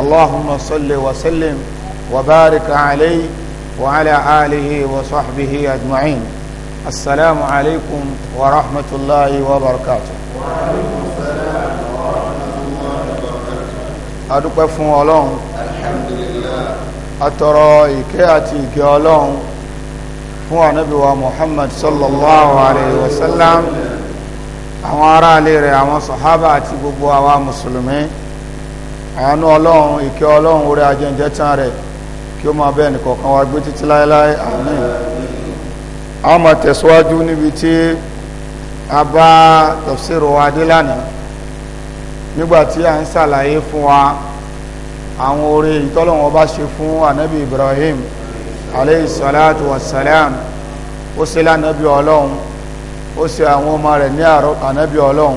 اللهم صل وسلم وبارك عليه وعلى آله وصحبه أجمعين السلام عليكم ورحمة الله وبركاته وعليكم السلام ورحمة الله وبركاته أدوك فون أولون الحمد لله أترى إكياتي كأولون هو نبي محمد صلى الله عليه وسلم àwọn ará ilé rẹ̀ àwọn sọ̀hábà àti gbogbo àwa mùsùlùmí àánú ọlọ́run ìkẹ́ ọlọ́run orí ajẹ́jẹ́ tán rẹ̀ kí ó máa bẹ́ẹ̀ nìkọ̀ọ̀kan wá gbé títí láéláé àmín a máa tẹ̀síwájú níbi tí a bá tafsir wa dé lánàá nígbàtí a ń ṣàlàyé fún wa àwọn orí ìtọ́lọ̀wọ́ bá ṣe fún ànábì Ibrahim alayhi salatu wassalam ó ṣe lánàbí ọlọ́run ó ṣe àwọn ọmọ rẹ̀ ní ànábì ọlọ́run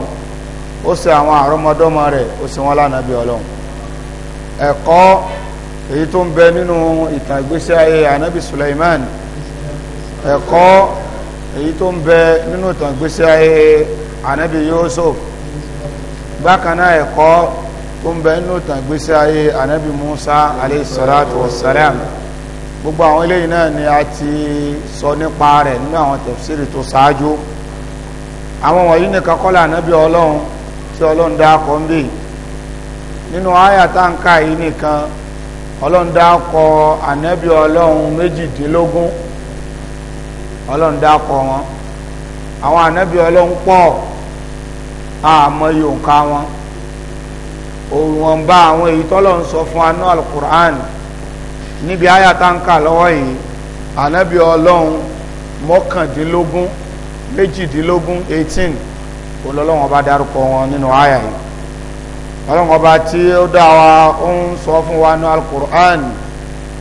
ó ṣe àwọn àrọ́mọdọ́mọ rẹ̀ ó ṣe wọ́n lánàbí ọlọ́run ẹ̀kọ́ èyí tó ń bẹ nínú ìtàn ìgbésí ayé anabi Suleiman ẹ̀kọ́ èyí tó ń bẹ nínú ìtàn ìgbésí ayé anabi Yusuf bákan náà ẹ̀kọ́ tó ń bẹ nínú ìtàn ìgbésí ayé anabi Musa alayhi salatu gbogbo àwọn eléyìí náà ni a ti sọ nípa rẹ̀ nínú àwọn tẹ̀fsíìrì tó ṣáájú àwọn wọ̀nyí nìkan kọ́ là ọlọ́run tí ọlọ́run dá akọ ń bèè nínú àyà tá ń ka yìí nìkan ọlọ́run dá kọ ànábì ọlọ́run méjìdínlógún ọlọ́run dá kọ wọn àwọn ànábì ọlọ́run pọ̀ àmọ́ yòǹkà wọn òwòǹba àwọn èyí tọ́lọ̀ ń sọ fún anú alukur'an níbi àyà tá ń kà lọ́wọ́ yìí ànábì ọlọ́run mọ́kàndínlógún méjìdínlógún eighteen olọ́lọ́wọ́n bá dárúkọ wọn nínú àyà yìí ọlọ́run ọba tí ó dá wa ó ń sọ fún wa ní alukur'an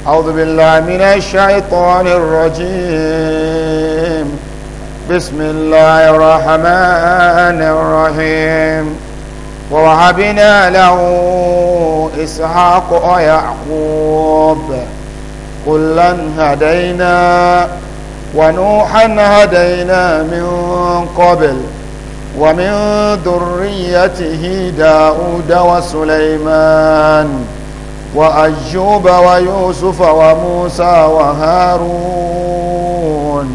awudubilayi mina shaitan rojim bisimilayi rahman rahim wahabina lahu ishaq wa yaqub kullan hadayna wa nuuxan hadayna min qabl. ومن ذريته داود وسليمان وأجوب ويوسف وموسى وهارون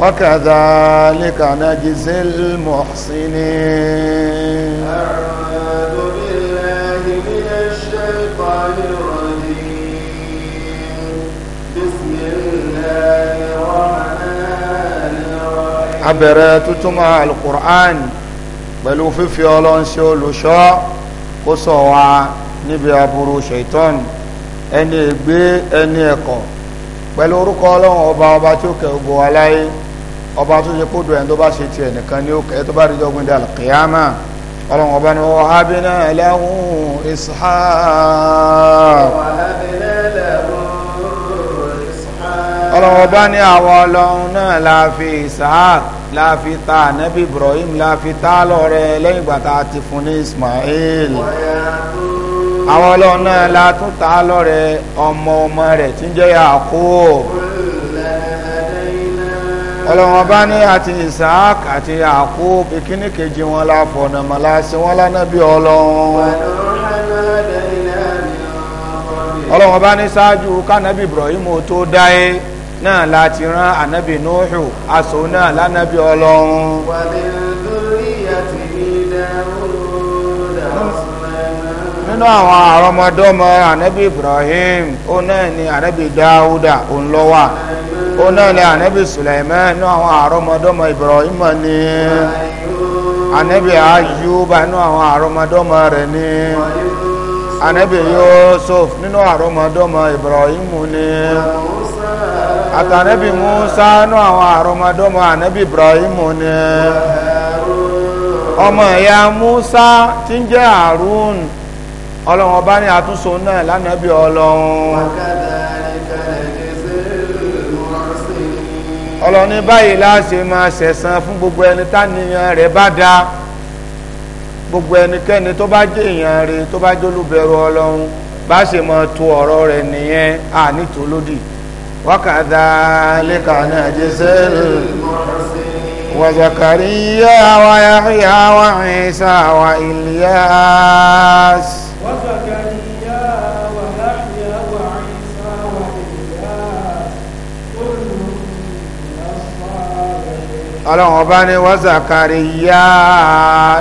وكذلك نجزي المحسنين abẹ̀rẹ̀ tútúmọ̀ alukur'an pẹ̀lú fífi ọlọ́run ṣe olùṣọ́ kó ṣọ́ wa níbi aburú ṣèitán ẹni ègbé ẹni ẹ̀kọ́ pẹ̀lú orúkọ ọlọ́run ọba ọba tí ó kẹ́ gbogbo wa láyé ọba tó ṣe kódò ẹni tó bá ṣe tiẹ̀ nìkan ní òkè tó bá rí dọ́gbìn dà kìyàmà ọlọ́run ọba ni wọ́n abinah lahun ishaq ọlọ́wọ́ bá ní àwọn ọlọ́run náà láàfi isaac láàfi ta anabi ibrahim láàfi ta lọ́rẹ́ lẹ́yìn ìgbà tá a ti fún ní ismail àwọn ọlọ́run náà látún ta lọ́rẹ́ ọmọ ọmọ rẹ̀ tí ń jẹ́ yakub ọlọ́wọ́n bá ní àti isaac àti yakub ìkíní kejì wọn la fọ̀nà màláṣí wọn lánàbí ọlọ́run ọlọ́wọ́n bá ní ṣáájú kánábì ibrahim tó dáyé e náà láti rán ànábì Nuhu aṣọ náà lánàbì ọlọ́run. nínú àwọn àrọmọdọ́mọ ànábì Ibrahim ó náà ni ànábì Dáúdà òun ló wà ó náà ni ànábì Sulaiman nínú àwọn àrọmọdọ́mọ Ibrahim ni ànábì Ayuba nínú àwọn àrọmọdọ́mọ rẹ̀ ni ànábì Yusuf nínú àrọmọdọ́mọ Ibrahim ni àtànẹ́bì Musa nú àwọn àrọmọdọ́mọ ànẹ́bì Ibrahim ni ọmọ ìyá Musa tí ń jẹ́ Harun ọlọ́run ọba ní àtúnṣe náà lánàbí ọlọ́run ọlọ́run ní báyìí láṣẹ máa ṣẹ̀san fún gbogbo ẹni táníyàn rẹ̀ bá da gbogbo ẹnikẹ́ni tó bá jẹ́ èèyàn rẹ̀ tó bá jẹ́ olùbẹ̀rù ọlọ́run bá ṣe máa tò ọ̀rọ̀ rẹ̀ nìyẹn à nítòlódì. وكذلك نجزي وزكريا ويحيى وعيسى وإلياس وزكريا ويحيى وعيسى وإلياس كل ọlọ́run ọba ni wọ́n Zakariya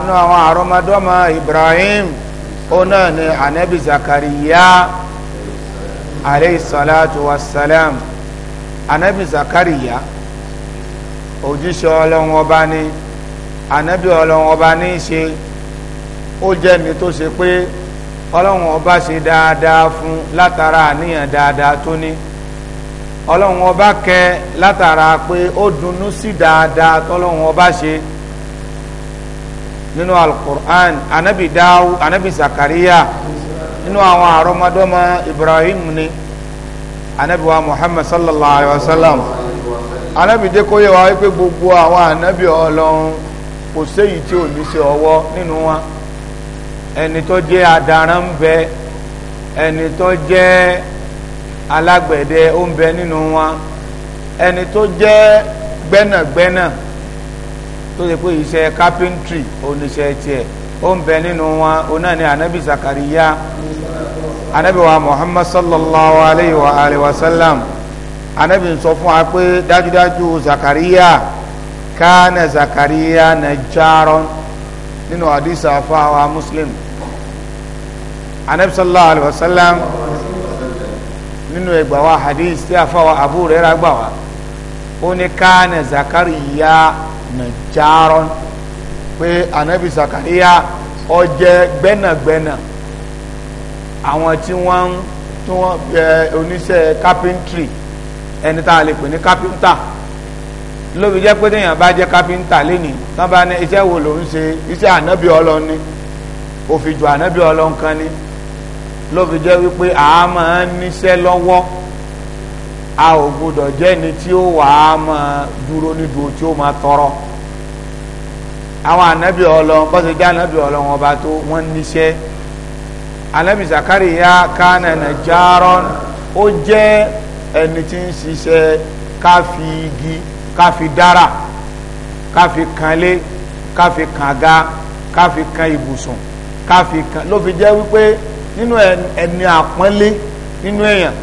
ní àwọn àrọ́mọdọ́mọ Ibrahim ó náà ni anabi Zakariya aleyhisalatu wasalam. salam anabi zakariya òjíṣẹ́ ọlọ́run ọba ní anabi ọlọ́run ọba ní í ṣe ó jẹ́ ni tó ṣe pé ọlọ́run ọba ṣe dáadáa fún látara àníyàn dáadáa tó ní ọlọ́run ọba kẹ látara pé ó dunnú sí dáadáa tọ́lọ́run ọba ṣe nínú alukur'an anabi dawu anabi zakariya nínú àwọn àrọmọdọ́mọ ibrahim ni anabi wa muhammad sallallahu alayhi wa sallam anabi dé kó yẹ wa wípé gbogbo àwọn anabi ọlọ́run kò séyìí tí ò ní ṣe ọwọ́ nínú wọn ẹni tó jẹ́ adaran ń bẹ ẹni tó jẹ́ alágbẹ̀dẹ ó ń bẹ nínú wọn ẹni tó jẹ́ gbẹ́nàgbẹ́nà tó ṣe pé iṣẹ́ carpentry oníṣẹ́ tiẹ̀ ó ń bẹ nínú wọn onáà ni anabi zakariya anabi wa muhammad sallallahu alayhi wa alayhi wa sallam anabi sọ fún wa pé dájúdájú zakariya kánà zakariya najjaran nínú hadith àfáwà muslim anabi sallallahu alayhi wa sallam nínú ẹgbà wa hadith tí àfáwà abu rẹ̀ rà gbà wá ó ní kánà zakariya najjaran pé anabi zakariya ó jẹ́ gbẹ́nàgbẹ́nà àwọn tí wọ́n ń tí wọ́n ẹ oníṣẹ́ carpentry ẹni tá a lè pè ní carpenter lóbi jẹ́ pé téèyàn bá jẹ́ carpenter lénìí tán bá ní iṣẹ́ wo ló ń ṣe iṣẹ́ ànábì ọlọ́run ni òfìjọ ànábì ọlọ́run kan ni lóbi jẹ́ wípé a máa ń níṣẹ́ a ò gbọdọ̀ jẹ́ ni tí ó wà á máa dúró nídùú tí ó máa tọrọ àwọn ànábì ọlọ́run bọ́sẹ̀ jẹ́ ànábì ọlọ́run ọba tó wọ́n níṣẹ́ anabi zakariya kana najjaran ó jẹ́ ẹni tí ń ṣiṣẹ́ ká fi igi ká fi dára ká fi kanlé ká fi kànga ká fi kan ibùsùn ká kan ló fi jẹ́ wípé nínú ẹni àpọ́nlé nínú èèyàn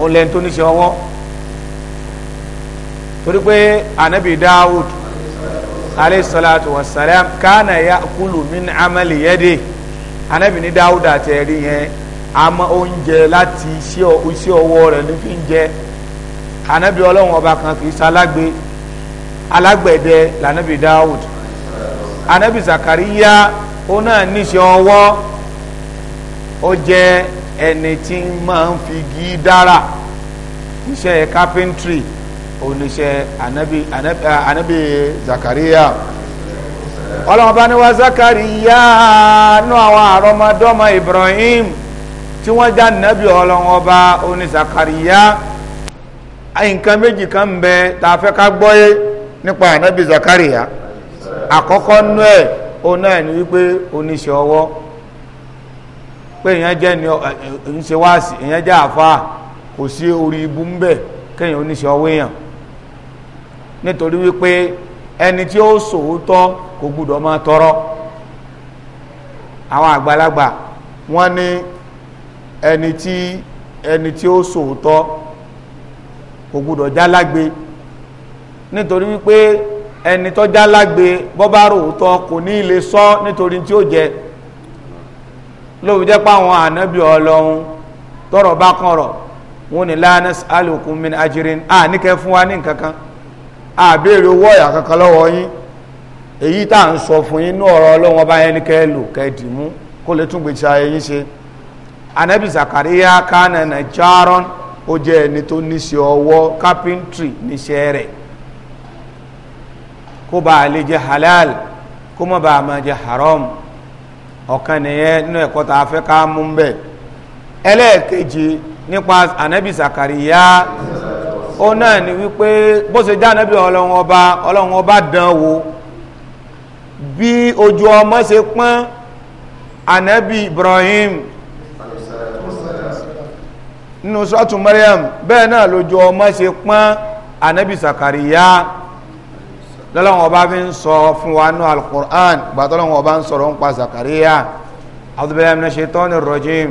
òun tó níṣẹ́ ọwọ́ torí pé anabi dawud alayhi salatu wa salam kana yakulu min amali yadihi anabi ní dáúdà tẹ rí yẹn àmọ́ oúnjẹ láti iṣẹ́ ọwọ́ rẹ̀ ní fi ń jẹ anabi ọlọ́run ọba kan kì í ṣalágbe alágbẹ̀dẹ lànàbì dáúd anabi zakariya ó náà níṣẹ́ ọwọ́ ó jẹ ẹni tí máa ń fi gí dára iṣẹ́ carpentry oníṣẹ́ anabi anabi anabi zakariya. Anabi, ọlọ́run bá ní wá Zakariya nú àwọn Ibrahim tí wọ́n já nàbí ọlọ́run ọba oní Zakariya nǹkan méjì kan ń bẹ tá a fẹ́ ká gbọ́yé nípa ànábì Zakariya àkọ́kọ́ nú ẹ̀ òun náà wípé oníṣẹ́ ọwọ́ pé èèyàn jẹ́ ní ṣe wá sí èèyàn jẹ́ ẹni tí ó sòótọ́ kò gbúdọ̀ máa tọrọ àwọn àgbàlagbà wọ́n ní ẹni tí ẹni tí ó sòótọ́ kò gbúdọ̀ jálágbe nítorí wípé ẹni tó jálágbe bọ́bá ròótọ́ kò ní ilé sọ nítorí tí ó jẹ lóbi jẹ́ páwọn ànábì ọlọ́run tọrọ bá wọn ni kan a owó ọ̀yà kankan lọ́wọ́ yín èyí tá ń sọ fún yín ní ọ̀rọ̀ ọlọ́wọ́n bá yẹn kó lè tún gbèsè ayé anabi zakariya kánà nàìjíríàn ó jẹ́ ẹni tó níṣẹ́ ọwọ́ kápẹ́ńtì níṣẹ́ rẹ̀ kó bá lè jẹ́ halal kó má bá a jẹ́ haram ọ̀kan nìyẹn nínú ẹ̀kọ́ tá a fẹ́ ká mú bẹ́ẹ̀ ẹlẹ́ẹ̀kejì nípa ó náà ni wípé bó ṣe já nábì ọlọ́run ọba ọlọ́run ọba dán wò bí ojú ọmọ ṣe pọ́n ànábì Ibrahim nínú sọ́tù Maryam bẹ́ẹ̀ náà lójú ọmọ ṣe pọ́n ànábì Sakariya lọ́lọ́run ọba fi ń sọ fún wa nínú Al-Qur'an gbàtọ́lọ́run ọba ń sọ̀rọ̀ ń pa Sakariya A'udhu billahi minash shaitani rrajim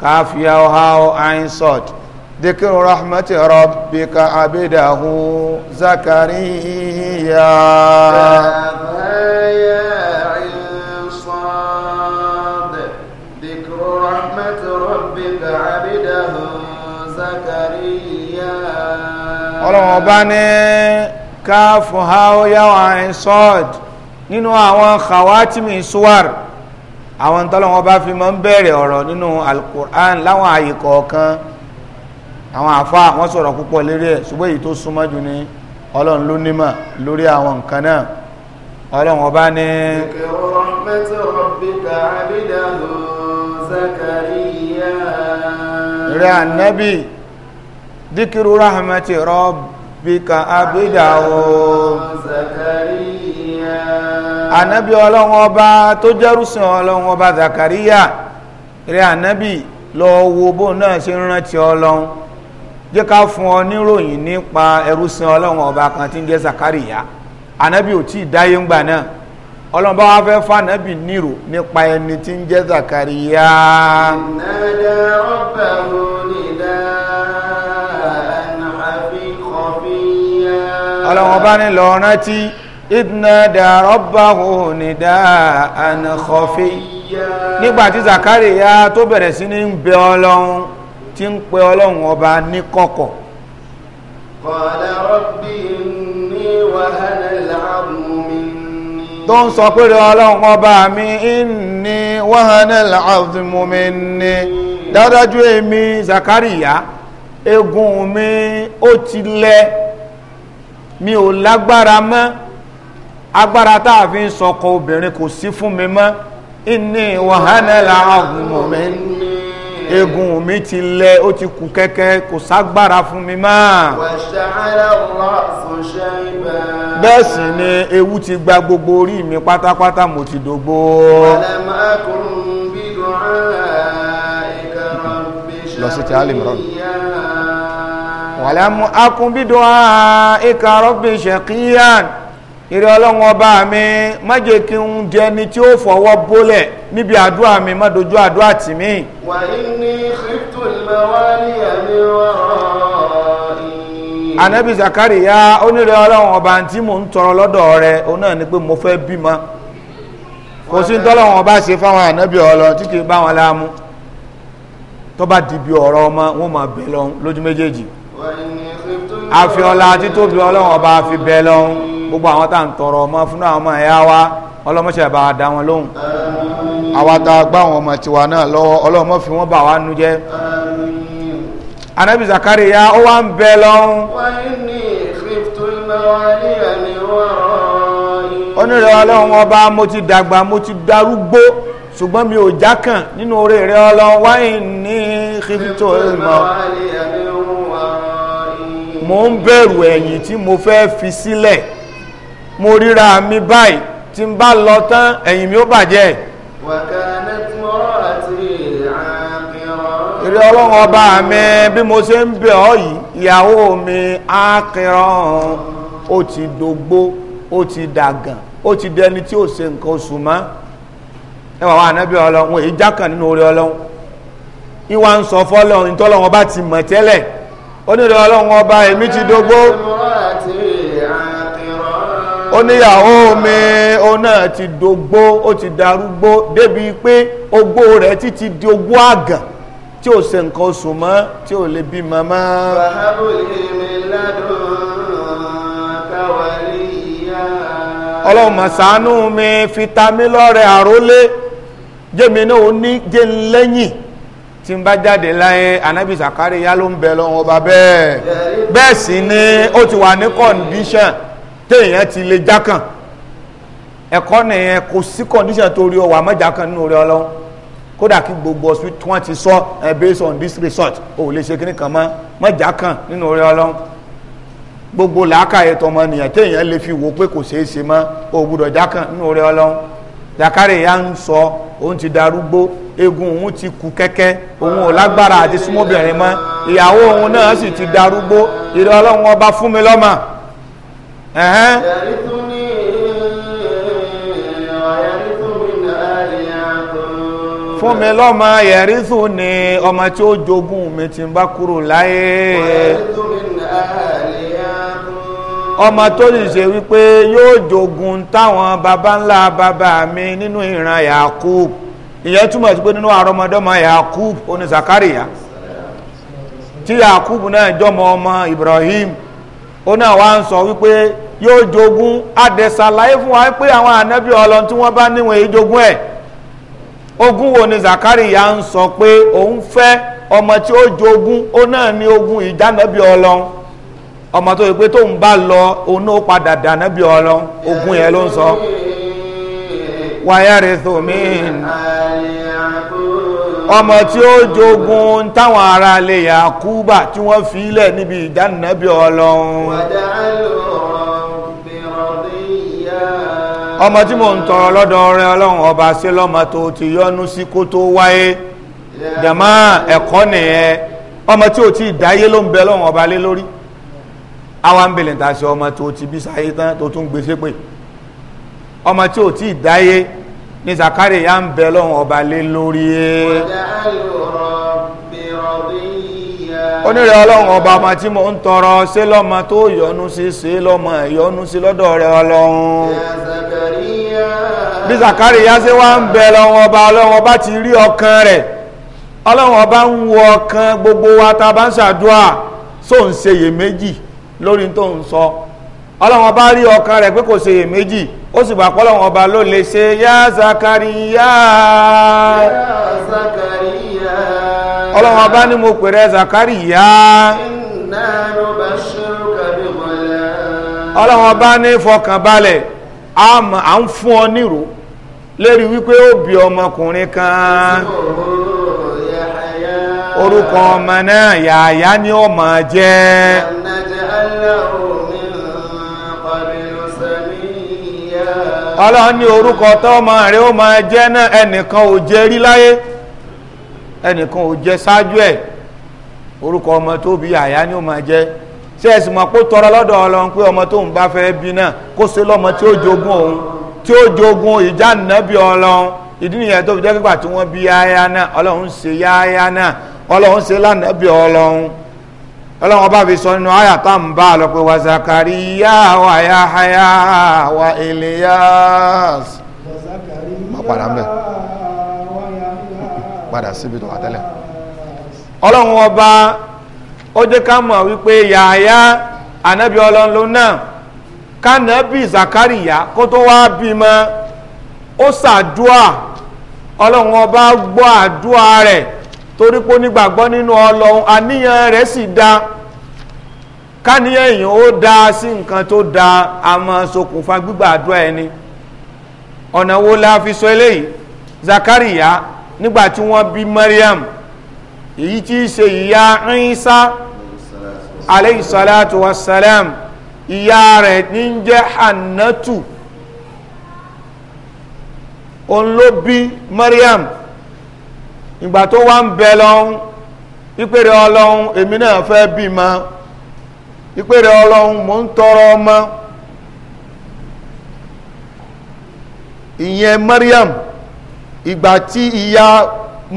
káfíà ọ̀há ọ̀ àìsọ̀tù ذكر رحمة ربك عبده زكريا يا عصاد ذكر رحمة ربك عبده زكريا ọlọ́run ọba ní káàfù háó yáwó àrin sọ́ọ̀d nínú àwọn khawatimi suwar àwọn tọ́lọ́wọ́n bá fi máa ń bẹ̀rẹ̀ ọ̀rọ̀ nínú alukur'an láwọn àyè àwọn àfa wọ́n sọ̀rọ̀ púpọ̀ lérí ẹ̀ ṣùgbọ́n èyí tó súnmọ́ jù ní ọlọ́run ló nímọ̀ lórí àwọn nǹkan náà ọlọ́run ọba ní. rẹ̀ ànábì díkìrú rahmati rabbika abidahu ànábì ọlọ́run ọba tó jẹ́rùsìn ọlọ́run ọba zakariya rẹ̀ ànábì lọ wo bóun náà ṣe ń rántí ọlọ́run jẹ́ ká fún ọ níròyìn nípa ẹrúsìn ọlọ́run ọba kan tí ń jẹ́ Zakariya anabi ò tí ì dáyé ńgbà náà ọlọ́run bá wá fẹ́ fànàbì nírò nípa ẹni tí ń jẹ́ Zakariya. nàdà ọba wo lè dá àbí kọfíyà. ọlọ́run bá ní lọ rántí ìdínàdà ọba wo lè dá àná kọfí. nígbà tí Zakariya tó bẹ̀rẹ̀ sí ní ń bẹ ọlọ́run tí ń pe ọlọ́run ọba ní kọ̀kọ̀. qala rabbi inni wahana al-'azmu minni. tó ń sọ pé ọlọ́run ọba mi inni wahana al-'azmu minni dáadájú èmi Zakariya egun mi ó ti lẹ mi ò lágbára mọ́ agbára tá a fi ń sọkọ obìnrin kò sí fún mi mọ́ inni wahana al-'azmu minni egun mi ti lẹ ó ti kù kẹ́kẹ́ kò ságbára fún mi máa bẹ́ẹ̀ sì ni ewu ti gba gbogbo orí mi pátápátá mo ti dògbò lọ sí ti alimran wàlámù akúnbídọ́ ààkà rọ́bì ṣẹ̀kíyàn ìrẹ́ ọlọ́run ọba mi má jẹ́ kí n jẹ́ ni tí ó fọwọ́ bólẹ̀ níbi àdúrà mi má dojú àdúrà tì mí. wà ní kíríptò ìmọ̀wálì àmì ọ̀rọ̀ anabi Zakariya onírẹ́ ọlọ́run ọba tí mò ń tọrọ lọ́dọ̀ rẹ òun náà ni pé mo fẹ́ bímọ kò sí tọ́lọ́run ọba ṣe fáwọn anabi ọlọ́run tí kì í bá wọn láàmú tó bá di bí ọ̀rọ̀ ọmọ wọn máa bẹ̀ lọ́hún lójú méjèèjì àfi ọlá títóbi ọlọ́run ọba fi bẹ̀ lọ́hún gbogbo àwọn tá à ń tọrọ ọmọ fún àwọn ọmọ ẹ̀yà wa ọlọ́mọṣẹ́ bá dá wọn lóhùn àwa tá a gbá àwọn ọmọ tiwa náà lọ́wọ́ ọlọ́mọ fi wọ́n bà wá nu jẹ́ anabi Zakariya ó wá ń bẹ lọ́hùn onírẹ̀ ọlọ́run ọba mo ti dàgbà mo ti darúgbó ṣùgbọ́n mi ò jákàn nínú oore rẹ̀ ọlọ́run wáyé ní kírípítò ìmọ̀ mo ń bẹ̀rù ẹ̀yìn tí mo fẹ́ fi sílẹ̀ mo ríra mi báyìí tí n bá lọ tán ẹ̀yìn mi ó bàjẹ́ ìrí ọlọ́run ọba mi bí mo ṣe ń bẹ̀ ọ́ yìí ìyàwó mi ákìrán ó ti dògbó ó ti dàgàn ó ti dẹni tí ó ṣe nǹkan oṣù mọ́ ẹ wà wá ànábì ọlọ́run èyí jákàn nínú orí ọlọ́run ìwà ń sọ fọ́lọ́run ìtọ́lọ́run ọba ti mọ̀ tẹ́lẹ̀ onírè ọlọ́run ọba èmi ti dògbó. oníyàwó mi òun náà ti dogbó ó ti darúgbó débi pé ogbó rẹ̀ títí di ogbó àgàn tí ò se nǹkan oṣù mọ́ tí ò lè bímọ mọ́. ọlọ́run màsánú mi fi ta àrólé jẹ́mi náà ní jẹ́ lẹ́yìn tí ń bá jáde láyé anabi Zakariya ń bẹ lọ́wọ́ bẹ́ẹ̀ ni ó ti wà ní condition téèyàn ti lè jákàn ẹ̀kọ́ nìyẹn kò sí condition tó rí ọ wà mọ́jákàn nínú rẹ ọlọ́run kódà kí gbogbo hospital tí wọ́n ti sọ ẹ based on this result ò lè ṣe kíní kan mọ́ mọ́jákàn nínú rẹ ọlọ́run gbogbo làákàyè tọmọ nìyẹn téèyàn lè fi wò pé kò ṣeé ṣe mọ́ ò gbúdọ̀ jákàn nínú rẹ ọlọ́run zakari ya ń sọ òun ti darúgbó egun òun ti kú kẹ́kẹ́ òun ò lágbára àti súnmọ́bìnrin mọ́ ìyàwó òun náà sì ti darúgbó ìrẹ́ ọlọ́run ọba fún mi lọ́mọ يرثني fún mi lọ́mọ yẹ̀rìsù ni ọmọ tí ó jogún mi ti bá kúrò láyé ọmọ tó sì ṣe wípé yóò jogun táwọn bàbá ńlá baba mi nínú ìran Yakub ìyẹn túmọ̀ sí pé nínú àrọmọdọ́mọ Yakub oní Zakariya tí Yakub náà jọmọ ọmọ Ibrahim ó náà wá ń sọ wípé yóò jogún adẹ̀sàlàyé fún wa pé àwọn ànábì ọlọ́run tí wọ́n bá níwọ̀n èyí jogún ẹ̀ wo ni Zakariya ń sọ pé òun fẹ́ ọmọ tí ó jogún ó náà ní ni ìdánábì ọlọ́run ọmọ tó yẹ pé tóun bá lọ òun náà padà dánábì ọlọ́run ogún yẹn ló ń sọ wáyà rẹ̀ mí-ín. ọmọ tí ó jogun táwọn ará ilé Yakuba tí wọ́n fi ilẹ̀ níbi ìdáninábí ọlọ́run ọmọ tí mo ń tọrọ lọ́dọ̀ rẹ ọlọ́run ọba ṣe lọ́mọ tó ti yọ́nú sí kó tó wáyé jàmá ẹ̀kọ́ nìyẹn ọmọ tí ò tí dáyé ló ń bẹ lọ́run ọba lé lórí àwa ń bèlè ta ṣe ọmọ tó ti bí sáyé tán tó tún gbèsè pé ọmọ tí ò tí dáyé ní ya ń bẹ lọ́hùn ọba lé lórí ẹ̀ e. onírẹ̀ ọlọ́run ọba ọmọ tí mo ń tọrọ ṣé lọ́mọ tó yọ́nú sí ṣé lọ́mọ ìyọ́nú sí lọ́dọ̀ rẹ̀ ọlọ́run bí Zakariya ṣe wá ń bẹ lọ́hùn ọba ọlọ́run ọba ti rí ọkàn rẹ̀ ọlọ́run ọba ń wo ọkàn gbogbo wa tá a bá ń ṣàdúrà sóun ṣe iyèméjì lórí tó ń sọ ọlọ́run ọba rí ọkàn rẹ̀ pé kò ṣe méjì ó sì gbà ọba ló lè ṣe yá zakariya ọlọ́run ọba ní mo pè rẹ zakariya ọlọ́run ọba ní fọkànbalẹ̀ a ń fún ọ nírò lérí wípé ó bí ọmọkùnrin kan orúkọ ọmọ náà ni ọlọ́run ní orúkọ tọ́mọ rẹ̀ ó ma jẹ́ náà ẹnìkan ò jẹ́ rí láyé ẹnìkan ò jẹ́ ṣáájú ẹ̀ orúkọ ọmọ tó bí àyá ni ó ma jẹ́ ṣe ẹ mọ̀ pé tọrọ lọ́dọ̀ ọlọ́run pé ọmọ tó ń bá fẹ́ bí náà kó lọ́mọ tí ó jogún òun tí ó jogún ìjà ọlọ́run ìdí nìyẹn tó fi jẹ́ pípa tí wọ́n bí ọlọ́run ọba fi sọ nínú àyà tá ń bá lọ pé wa Zakariya wa Yahaya wa Ilyas padà ń bẹ̀ padà síbi tó wà tẹ́lẹ̀ ọlọ́run ọba ó jẹ́ ká mọ̀ wípé Yahaya ànábì ọlọ́run ló náà kánàbì Zakariya kó tó wá bímọ ó ọlọ́run ọba gbọ́ àdúà rẹ̀ torí pé onígbàgbọ́ nínú ọlọ́run àníyàn rẹ̀ sì da káníyàn èèyàn ó da sí nǹkan tó da a máa ṣokùnfà gbígbàdúrà ẹni ọ̀nà wo la fi sọ eléyìí Zakariya nígbà tí wọ́n bí Mariam èyí tí í ṣe ìyá Isa alayhi salatu wassalam ìyá rẹ̀ ní jẹ́ Hannatu òun ló bí Mariam ìgbà tó wá ń bẹ lọ́hún ìpèrè ọlọ́hún èmi náà fẹ́ bímọ ìpèrè ọlọ́hún mò ń tọrọ ọmọ ìyẹn Mariam ìgbà tí ìyá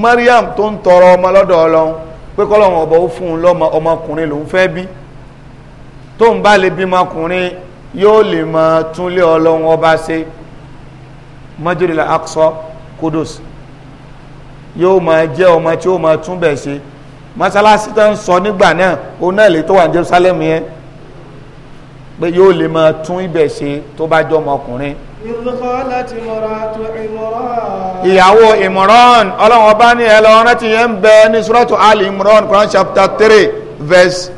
Mariam tó ń tọrọ ọmọ lọ́dọ̀ ọlọ́hún pé kọ́lọ́hún ọ̀bọ̀ ó fún un lọ́mọ ọmọkùnrin lòún fẹ́ bí tó ń bá lè bímọ ọkùnrin yóò lè mọ túnlé ọlọ́hún ọba ṣe mọ́jọ́rìlá Aqsa kudus yóò máa jẹ́ ọmọ tí ó máa tún bẹ̀ ṣe mọ́sálásí tó ń sọ nígbà náà ó náà lè tó wà ní Jerusalem yẹn pé yóò lè máa tún ibẹ̀ ṣe tó bá jọ ọmọkùnrin. ìyàwó Imran ọlọ́run ọba ní ẹ lọ rántí yẹn ń bẹ ní suratu Ali Imran Quran chapter three verse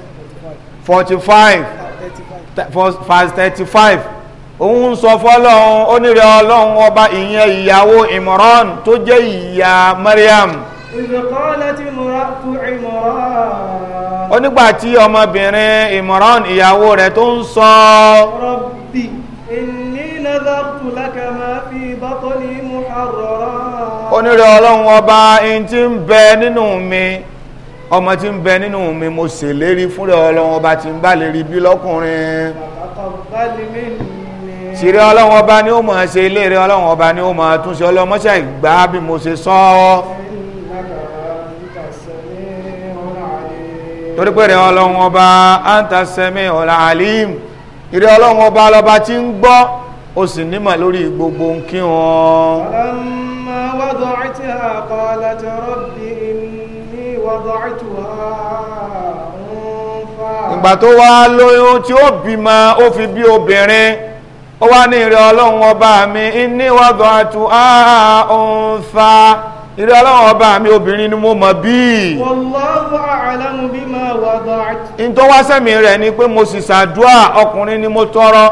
forty five verse thirty five òun sọ fọ́lọ́run onírẹ ọlọ́run ọba ìyẹn ìyàwó Imran tó jẹ́ ìyá Maryam ó nígbà tí ọmọbìnrin Imran ìyàwó rẹ̀ tó ń sọ Rabbi inni nadhartu laka ma fi batni muharraran onírẹ ọlọ́run ọba in ti ń bẹ nínú mi ọmọ tí ń bẹ nínú mi mo ṣèlérí fúnrẹ ọlọ́run ọba tí ń bá lè rí bí lọ́kùnrin ṣeré ọlọ́run ọba ni ó máa ṣe ilé rẹ ọlọ́run ọba ni ó máa túnṣe ọlọ́mọṣẹ́ ìgbà bí mo ṣe sọ ọ́ torí pé rẹ ọlọ́run ọba anta sẹ́mi ọ̀la alim ìrẹ ọlọ́run ọba lọ́ba tí ń gbọ́ ó sì nímọ̀ lórí gbogbo ń kí wọn. ọlọ́mọ wọ́dọ̀ àti àkọọ́lẹ̀ tí rọ́bì ní wọ́dọ̀ àti wà. ìgbà tó wá lóyún tí ó bímọ ó fi bí obìnrin ó wá ní ìrẹ ọlọ́run ọba mi níwọ̀dọ̀ àtú àǹfà ìrẹ ọlọ́run ọba mi obìnrin ni mo mọ̀ bí. wallahu a'lamu bima wada'at. ìtọ́wásẹ́mi rẹ̀ ni pé mo sì ṣàdúà ọkùnrin ni mo tọrọ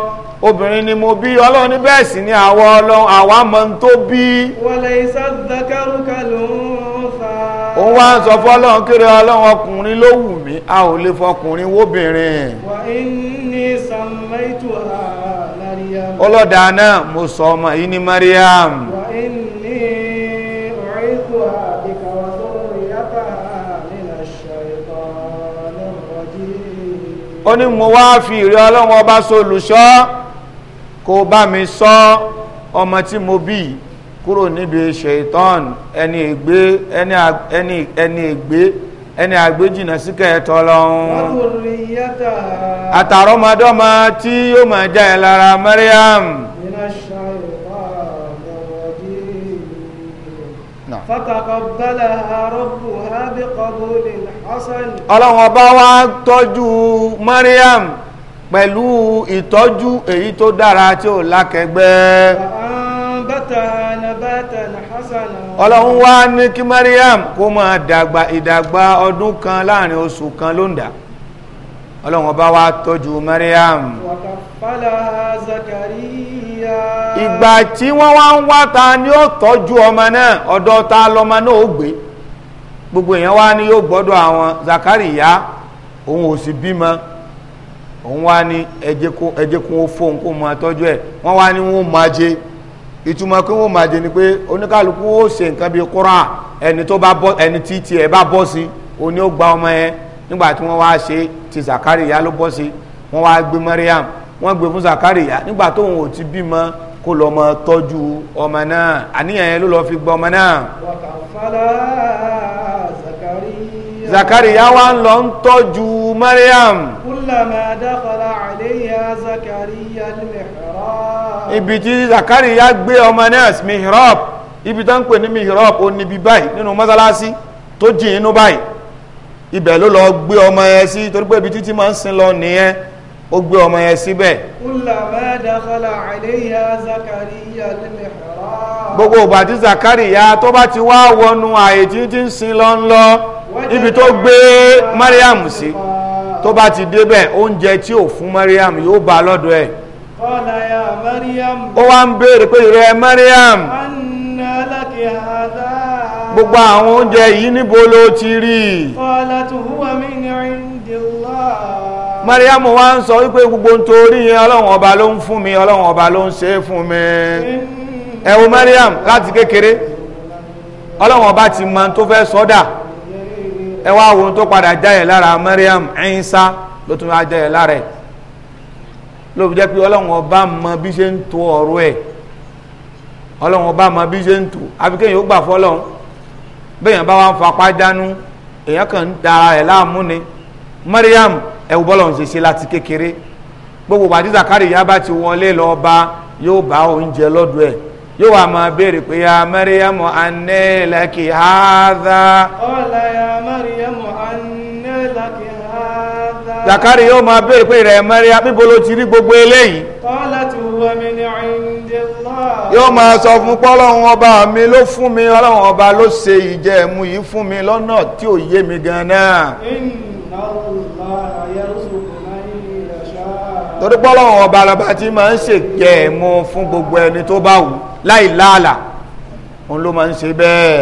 obìnrin ni mo bí ọlọ́run ní bẹ́ẹ̀ sì ni àwa ọlọ́run àwa mọ̀ ń tó bí. walaysa dhakaru kalunfa. òun wá ń sọ fọlọ́run kéré ọlọ́run ọkùnrin ló wù mí a ò lè fọkùnrin wóbìnrin. wa inni sammaytuha ọlọ́dà náà mo sọ ọmọ yìí ní Mariam ó ní mo wá fi ìrẹ́ ọlọ́run ọba solùṣọ́ kó bá mi sọ ọmọ tí mo bí kúrò níbi ṣèitán ẹni ègbé ẹni ègbé ẹni àgbéjìnà síkẹ̀ ẹ̀tọ́ lọ́hún àtàrọmọdọ́mọ tí yóò máa jẹ́ ẹ̀ lára Maryam ọlọ́run ọba wa tọ́jú Maryam pẹ̀lú ìtọ́jú èyí tó dára tí ó lákẹgbẹ́ ọlọ́run wá ní kí Mariam kó máa dàgbà ìdàgbà ọdún kan láàrin oṣù kan ló ọlọ́run ọba wa tọ́jú Mariam ìgbà tí wọ́n wá ń wá ta ni ó tọ́jú ọmọ náà ta lọmọ náà ó gbé gbogbo èèyàn wá ní yóò gbọ́dọ̀ àwọn ya òun ò sì bímọ òun wá ní ẹjẹkún ó fóun kó máa ìtumọ̀ kí wọ́n máa jẹ ni pé oníkàlùkù ó ṣe nǹkan bíi kúrà ẹni tó bá bọ́ ẹni tí tiẹ̀ bá bọ́ sí o ní ó gba ọmọ yẹn nígbà tí wọ́n wá ṣe ti Zakariya ló bọ́ sí wọ́n wá gbé Mariam wọ́n gbé fún Zakariya nígbà tóun ò ti bímọ kó lọ mọ tọ́jú ọmọ náà àníyàn yẹn ló lọ fi gbọ́ ọmọ náà. Zakariya wá ń lọ ń tọ́jú Mariam. kúlọ̀ máa dákọ̀lá àléyà Zakariya lè ibi tí Zakariya gbé ọmọ náà mihrab ibi tó ń pè ní mihrab ó níbi báyìí nínú mọ́sálásí tó jìn inú báyìí ibẹ̀ ló lọ gbé ọmọ yẹn sí torí pé ibi títí máa ń sin lọ nìyẹn ó gbé ọmọ yẹn síbẹ̀. gbogbo ìgbà tí Zakariya tó bá ti wá wọnú àyè tí tí ń sin lọ ń lọ ibi tó gbé Mariam sí tó bá ti débẹ̀ oúnjẹ tí ò fún Mariam yóò bá lọ́dọ̀ ẹ̀ ó wá ń béèrè pé ìrẹ Mariam gbogbo àwọn oúnjẹ yìí níbo ló ti rí Mariam wá ń sọ wípé gbogbo nítorí ọlọ́run ọba ló ń fún mi ọlọ́run ọba ló ń ṣe é fún mi ẹ wo Mariam láti kékeré ọlọ́run ọba ti mọ tó fẹ́ sọ́dà ẹ wá wo tó padà jáyẹ̀ lára Mariam ẹ̀yìn ló tún wá jáyẹ̀ lára ẹ̀ ló fi jẹ́ pé ọlọ́run ọba mọ bí ṣe ń to ọ̀rọ̀ ẹ̀ ọlọ́run ọba mọ bí ṣe ń to àbí kéèyàn ó gbà fọlọ́run béèyàn bá wà ń fapá dánú èèyàn kàn ń dara ẹ̀ láàmú ni Mariam ẹ̀wù bọ́lọ̀ ṣe ṣe láti kékeré gbogbo bàtí Zakari yá bá ti wọlé lọ bá yóò bá oúnjẹ lọ́dọ̀ ẹ̀ yóò wá máa béèrè pé ya Mariam anna laki hadha. ọ̀la ya Mariam zakari yóò máa béèrè pé rẹ̀ mẹ́rìá bíbo ló ti rí gbogbo eléyìí yóò máa sọ fún pọ́lọ́run ọba mi ló fún mi ọlọ́run ọba ló ṣe ìjẹ̀mú yìí fún mi lọ́nà tí ò yé mi gan náà torí pọ́lọ́run ọba lọba tí máa ń ṣèjẹ̀mú fún gbogbo ẹni tó bá wù láì láàlà òun ló máa ń ṣe bẹ́ẹ̀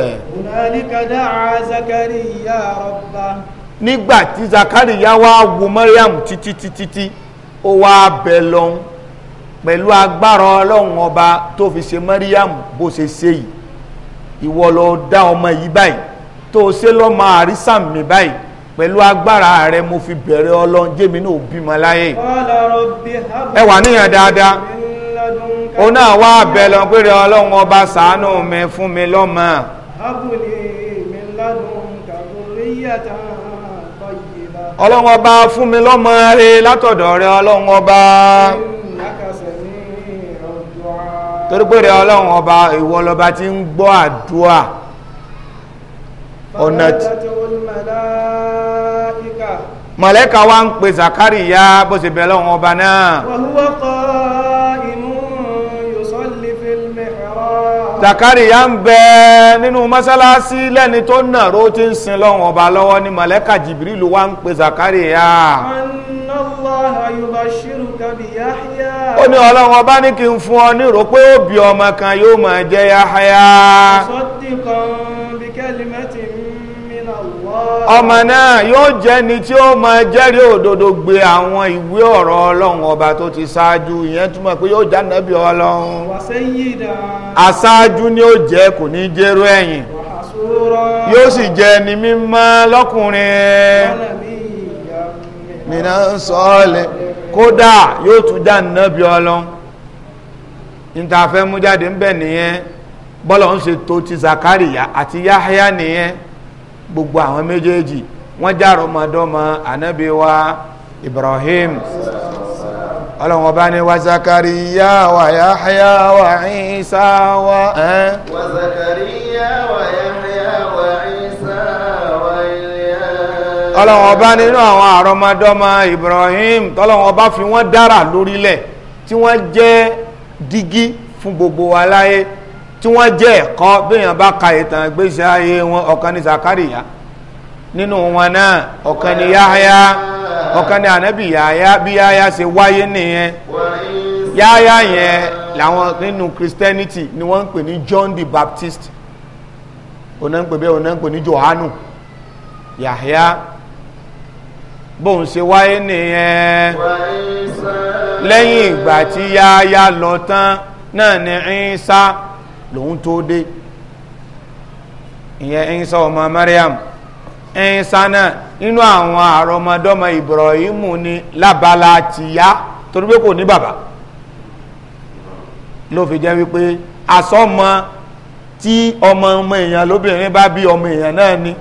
nígbà tí Zakariya wá wo Mariam títí títí tí ó wá bẹ lọ́hún pẹ̀lú agbára ọlọ́run ọba tó fi ṣe Mariam bó ṣe ṣe yìí ìwọ ló dá ọmọ yìí báyìí tó o ṣe lọ́mọ àrísà mi báyìí pẹ̀lú agbára rẹ mo fi bẹ̀rẹ̀ ọlọ́run jẹ́mi náà bímọ láyé ẹ wà níyàn dáadáa ó náà wá bẹ lọ pé rẹ ọlọ́run ọba ṣàánú mi fún mi lọ́mọ. abúlé mi ládùn kàdúrí yàtọ̀ ọlọ́run ọba fún mi lọ́mọ rẹ látọ̀dọ̀ rẹ ọlọ́run ọba torí pé rẹ ọlọ́run ọba ìwọ lọba ti ń gbọ́ àdúà ọ̀nà tí mọ̀lẹ́ka wa ń pe Zakariya bó ṣe bẹ̀ lọ́run ọba náà Zakariya ń bẹ nínú mọ́sálásí lẹ́ni tó nàró tí ń sin lọ́wọ́n ọba lọ́wọ́ ni mọ̀lẹ́kà Jibrilu wá ń pe Zakariya ó ní ọlọ́run ọba ní kí n fún ọ ní rò pé ọmọ kan yóò máa jẹ́ Yahaya ọmọ náà yóò jẹ́ ni tí ó máa jẹ́rìí òdodo gbé àwọn ìwé ọ̀rọ̀ ọlọ́run ọba tó ti sáájú ìyẹn túnmọ̀ pé yóò jánàbí ọlọ́run aṣáájú ni ó jẹ́ kò ní jẹ́rú ẹ̀yìn yóò sì jẹ́ ni mímọ́ lọ́kùnrin nínà kódà yóò tún ọlọ́run níta fẹ́ mú jáde ń bẹ̀ nìyẹn gbogbo àwọn méjèèjì wọ́n já rọmọdọ́mọ ànábì wa Ibrahim ọlọ́run ọba ni wa Zakariya wa Yahya wa Isa wa ẹ́n wa Zakariya wa Yahya Isa wa Ilyas ọlọ́run ọba nínú àwọn àrọmọdọ́mọ Ibrahim tọ́lọ́run ọba fi wọ́n dára lórílẹ̀ tí wọ́n jẹ́ dígí fún gbogbo wa láyé tí wọ́n jẹ́ ẹ̀kọ́ bẹ́yàn bá ka ìtàn ìgbésí ayé wọn ọ̀kan ní Zakariya nínú wọn náà ọ̀kan ní Yahya ọ̀kan ní anabi Yahya bí Yahya ṣe wáyé nìyẹn Yahya yẹn làwọn nínú Christianity ni wọ́n ń pè ní John the Baptist ọ̀nà ń pè bẹ́ẹ̀ ọ̀nà ní Johanu Yahya bóun ṣe wáyé nìyẹn lẹ́yìn ìgbà tí Yahya lọ tán náà ní Isa lòun tó dé ìyẹn Ìsá ọmọ Mariam Ìsá náà nínú àwọn àrọmọdọ́mọ Ibrahimu ni lábala tìyá torí pé kò ní bàbá ló fi jẹ́ wípé asọ́mọ tí ọmọ ọmọ èèyàn lóbìnrin bá bí ọmọ èèyàn náà ni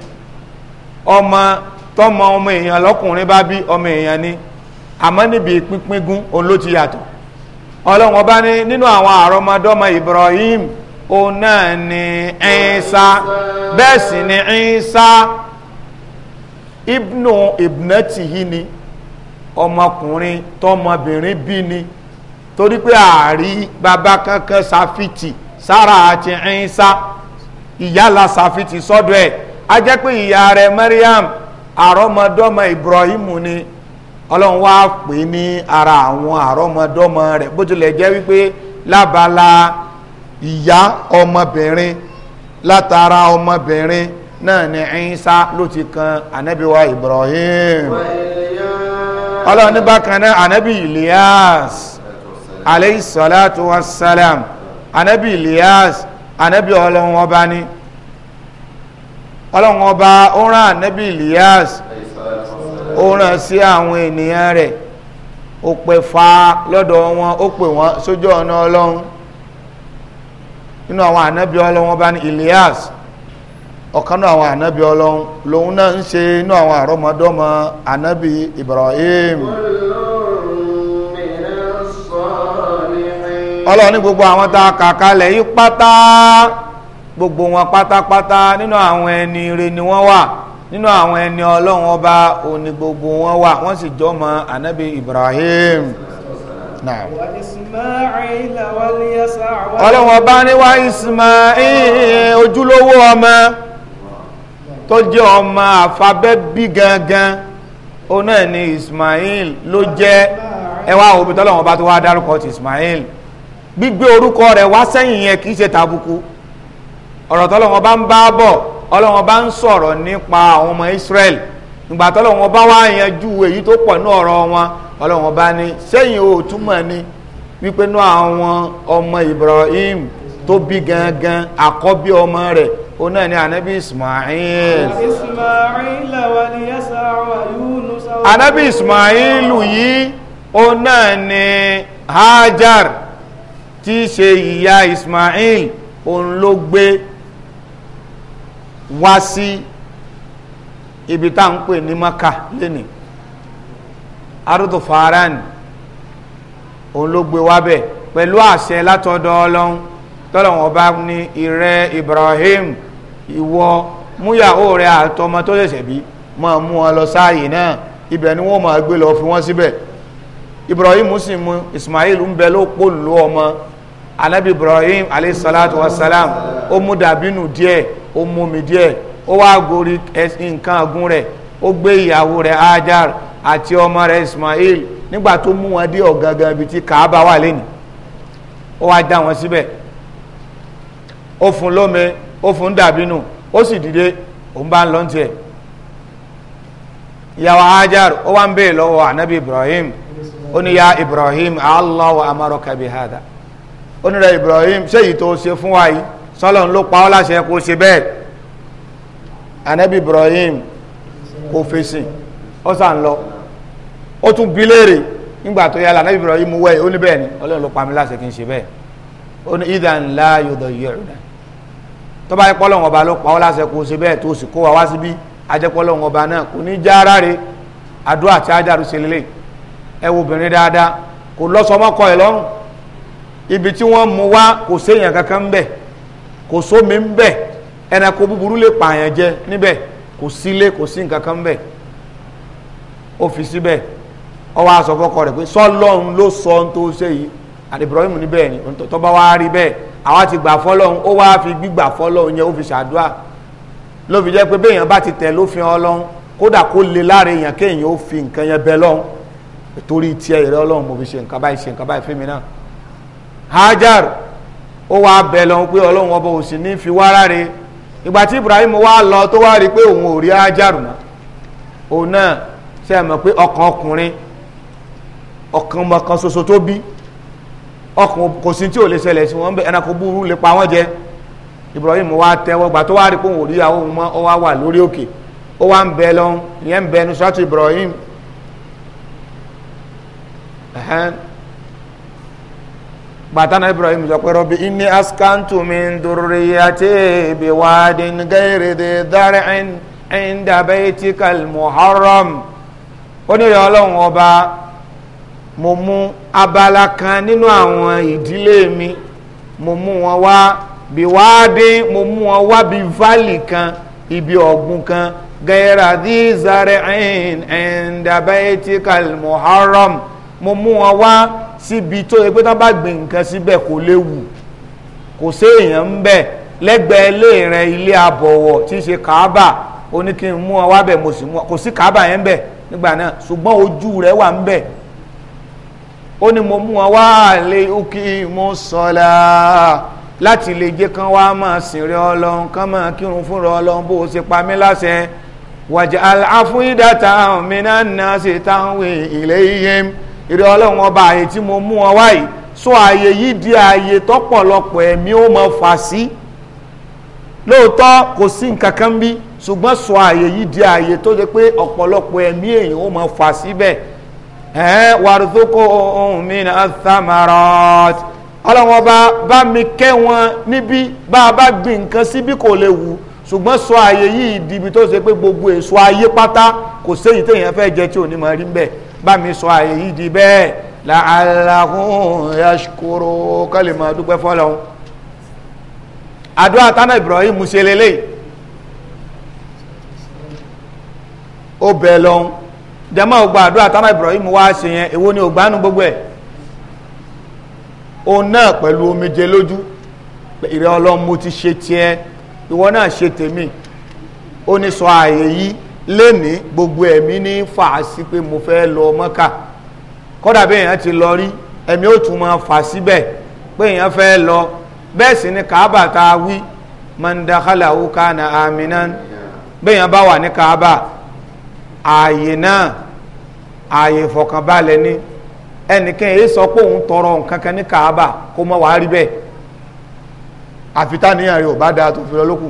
ọmọ tọmọ ọmọ èèyàn lọ́kùnrin bá bí ọmọ èèyàn ni àmọ́ níbi pínpín gún òun yàtọ̀ ọlọ́run ọba ní nínú àwọn àrọmọdọ́mọ Ibrahim òun náà ni Ìsá bẹ́ẹ̀ sì ni Ìsá ibnu ibnatihi ni ọmọkùnrin tọmọbìnrin bí ni torí pé ààrí bàbá kankan sàfìtì sára àti Ìsá ìyálà sàfìtì sọ́dọ̀ ẹ̀ a jẹ́ pé ìyá rẹ̀ Mariam àrọ́mọdọ́mọ Ibrahimu ni ọlọ́run wá pè ní ara àwọn àrọ́mọdọ́mọ rẹ̀ bó tilẹ̀ wípé lábala ìyá ọmọbìnrin látara ọmọbìnrin náà ni Ìsá ló ti kan ànábì wa Ibrahim ọlọ́ni bákan náà ànábì Ilyas aleyhisalatu wasalam ànábì Ilyas ànábì ọlọ́run ọba ni ọlọ́run ọba ó rán ànábì Ilyas ó rán sí àwọn ènìyàn rẹ̀ ó pè fa lọ́dọ̀ wọn ó pè wọ́n sójú ọ̀nà ọlọ́run nínú àwọn ànábì ọlọ́run bá ní Elias ọ̀kan náà àwọn ànábì ọlọ́run lòun náà ń ṣe inú àwọn àrọ́mọdọ́mọ ànábì Ibrahim ọlọ́run ní gbogbo àwọn tá a kà kalẹ̀ yí pátá gbogbo wọn pátápátá nínú àwọn ẹni ire ni wọ́n wà nínú àwọn ẹni ọlọ́run ọba òní gbogbo wọn wà wọ́n sì jọmọ ànábì Ibrahim ọlọ́wọ́n bá ní wá Ismail ojúlówó ọmọ tó jẹ́ ọmọ àfabẹ́bí gangan ó náà ni Ismail ló jẹ́ ẹwà òbí tọ́lọ́wọ́n bá tó wá dárúkọ ti Ismail gbígbé orúkọ rẹ̀ wá sẹ́yìn yẹn kìí ṣe tàbùkù ọ̀rọ̀ tọ́lọ́wọ́n bá ń bá bọ̀ ọlọ́wọ́n bá ń sọ̀rọ̀ nípa àwọn ọmọ Israel nígbà tọ́lọ́wọ́n bá wá yanjú èyí tó pọ̀ ní ọ̀rọ̀ wọn ọlọ́run ọba ní sẹ́yìn o túmọ̀ ni wípé nú àwọn ọmọ Ibrahim tó bí gangan àkọ́bí ọmọ rẹ̀ ó náà ní anabi Ismail anabi Ismail yìí ó náà ní Hajar tí ṣe ìyá Ismail òun ló gbé wá sí ibi tá à pè ní Maka lénìí arúgbó faran òun ló gbé wábẹ̀ pẹ̀lú àṣẹ látọ̀dọ̀ ọlọ́run tọ́lọ̀wọ̀n ọba ní ìrẹ́ Ibrahim ìwọ múyàwó rẹ̀ àtọmọ tó ṣẹ̀ṣẹ̀ bí máa mú wọn lọ sáàyè náà ibẹ̀ ni wọ́n máa gbé lọ fi wọ́n síbẹ̀ Ibrahim sì mú Ismail ń bẹ ló pò lò ọmọ anabi Ibrahim aleyhisalatu wasalam ó mú dàbínú díẹ̀ ó mú mi díẹ̀ ó wá gorí nǹkan agún rẹ ó gbé ìyàwó rẹ Hajar àti ọmọ rẹ Ismail nígbà tó mú wọn dé ọ̀gangan ibi tí Kaaba wà lẹ́nu ó wá dá wọn síbẹ̀ ó fún lómi ó fún dàbínú ó sì dìde òun bá ń lọ tiẹ̀ ìyàwó Hajar ó wá ń anabi Ibrahim ó ní ya Ibrahim Allah wa amaraka hada ó Ibrahim ṣé tó ṣe fún wa yìí sọlọ́n ló pa ọ́ anabi Ibrahim kò fèsì ó tún bi léèrè nígbà tó yàrá nàbí Ibrahim mú wẹ̀yìn ó ní bẹ́ẹ̀ ni ọlọ́run ló pa mí láṣẹ kí n ṣe bẹ́ẹ̀ ó ní idan la yọ̀dọ̀ yẹ̀rùnà tó bá yẹ pé ọlọ́run ọba ló pa ọ́ láṣẹ kó ṣe bẹ́ẹ̀ tó sì kó wa wá síbí ajẹ́pọ̀ ọlọ́run ọba náà kò ní já ara rẹ̀ àdúrà tí ajáru ṣe lélẹ̀ ẹ wo obìnrin dáadáa kò lọ́sọmọ́kọ ẹ̀ lọ́rùn ibi tí wọ́n mú wá kò séèyàn kankan ń kò ọwọ́ aṣọ fọ́kọ rẹ̀ pé sọ́lọ́run ló sọ ohun tó ṣe yìí àdìbọ̀rọ̀mù ní bẹ́ẹ̀ ni tó bá wá rí bẹ́ẹ̀ àwa ti gbà fọ́lọ́run ó wá fi gbígbà fọ́lọ́run yẹn ó fi ṣàdúrà ló fi jẹ́ pé béèyàn bá ti tẹ̀ lófin ọlọ́run kódà kó le láre èèyàn kéèyàn ó fi nǹkan yẹn bẹ lọ́run torí tiẹ̀ ìrẹ́ ọlọ́run mo fi ṣe nǹkan báyìí ṣe nǹkan báyìí fún mi náà Hajar ó wá bẹ lọ́run pé ọlọ́run ọba òsì ní fi wá ráre ìgbà tí Ibrahim wá lọ tó wá rí pé òun ò rí Hajar mọ́ òun náà ṣe é mọ̀ pé ọkàn ọkùnrin ọ̀kan ọmọ kan ṣoṣo tó bí ọkùn kò sí tí ò lè ṣẹlẹ̀ sí wọn bẹ ẹranko búburú lè pa wọ́n jẹ Ibrahim wa tẹ́wọ́ gbà tó wá rí pòun òrí àwọn ọmọ ọ wá wà lórí òkè ó wá ń bẹ lọ ìyẹn ń bẹ ẹnu sọ́tù Ibrahim bàtánà Ibrahim sọ pé rọbì inni askantu min durriyati bi wadin ghairi dhi dar'in inda baytikal muharram ó ní ìyá ọlọ́run ọba mo mú abala kan nínú àwọn ìdílé mi mo mú wọn wá bí wáádé mo mú wọn wá bí válì kan ibi ọ̀gbun kan gẹ́ra dí zarein ẹ̀ndàbẹ́tì kalmuharam mo mú wọn wá síbi tó yẹ pé tán bá gbìn nǹkan síbẹ̀ kò léwu kò séèyàn ń bẹ̀ lẹ́gbẹ̀ẹ́ ilé rẹ̀ ilé àbọ̀wọ̀ tí í ṣe kàábà ó ní kí n mú wọn wá bẹ̀ mo sì mú wọn kò sí kàábà yẹn bẹ̀ nígbà náà ṣùgbọ́n ojú rẹ̀ wà ń bẹ̀ ó ní mo mú wọn wá lè òkè mú sọlá láti lè jẹ́ kán wá máa sìn rẹ ọlọ́run kán máa kírun fúnra ọlọ́run bó o ṣe pa mí láṣẹ wàjà àfúndàtà mìíràn náà ṣe táwọn ilé iye ìrẹ ọlọ́run ọba àyè tí mo mú wọn wáyìí sọ àyè yìí di àyè tọ́pọ̀lọpọ̀ ẹ̀mí ó mọ fà sí lóòótọ́ kò sí nǹkan kan bí ṣùgbọ́n sọ àyè yìí di àyè tó jẹ́ pé ọ̀pọ̀lọpọ̀ ẹ̀mí èèyàn ó mọ fà síbẹ̀ wàrúdókò ohun mi náà sàmàrọ̀t ọlọ́wọ́n bá bá mi kẹ́ wọn níbí bá a bá gbin nǹkan síbí kò lè wù ṣùgbọ́n sọ àyè yìí dìbì tó ṣe pé gbogbo èso ayé pátá kò séyìí téèyàn fẹ́ jẹ tí ò rí bẹ́ẹ̀ bá mi sọ àyè yìí di bẹ́ẹ̀ làálàhùn yashkoro kálí máa dúpẹ́ fọlọ́hún. àdúrà tánà Ibrahim ṣe lélẹ́yìí jama ògbà àdúrà tánà Ibrahim wá ṣe yẹn èwo ni ògbánu gbogbo ẹ̀ òun náà pẹ̀lú omijé lójú ìrẹ́ ọlọ́run mo ti ṣe tiẹ̀ ìwọ náà ṣe tèmi ó ní sọ ààyè yìí lénìí gbogbo ẹ̀mí ní fà sí pé mo fẹ́ lọ mọ́kà kọ́dà bí èèyàn ti lọ rí ẹ̀mí ó tún máa fà síbẹ̀ pé èèyàn fẹ́ lọ bẹ́ẹ̀ sì ni kàábà tá a wí mandakala uka na amina bẹ́ẹ̀yàn bá wà ní kàábà ààyè náà ààyè ìfọ̀kànbalẹ̀ ni ẹnìkan èyí sọ pé òun tọrọ nǹkan kan ní Kaaba kó mọ́ wàá rí bẹ́ẹ̀ ò bá tó fi lọ lókù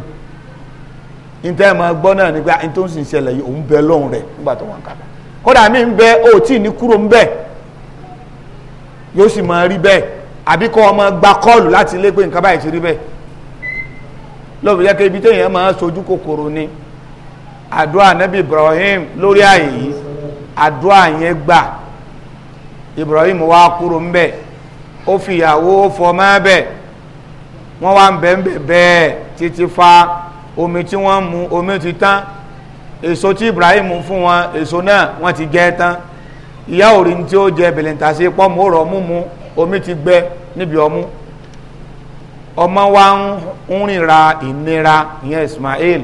níta ẹ̀ máa gbọ́ náà nígbà ń ṣẹlẹ̀ yìí òun bẹ lọ́hùn rẹ̀ nígbà tó wọn kàdà kódà mí ń bẹ ọmọ gba kọ́ọ̀lù láti ilé pé nǹkan báyìí ti rí lọ́bù yẹ kí ibi ni àdúrà nẹ́bí Ibrahim lórí àyè àdúrà yẹn gbà Ibrahim wá kúrò ń bẹ̀ ó fi ìyàwó ó fọmọ bẹ̀ wọ́n wá ń bẹ̀ ń bẹ̀ bẹ́ẹ̀ títí fa omi tí wọ́n mu omi ti tán èso tí Ibrahim fún wọn èso náà wọ́n ti jẹ tán ìyá òrìn tí ó jẹ bìlìntàsí pọ́mù ó rọ̀ mú mu omi ti gbẹ níbi ọmú ọmọ wa ń rìnra ìnira ìyẹn Ismail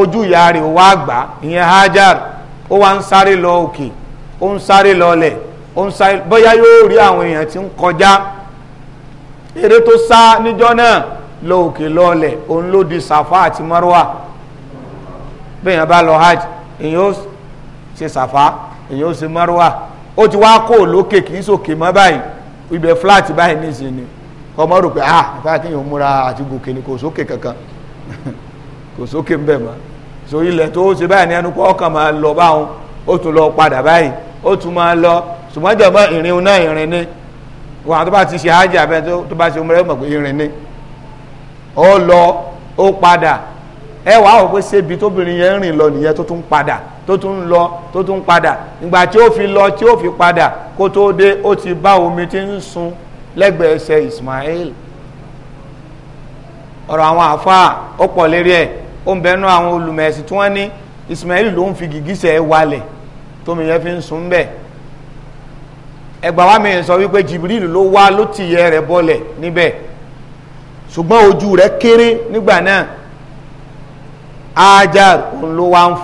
ojú ìyá rẹ̀ wá gbà ìyẹn Hajar ó wá ń sáré lọ òkè ó ń sáré lọlẹ̀ ó ń sáré bóyá yóò rí àwọn èèyàn tí ń kọjá eré tó sá níjọ́ náà lọ òkè lọlẹ̀ òun ló di sàfà àti mọ́rọ́wà bẹ́ẹ̀ bá lọ hajj èèyàn ó ṣe sàfà èèyàn ó ṣe mọ́rọ́wà ó ti wá kó lókè kì í sòkè mọ́ báyìí ibẹ̀ fúláàtì báyìí nísìnyí ọmọ rò pé ah ìfáàkì yìí ń múra àti gòkè ni kò sókè kankan kò sókè ń bẹ̀ mọ́ so ilẹ̀ tó ṣe báyìí ní ẹnu pọ̀ ọkàn máa lọ báwọn ó tún lọ padà báyìí ó tún máa lọ ṣùgbọ́n jọ̀mọ́ ìrìn náà ìrìn ni wọn tó bá ti ṣe ájà bẹ́ẹ̀ tó bá ṣe mọ̀rẹ́ mọ̀ pé ìrìn ni ó lọ ó padà ẹ wàá wò pé ṣébi tóbìnrin yẹn ń rìn lọ nìyẹn tó tún padà tó tún lọ tó tún padà ìgbà tí ó fi lọ tí ó fi padà kó tó dé ó ti bá omi tí ń sun lẹ́gbẹ̀ẹ́ ẹsẹ̀ Ismail ọ̀rọ̀ àwọn àfáà ó pọ̀ lérí ẹ̀ ó ń bẹnu àwọn olùmẹ̀sìn tí wọ́n ní Ismail ló ń fi gìgísẹ̀ walẹ̀ tómi yẹn fi ń sùn bẹ́ẹ̀ ẹgbà wa mi sọ wípé Jibril ló wá ló ti yẹ rẹ̀ bọ́lẹ̀ níbẹ̀ ṣùgbọ́n ojú rẹ̀ kéré nígbà náà Hajar òun ló wá ń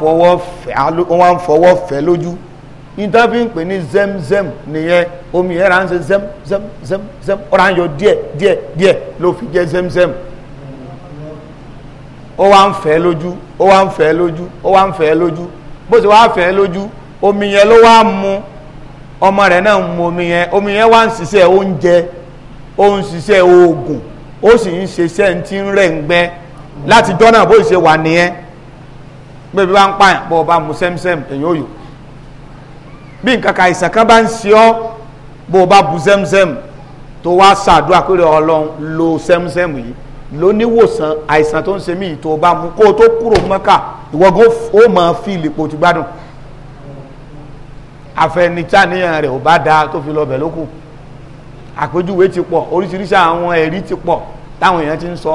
fọwọ́ fẹ́ lójú níta fi ń pè ní zemzem nìyẹn omi yẹn ra ń ṣe zemzemzem díẹ̀ díẹ̀ díẹ̀ ló fi jẹ́ zemzem. Zem, zem ó wá ń fẹ́ lójú ó wá ń fẹ́ lójú ó wá ń fẹ́ lójú bó ti wá fẹ́ lójú omi yẹn ló wá mu ọmọ rẹ̀ náà ń mu omi yẹn omi yẹn wá ń ṣiṣẹ́ oúnjẹ ó ń ṣiṣẹ́ oògùn ó sì ń ṣiṣẹ́ ti ń rẹ̀ ń gbẹ́ láti dọ́nà bó ṣe wà nìyẹn pé bí wọ́n ń pààyàn bọ́ ọba mu sẹ́msẹ́m èyàn òyò bí nǹkan kan àìsàn kan bá ń ṣe ọ́ bó ọba bu sẹ́msẹ́m tó wá ṣàdúrà pé ọlọ́run lo sẹ́msẹ́m yìí lóníwòsàn àìsàn tó ń ṣe mí tó bá mú kó o tó kúrò mọ́kà ìwọ́gán ó máa fi ìlèpo ti gbádùn àfẹnitániyàn rẹ̀ ò bá dáa tó fi lọ bẹ̀ lókù àpèjúwe ti pọ̀ oríṣiríṣi àwọn ẹ̀rí ti pọ̀ táwọn èèyàn ti ń sọ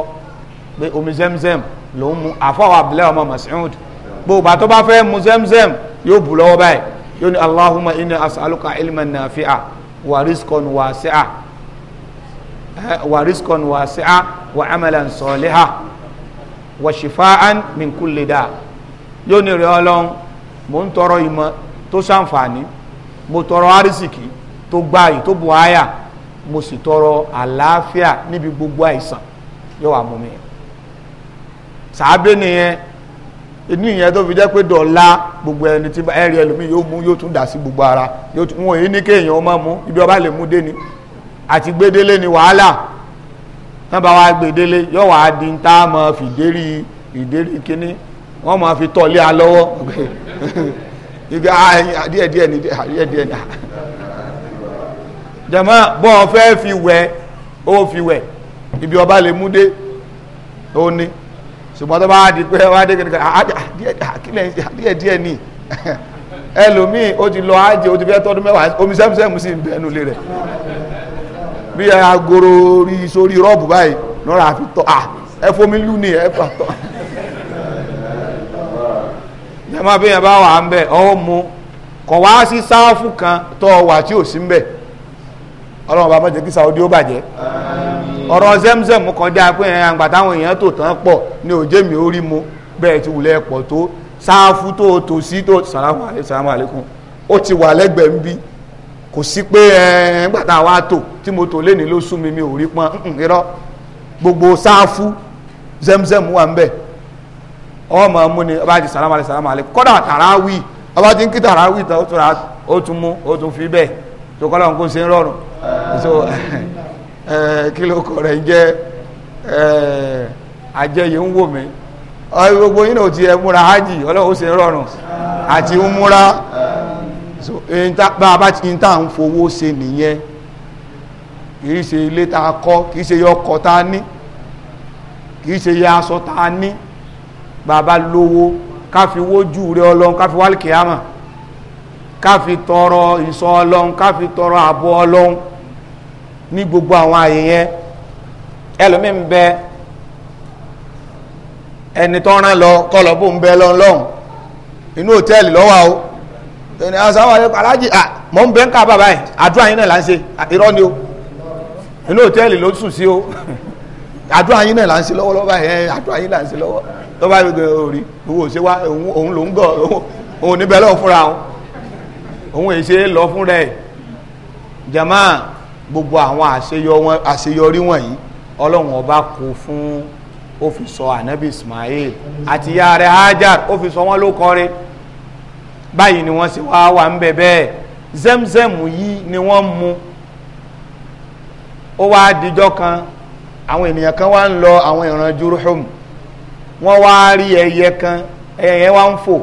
pé omi zemzem ló ń mu àfọwọ́ abúlé ọmọ Mas'ud gbogbo àtọ́ bá fẹ́ mu zemzem yóò bù lọ́wọ́ báyìí yóò ní Allahumma inna as'aluka ilman nafi'a wa rizqan wa rizqan wasi'a wa amalan saliha wa shifaan min kulli da yóò ní rẹ̀ ọlọ́run mo ń tọrọ ìmọ̀ tó ṣàǹfààní mo tọrọ arísìkì tó gbáyì tó bu àyà mo sì tọrọ àlàáfíà níbi gbogbo àìsàn yóò wà mú mi sàábé nìyẹn inú ìyẹn tó fi jẹ́ pé dọ̀la gbogbo ẹni tí ẹ̀rí ẹlòmíì yóò mú yóò tún dà sí gbogbo ara wọn èyí ní kéèyàn ọmọ mú ibi ọba lè mú dé ni àti gbedele ni wàhálà tán wa gbedele yóò wá di ta mọ fìdérí ìdérí kínní wọn máa fi tọ̀lé a ìgbà ah, díẹ̀ díẹ̀ ni díẹ̀ díẹ̀ ni jama bọ́ọ̀ fẹ́ fi wẹ̀ ó fi wẹ̀ ibi ọba lè mú dé ó ní ṣùgbọ́n tó bá di pé wá dé kìnnìkan ah, ah, díẹ̀ díẹ̀ ni ẹlòmíì ó ti lọ ájẹ ó ti fẹ́ tọdún mẹ́wàá omi sẹ́mùsẹ́mù sí ń bẹ́ẹ̀ nulẹ̀ rẹ̀. bí agoro rí sórí rọ́ọ̀bù báyìí àfi tọ́ à ẹ fomi lù ní ẹ fà tọ́ jama bí yẹn bá wà ń bẹ ọ mú kọ̀ wá sí sáfù kan tọ́ wà tí ò sí ń bẹ̀ ọlọ́run bàbá jẹ́ kí Saudi ó bàjẹ́ ọ̀rọ̀ Zemzem àgbà táwọn èèyàn tó tán pọ̀ ní òjé mi ó rí mu bẹ́ẹ̀ ti wùlẹ̀ pọ̀ tó sáfù tó tó sàlámù ó ti wà lẹ́gbẹ̀ẹ́ kò sí pé ẹ̀ẹ́n gbàtà wa tò tí mo tò léni ló sún gbogbo saafu zemzem wà ń bẹ̀ ọmọ mú ni ọba ti salama lẹ sàlámà kọ́dà tàràwì ọba ti ń kí tàràwì tó tó ó fi bẹ́ẹ̀ tó kọ́dà ń kó se ń rọrùn so kí ló kọ̀ rẹ̀ ń jẹ́ àjẹyè ń wò mí gbogbo náà ti ẹ múra hajj ọlọ́wọ́ ó se ń rọrùn àti ń so bàbá tí n tà ń fowó ṣe nìyẹn kìí ṣe ilé tá a kọ́ kìí ṣe ọkọ̀ tá a ní kìí ṣe iye aṣọ tá a ní bàbá lówó káfi wójú rẹ ọlọ́run káfi wálìkì àmà káfi tọrọ ìsọ ọlọ́run káfi tọrọ àbọ̀ ọlọ́run ní gbogbo àwọn àyè yẹn ẹlòmíì ń bẹ ẹni tó lọ kọlọ ń bẹ lọ inú òtẹ́ẹ̀lì lọ́wọ́ o ẹni asáwọ ayé alájì à mọ̀ ń bẹ́ ń ká bàbá ẹ̀ àdúrà yín náà là ń ṣe irọ́ ni o inú òtẹ́ẹ̀lì ló sùn sí o àdúrà yín náà là ń ṣe lọ́wọ́ lọ́wọ́ ẹ̀ àdúrà yín là ń ṣe lọ́wọ́ lọ́wọ́ ẹ̀ gbẹ̀gbẹ̀ òrí owó ṣe wá òun ló ń gọ̀ òun níbẹ̀ lọ́wọ́ fúnra òun òun èṣe lọ fún rẹ̀ jama gbogbo àwọn àṣeyọrí wọ̀nyí ọlọ́run ọba kò fún ó fi sọ ànábì Ismail àti ìyá rẹ̀ Hajar ó fi sọ wọ́n ló kọrin báyìí ni wọ́n sì wá wà ń bẹ̀ bẹ́ẹ̀ zemzem yìí ni wọ́n mu ó wá dijọ́ kan àwọn ènìyàn kan wá ń lọ àwọn ìran juruhum wọ́n wá rí ẹyẹ kan ẹyẹ yẹn wá ń fò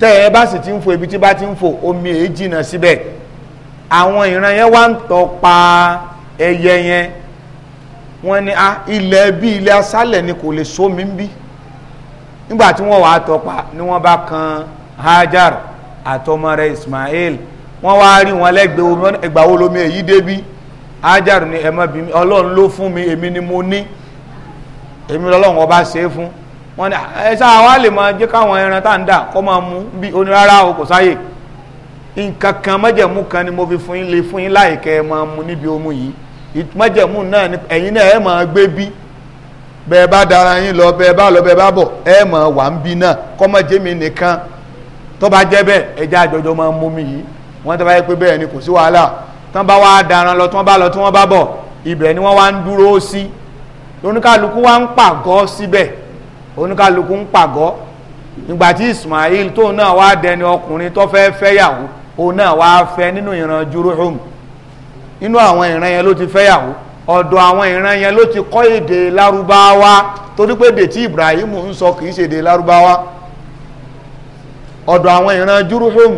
tẹ́ ẹ bá sì ti ń fò ibi tí bá ti ń fò omi èé jìnà síbẹ̀ àwọn ìran yẹn wá ń tọpa ẹyẹ yẹn wọ́n ní ilẹ̀ bí ilẹ̀ asálẹ̀ ni kò lè sómi ń bí nígbà tí wọ́n wàá tọpa ni wọ́n bá kan hajar àtọmọ rẹ̀ ismail wọn wá rí wọn lẹ́gbẹ̀ẹ́ ẹgbà lomi èyí hajar ni ẹmọ bí mi ọlọ́run ló fún mi èmi ni mo ní èmi lọ́lọ́run ọba ṣe é fún wọn ni ẹ sáà wá lè máa káwọn ẹran tá à ń dà kọ máa mú bí onírárá o kò sáyè kan mo fi fún yín lè fún yín ẹ máa mú níbi yìí náà ni ẹ̀yin náà ẹ máa gbé bí bẹ́ẹ̀ bá dara yín lọ bẹ́ẹ̀ bá lọ bẹ́ẹ̀ bá bọ̀ ẹ máa wà ń bí náà tó bá jẹ́ bẹ́ẹ̀ ẹja àjọjọ máa ń mú mi yìí wọ́n tó bá yẹ pé bẹ́ẹ̀ ni kò sí wàhálà tán bá wá daran lọ tí wọ́n bá lọ tí wọ́n bá bọ̀ ibẹ̀ ni wọ́n wá ń dúró sí oníkàlùkù wá ń pàgọ́ síbẹ̀ oníkàlùkù ń pàgọ́ nígbà tí Ismail tóun náà wá dẹni ọkùnrin tó fẹ́ fẹ́yàwó òun náà wá fẹ́ nínú ìran Jurhum nínú àwọn ìran yẹn ló ti fẹ́yàwó ọ̀dọ̀ àwọn ìran yẹn ló ti kọ́ èdè lárúbáwá torí pé èdè Ibrahim ń sọ kì í ṣe èdè ọ̀dọ̀ àwọn ìran juruhum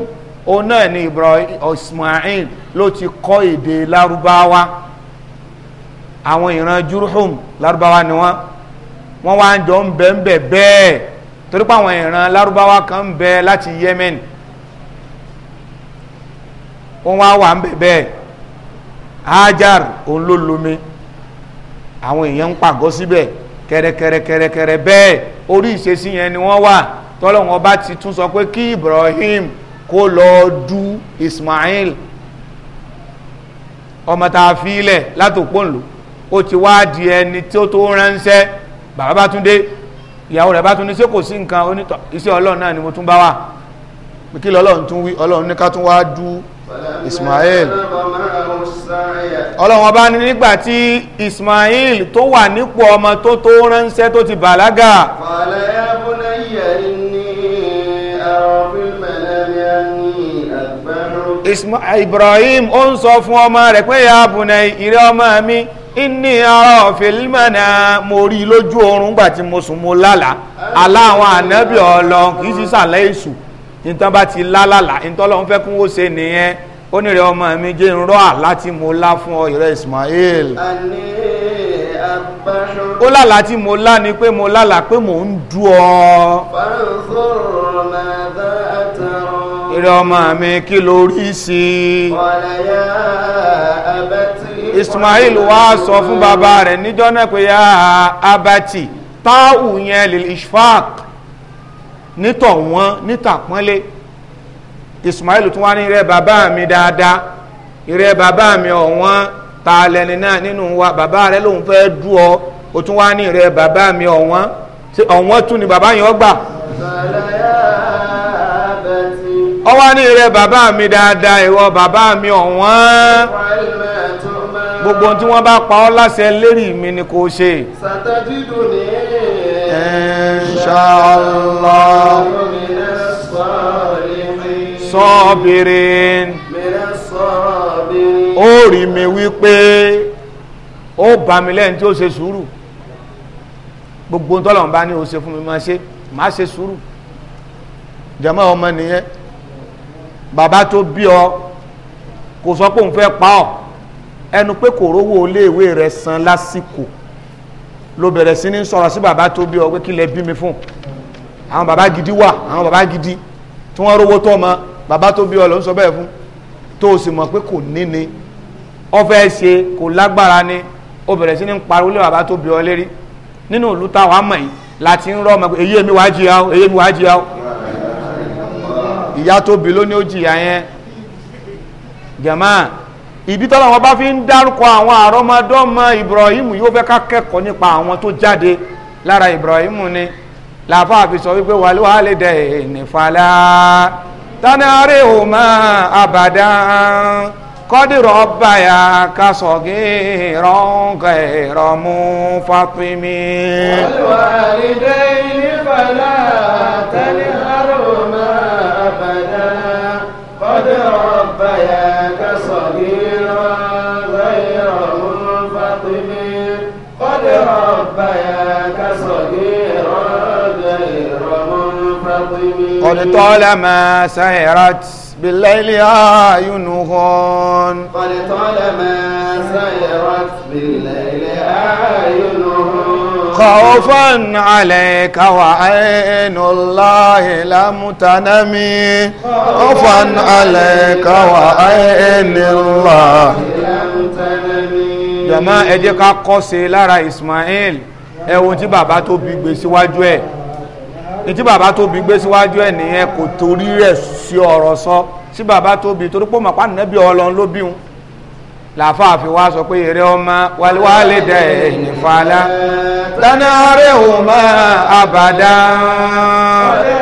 òun náà ni Ibrahim Ismail ló ti kọ́ èdè lárúbáwá àwọn ìran juruhum lárúbáwá ni wọ́n wọ́n wá ń jọ ń bẹ̀ ń bẹ̀ bẹ́ẹ̀ torí pé àwọn ìran lárúbáwá kan ń bẹ láti Yemen wọ́n wá wà ń bẹ̀ bẹ́ẹ̀ Hajar òun ló lómi àwọn èèyàn ń pàgọ́ síbẹ̀ kẹrẹkẹrẹkẹrẹkẹrẹ bẹ́ẹ̀ orí ìṣesí yẹn ni wọ́n wà tọ́lọ́wọ́n ọba ti tún sọ pé kí Ibrahim kó lọ du Ismail ọmọ tá a fi ilẹ̀ látòpónlò ó ti wá di ẹni tí ó tó ránṣẹ́ bàbá bá tún dé ìyàwó rẹ̀ bá tún ní ṣé kò sí nǹkan onítọ̀ iṣẹ́ ọlọ́run náà ni mo tún bá wà pé kí lọ́lọ́run tún wí ọlọ́run ní ká tún wá du Ismail ọlọ́run ọba ní nígbà tí Ismail tó wà nípò ọmọ tó tó ránṣẹ́ tó ti bàlágà. ibrahim ó ń sọ fún ọmọ rẹ̀ pé ya bùnẹ̀ ìrẹ́ ọmọ mi inni ara fìlímọ̀nà mo rí lójú oorun gbà tí mo sùn mo lálà aláwọn ànábì ọlọ kì í sì sàlẹ̀ èṣù nítan bá ti lálàlà ìtọ́lọ́ ń fẹ́ kún ó ṣe nìyẹn ó ní rẹ̀ ọmọ mi jẹ́ ń rọ́ àlá tí mo lá fún ọ ìrẹ́ Ismail ó lálà tí mo lá ni pé mo lálà pé mò ń dú ọ. fàrùn sọ̀rọ̀ màdá ìrẹ ọmọ mi kí ló rí sí Ismail wá sọ fún bàbá rẹ̀ níjọ́ náà pé ya abati táwù yẹn lil ishfaq nítọ̀ wọn nítàpọ́nlé Ismail tún wá ní ìrẹ bàbá mi dáadáa ìrẹ bàbá mi ọ̀wọ́n ta lẹni náà nínú wa bàbá rẹ̀ lòun fẹ́ dú ọ o tún wá ní ìrẹ bàbá mi ọ̀wọ́n tún ni bàbá yẹn ọgbà ó wá ní rẹ bàbá mi dáadáa ìwọ bàbá mi ọ̀wọ́n gbogbo tí wọ́n bá pa ọ́ láṣẹ lérí mi ni kò ṣe. inshallah sọ́ọ̀bìrín ó rí mi wípé ó bá mi lẹ́yìn tí ó ṣe sùúrù gbogbo tọ́lọ̀ ń bá ní ó ṣe fún mi máa ṣe máa ṣe sùúrù jàmá ọmọ nìyẹn bàbá tó bí ọ kò sọ pé òun fẹ́ pa ọ ẹnu pé kò rówó iléèwé rẹ san lásìkò ló bẹ̀rẹ̀ sí ní sọ̀rọ̀ sí bàbá tó bí ọ pé kí lẹ bí mi fún àwọn bàbá gidi wà àwọn bàbá gidi tí wọ́n rówó tọ́ ọmọ bàbá tó bí ọ ló ń sọ bẹ́ẹ̀ fún tó o sì mọ̀ pé kò ní ni ọ fẹ́ ṣe kò lágbára ni ó bẹ̀rẹ̀ sí ní pariwo lé bàbá tó bí ọ lérí nínú ìlú táwa yìí láti ń rọ́ ọmọ èyí èmi wá jìyà o èyí èmi wá jìyà o ìyá tó bí ló ní ó jìyà yẹn jàmáà ìdí tọ́lá wọn bá fi ń dárúkọ àwọn àrọ́mọdọ́mọ Ibrahim yóò fẹ́ ká kẹ́kọ̀ọ́ nípa àwọn tó jáde lára Ibrahim ni làfà fi sọ wípé wà ló hálẹ̀ dẹ̀ nìfàlà tánárì òmà àbàdà kọ́dìrọ̀ báyà kásọ̀gì rọ́ǹkà ẹ̀rọ mú fàpímì. wà ló hálẹ̀ dẹ̀ nìfàlà tánárì. قد طالما سهرت بالليل أعينهن قد طالما سهرت بالليل أعينهن خوفا عليك وعين الله لم تنمي خوفا عليك وعين الله لم تنمي جماعة ẹ jẹ́ ká kọ́ sí lára Ismail ẹ wo tí bàbá tó bí gbé síwájú ẹ̀ ètí bàbá tóbi gbé síwájú ẹ nìyẹn kò torí rẹ̀ sí ọ̀rọ̀ sọ sí bàbá tóbi torí pé màpá nàbí Ọlọ́run ló bí wọn làáfà fi wá sọ pé èrè ọmọ wàlúwàlẹ dẹ ẹyìn fàlà tánà rẹ ò má àbàdàn.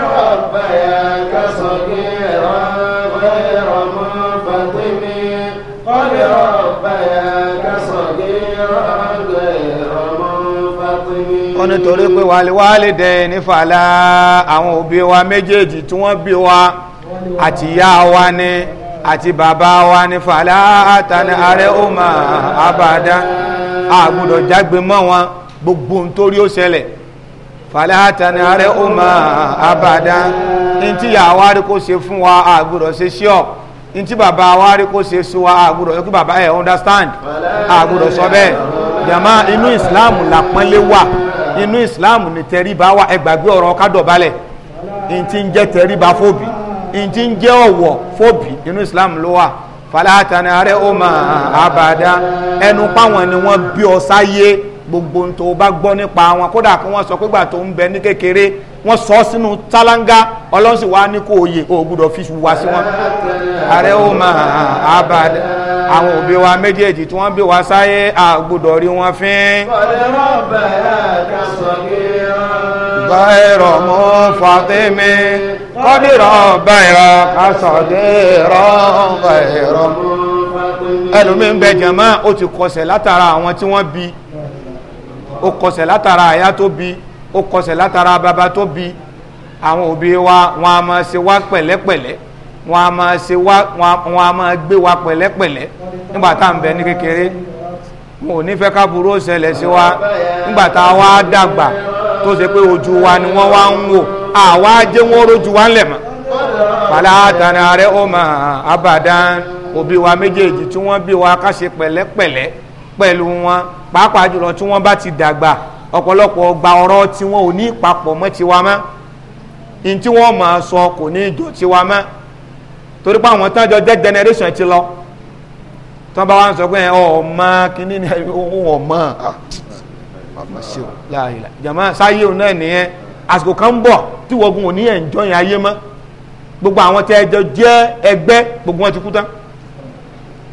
nítorí pé wàlíwàlí dẹ̀ nífàlà àwọn òbí wa méjèèjì tí wọ́n bí wa àti ìyá wa ni àti bàbá wa ní fàlà àtàní ààrẹ ọmọ àbàdá àgùdọ̀ jágbe mọ́ wọn gbogbo ń torí ó ṣẹlẹ̀ fàlà àtàní ààrẹ ọmọ àbàdá ní tí ìyá wa rí kó ṣe fún wa àgùdọ̀ ṣe ṣí ní tí bàbá wa rí kó ṣe sí wa àgùdọ̀ yẹ bàbá ẹ̀ understand àgùdọ̀ sọ bẹ́ẹ̀ jàmá inú ìsìláàmù làpọ́nlé wà inú islam ní tẹríba wà ẹgbàgbé ọ̀rọ̀ kádọ̀bálẹ̀ n ti ń jẹ́ tẹríba fóbi n ń jẹ́ ọ̀wọ̀ fóbi inú islam ló wà falatani ààrẹ ó abada, abàdá ẹnu páwọn ni wọ́n bí ọ sáyé gbogbo tó bá gbọ́ nípa wọn kódà kí wọ́n sọ pé gbà tó ń bẹ ní kékeré wọ́n sọ sínú tálángá ọlọ́sìn wa ní kò yè o gbúdọ̀ fi wá sí wọn ààrẹ ó mà àwọn òbí wa méjèèjì tí wọ́n bí wa sáyé àgbọ́dọ̀ rí wọn fín. kọ́lẹ́rọ̀ bẹ̀rẹ̀ ká sọ kí wọ́n. báyìrọ̀ mú fatimi kọ́dìrọ̀ báyìrọ̀ ká sọ̀dẹ̀rọ̀ báyìrọ̀. ẹlòmíín bẹ jẹ̀mọ́ ó ti kọsẹ̀ látara àwọn tí wọ́n bí ó kọsẹ̀ látara àyà tó bí ó kọsẹ̀ látara bàbá tó bí àwọn òbí wa wọn a máa ṣe wá pẹ̀lẹ́pẹ̀lẹ́ wọn a máa ṣe wá wọn a máa gbé wa pẹ̀lẹ́pẹ̀lẹ́ nígbà tá à ń bẹ ní kékeré wọn ò ní ká burú ṣẹlẹ̀ sí wa nígbà tá a wá dàgbà tó ṣe pé ojú wa ni wọ́n wá ń wò àwa jẹ́ wọ́n rójú wa ńlẹ̀ mọ́ fàlà àtàrà rẹ̀ ó mà òbí wa méjèèjì tí wọ́n bí wa ká ṣe pẹ̀lẹ́pẹ̀lẹ́ pẹ̀lú wọn pàápàá jùlọ tí wọ́n bá ti dàgbà ọ̀pọ̀lọpọ̀ ọgbà ọ̀rọ̀ tí wọ́n ò ní papọ̀ mọ́ tiwa mọ́ ní tí wọ́n máa sọ kò ní jọ tiwa mọ́ torí pé àwọn tán jọ jẹ́ generation ti lọ tán bá wá ń sọ pé ọmọ kìíní ni ohun ọmọ ọmọ ṣe o láàyè jàmá sáyé òun náà nìyẹn àsìkò kan bọ̀ tí wọ́n gun òní ẹ̀ ń jọyìn ayé mọ́ gbogbo àwọn tẹ́ ẹ jọ jẹ́ ẹgbẹ́ gbogbo wọn ti kú tán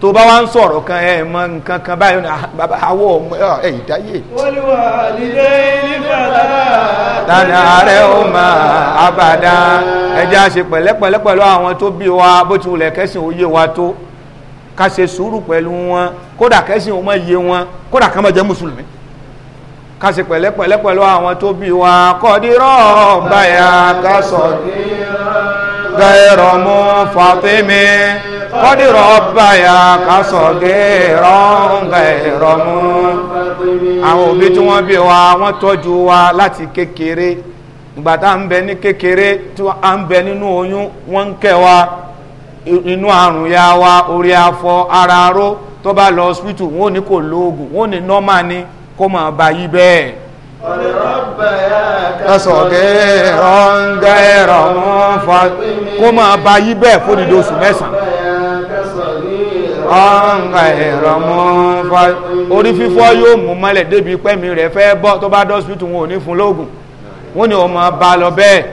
tó bá wá ń sọ̀rọ̀ kan ẹ mọ nǹkan kan báyìí ní ah, bàbá àwọ̀ ọmọ ẹ ìdáyé. olùwà lílé nífàlà. lànà ààrẹ ó máa abàdá ẹja ṣe pẹ̀lẹ́pẹ̀lẹ́ pẹ̀lú àwọn tó bí wa bó ti wulẹ̀ kẹ́sìn òye wa tó ká ṣe sùúrù pẹ̀lú wọn kódà kẹ́sìn ò iye wọn kódà ká má jẹ́ mùsùlùmí ká ṣe pẹ̀lẹ́pẹ̀lẹ́ pẹ̀lú àwọn tó bí wa kọ́dírọ́ báyà ká sọ̀rọ̀ mú Fàtímì. قد ربيا كصغيرا غير منفطم àwọn òbí tí wọ́n bí wa wọ́n wa láti kékeré ìgbà tá à ń bẹ ní kékeré tí à ń wa ya wa ori afọ ara ró tó bá lọ hospital wọn ò normal ni kó ma bá yí ma ọ̀rẹ́ rọ́bà ọ̀ǹkàìrọ̀ mọ́ orí fífọ́ yóò mú mọ́lẹ̀ débi pẹ́mi rẹ̀ fẹ́ bọ́ tó bá dọ́sítù wọn ò ní fún lóògùn wọ́n ni ọmọ bá lọ bẹ́ẹ̀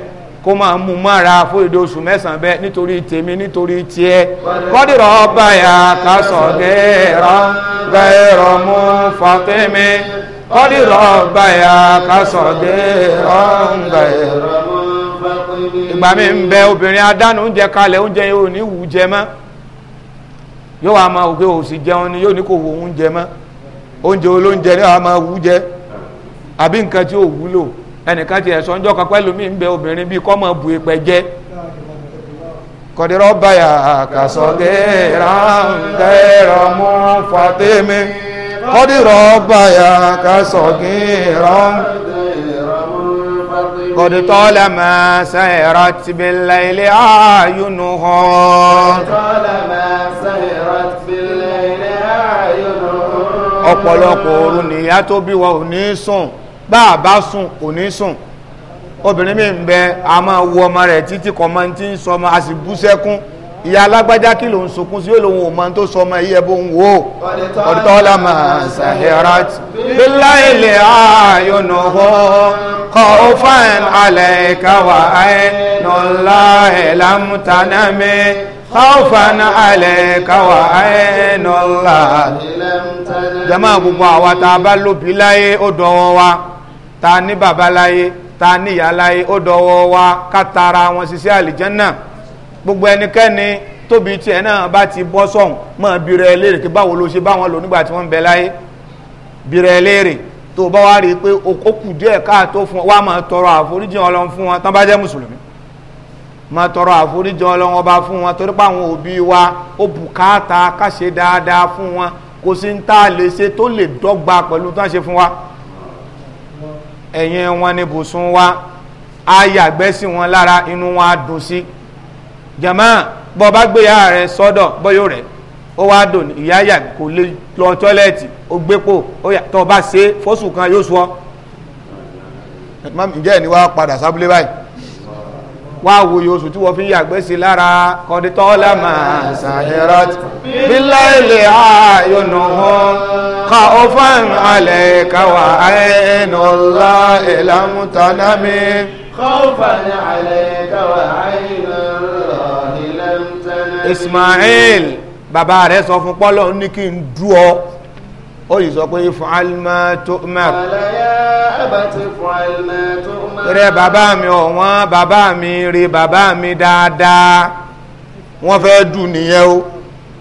kó máa mú mọ́ra fún èdè oṣù mẹ́sàn-án bẹ́ẹ̀ nítorí tèmi nítorí tiẹ̀ kọ́dìrọ̀ ọba yà kásọ̀ gẹ́rọ̀ gẹ́rọ̀ mú fatẹ́mi kọ́dìrọ̀ ọba yà kásọ̀ gẹ́rọ̀ gẹ́rọ̀ mú fatẹ́mi. ìgbà mi ń bẹ obìnrin adánù oúnjẹ kalẹ̀ oúnjẹ ní yóò wá máa wípé òsì jẹun ni yóò ní kò wo oúnjẹ mọ́ oúnjẹ olóúnjẹ ni wàá máa wú jẹ àbí nǹkan tí ò wúlò ẹnìkan ti ẹ̀sọ́ ńjọ́ kan pẹ́lú mi ń bẹ obìnrin bíi kọ́ mọ̀ bu ìpẹ́ jẹ́ kọ̀dẹ̀rọ̀ báyà kàsọ̀gẹ́ ráńkẹ́rọ̀ mú fàtẹ́mi kọ̀dẹ̀rọ̀ báyà kàsọ̀gẹ́ ráńkẹ́rọ̀ mú fàtẹ́mi kọ̀dẹ̀tọ́ lẹ́mà sẹ́yẹ̀rọ̀ tìbílẹ̀ ilé ààyùnú hàn. kọ̀dẹ̀tọ́ lẹ́mà sẹ́yẹ̀rọ̀ ọ̀pọ̀lọpọ̀ òru nìyá tó bí ò ní sùn a sùn kò ní sùn obìnrin mi ń bẹ a máa wo ọmọ rẹ̀ títí kan máa tí ń sọ a sì bú sẹ́kún ìyá alágbájá kí ló ń sunkún sí olóhun ọmọ tó sọ ọmọ yìí ń wò ọ̀dọ́lá máa kọ́ fáìn alẹ́ ẹ̀ ẹ̀ káwọ́fàánà alẹ́ káwà ẹ̀ẹ́nọ́lá jama gbogbo àwa tá a bá lóbi láyé ó dọwọ́ wa tá a ní bàbá láyé tá a níyà láyé ó dọwọ́ wa ká tara wọn ṣiṣẹ́ àlìjánná gbogbo ẹnikẹ́ni tóbi tiẹ̀ náà bá ti bọ́ sọ̀hún mọ́ bìrẹ̀ léèrè kí báwo ló ṣe bá wọn lò nígbà tí wọ́n ń bẹ láyé bìrẹ̀ léèrè tó bá wá rí i pé ó kù díẹ̀ káàtó fún wa máa tọrọ àforíjì Ọlọ́run fún wọn tán bá jẹ́ mùsùlùmí máa tọrọ àforíjì ọlọ́wọ́n bá fún wọn torí pé àwọn òbí wa ó bùkátà ká ṣe dáadáa fún wọn kò sí ń tá a lè ṣe tó lè dọ́gba pẹ̀lú tó ń ṣe fún wa ẹ̀yìn wọn ni bùsùn wa á yàgbẹ́ sí wọn lára inú wọn á dùn sí jàmá bọ́ bá gbéyà rẹ sọ́dọ̀ bọ́yọ̀ rẹ̀ ó wá dùn ìyá yà kò lè lọ tọ́lẹ́ẹ̀tì ó gbépo ó yà tọ́ bá ṣe fọ́sùn kan yóò sọ ǹjẹ́ ẹ̀ ni wàá padà sábúlé báyìí wá wòye oṣù tí wọ́n fi yàgbẹ́ sí lára kọ́dítọ́ lámà sàhẹ́rọ́t bílá ilẹ̀ ààyọ̀nà wọn ká ó fàn alẹ̀ káwà ẹ̀ẹ́nà ọ̀la ìlàmútanami ká ó fàn alẹ̀ káwà ẹ̀ẹ́nà ọ̀la ìlàmútanami Ismail bàbá rẹ̀ sọ fún pọ́lọ́ ní kí n dú ọ ó yìí sọ pé fàálmà tó mẹ́r. rẹ bàbá mi ọ̀wọ́n bàbá mi rí bàbá mi dáadáa wọ́n fẹ́ dùn nìyẹn o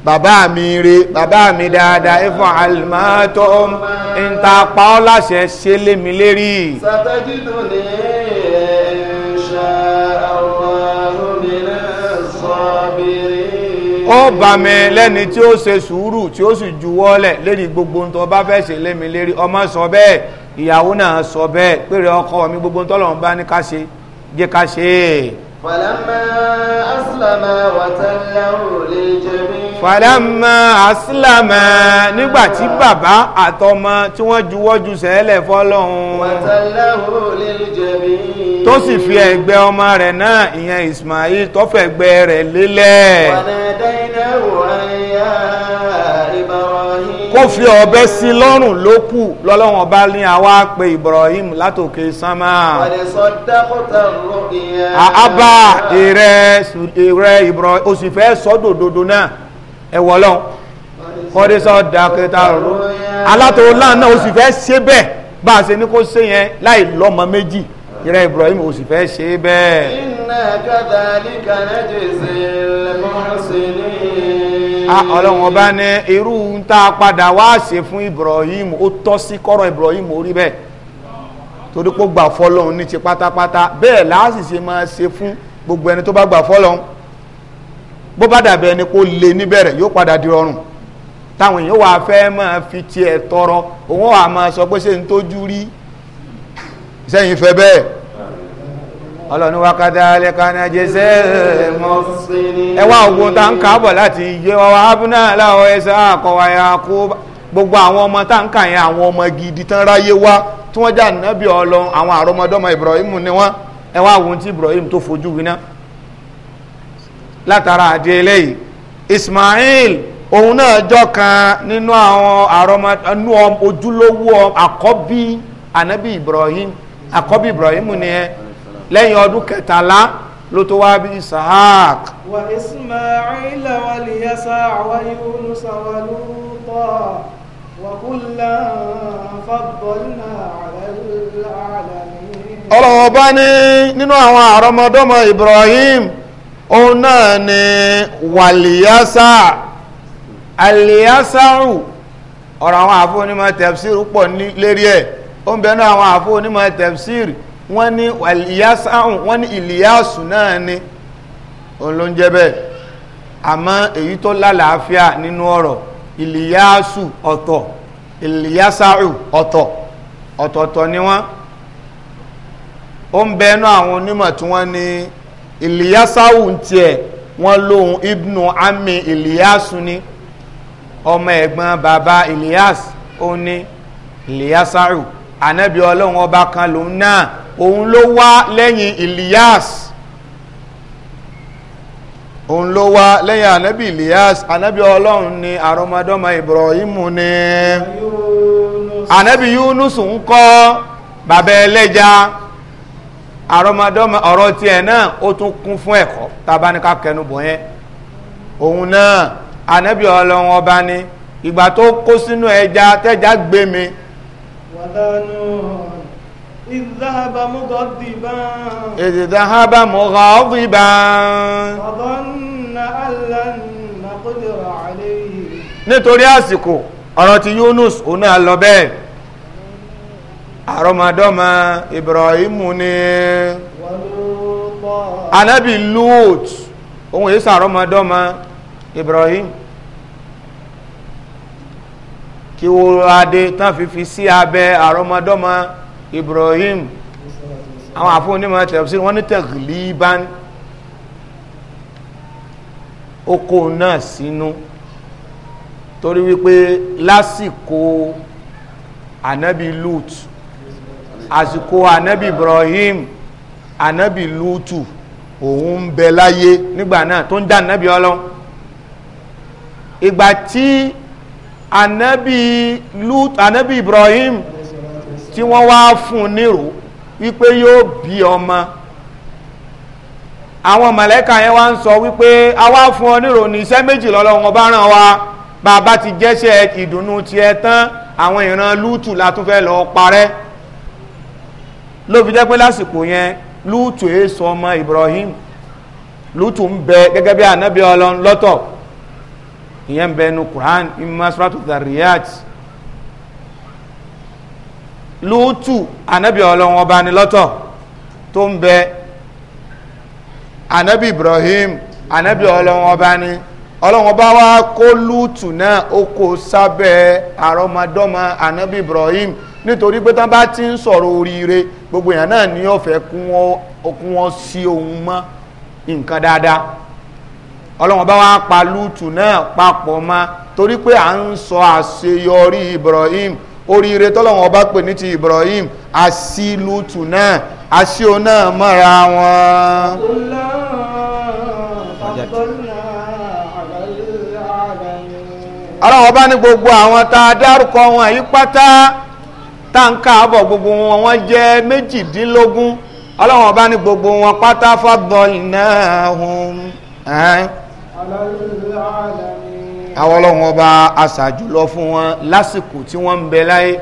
bàbá mi re bàbá mi dáadáa ifọ̀ àlùmọ́tò níta pa ọ́ láṣẹ ṣe lémi lérí. sàtẹ́jì tó ní ṣáà. ó bà mí lẹ́ni tí ó ṣe sùúrù tí ó sì juwọ́lẹ̀ lérí gbogbo tó bá fẹ́ ṣe lémi lérí ọmọ sọ bẹ́ẹ̀ ìyàwó náà sọ bẹ́ẹ̀ pèrè ọkọ mi gbogbo tọ́lọ́run bá ní ká ṣe jẹ́ ká ṣe é. falamma aslama nígbà tí bàbá àtọmọ tí wọ́n juwọ́jú sẹ́lẹ̀ fọ́lọ́hún. tó sì fi ẹ̀gbẹ́ ọmọ rẹ̀ náà ìyẹn Ismail tó fẹ̀gbẹ́ rẹ̀ lélẹ̀. wàdàdà kó fi ọ̀bẹ sí lọ́rùn ló kù lọ́lọ́wọ́n bá ní àwa pé Ibrahim látòkè sánmà. àbá ìrẹ́ Ibrahim o sì fẹ́ sọ́dòdodo náà ẹ̀wọ̀ lọ́n kọ́dísọ́ dákẹ́tà rú alátòwò láàánú o sì fẹ́ ṣe bẹ́ẹ̀ bá a ṣe ní kó ṣe yẹn láì lọ́mọ méjì ìrẹ́ Ibrahim ò sì fẹ́ ṣe bẹ́ẹ̀. inna kadhalika najzil muhsinin. Ah, ọlọ́run ọba ní irú ń tá padà wá ṣe fún Ibrahim ó tọ́ sí kọ́rọ̀ Ibrahim orí bẹ́ẹ̀ torí pé gbà fọlọ́run ní ti pátápátá bẹ́ẹ̀ láàṣìṣe máa ṣe fún gbogbo ẹni tó bá gbà fọlọ́run bó bá dàbí ẹni kó le níbẹ̀rẹ̀ yóò padà di rọrùn táwọn èèyàn wà fẹ́ máa fi tiẹ̀ tọrọ òun wà máa sọ pé ṣe ń tójú rí sẹ́yìn fẹ́ bẹ́ẹ̀ ọlọ́ni alẹ́kànnà ń láti yẹ ọwọ́ ya kó gbogbo ọmọ ta ń kà ọmọ gidi tán ráyé wá tí wọ́n nábì ọlọ àwọn Ibrahim ni wọ́n àkọ́bí ibrahim ni ẹ lẹ́yìn ọdún kẹtàlá ló tó wá bí isahak. wa ismail wa liyasa wa yunus wa luta wa kullan ọlọ́wọ́ bá ní nínú àwọn àrọ́mọdọ́mọ ibrahim òun náà ni wàlíyásá àlíyásá ọ̀rọ̀ àwọn àfọ́nímọ̀ tẹ̀síìrù pọ̀ lérí ẹ̀ ó ń bẹnu àwọn àfọ onímọ̀ tafsir wọ́n ní ìyásáhùn wọ́n ní ìlíyàsù náà ni òun ló ń jẹ́ bẹ́ẹ̀ àmọ́ èyí tó lálàáfíà nínú ọ̀rọ̀ ìlíyàsù ọ̀tọ̀ ìlíyàsáhù ọ̀tọ̀ ọ̀tọ̀ọ̀tọ̀ ni wọ́n ó ń bẹnu àwọn onímọ̀ tí wọ́n ní ìlíyàsáhù ń tiẹ̀ wọ́n lóhun ibnu ami ìlíyàsù ni ọmọ ẹ̀gbọ́n bàbá ìlíyàs ó ní ìlíyàsáhù ànábì ọlọ́run ọba kan lòun náà òun ló wá lẹ́yìn Ilyas òun ló wá lẹ́yìn ànábì Ilyas ànábì ọlọ́run ni àrọmọdọ́mọ Ibrahimu ni ànábì Yunus ń kọ́ bàbá ẹlẹ́ja àrọmọdọ́mọ ọ̀rọ̀ tiẹ̀ náà ó tún kún fún ẹ̀kọ́ tabaníkà kẹnubọ̀ yẹn òun náà ànábì ọlọ́run ọba ni ìgbà tó kó sínú ẹja tẹ́ja gbé mi وذانون إذ ذهب مغضبا إذ ذهب نقدر عليه nítorí àsìkò ọ̀rọ̀ ti Yunus òun náà lọ bẹ́ẹ̀ àrọmọdọ́mọ Ibrahimu ni anabi Lut òun èyí sàrọmọdọ́mọ Ibrahim kí wọ́n adé tán fi sí abẹ́ àrọmọdọ́mọ Ibrahim àwọn àfún onímọ̀ tẹ̀sí wọ́n ní tẹ̀glíban oko náà sínú torí wípé lásìkò anabi Lut àsìkò anabi Ibrahim anabi Lutu òun ń bẹ láyé nígbà náà tó ń dá anabi ọlọ́ ìgbà tí anabi lut anabi ibrahim tí wọ́n wá fún un nírò wípé yóò bí ọmọ àwọn mọ̀lẹ́kà yẹn wá ń sọ wípé a wá fún ọ nírò ní iṣẹ́ méjì lọ́lọ́wọ́n bá ràn wá bàbá ti jẹ́ṣẹ́ ìdùnnú tiẹ̀ tán àwọn ìran lútù la tún fẹ́ lọ parẹ́ ló fi jẹ́ pé lásìkò yẹn lútù èso ọmọ ibrahim lútù ń bẹ gẹ́gẹ́ bí ànábì ọlọ́run lọ́tọ̀ ìyẹn ń bẹnu Quran imma suratu Dhariyat lóòtù anabi ọlọ́wọ́n ọba ni lọ́tọ̀ tó ń bẹ anabi Ibrahim anabi ọlọ́wọ́n ọba ni ọlọ́wọ́n bá wá kó lúùtù náà ó kó sábẹ́ àrọmọdọ́mọ anabi Ibrahim nítorí pé tán bá ti ń sọ̀rọ̀ oríire gbogbo èèyàn náà ní ọ̀fẹ́ kún wọn sí ohun mọ́ nǹkan dáadáa ọlọ́run bá wá pa lútù náà papọ̀ mọ́ torí pé à ń sọ àṣeyọrí ibrahim oríire tọ́lọ́run ọba pè ní ti ibrahim àṣì lútù náà àṣìó náà mọ́ra wọn. ọlọ́run ọba ní gbogbo àwọn tá a dárúkọ wọn yìí pátá tá ń gbogbo wọn wọ́n jẹ́ méjìdínlógún ọlọ́run ọba ní gbogbo wọn pátá fọ́dọ̀ ìnáhùn àwọn ọlọ́run ọba aṣáájú lọ fún wọn lásìkò tí wọ́n ń bẹ láyé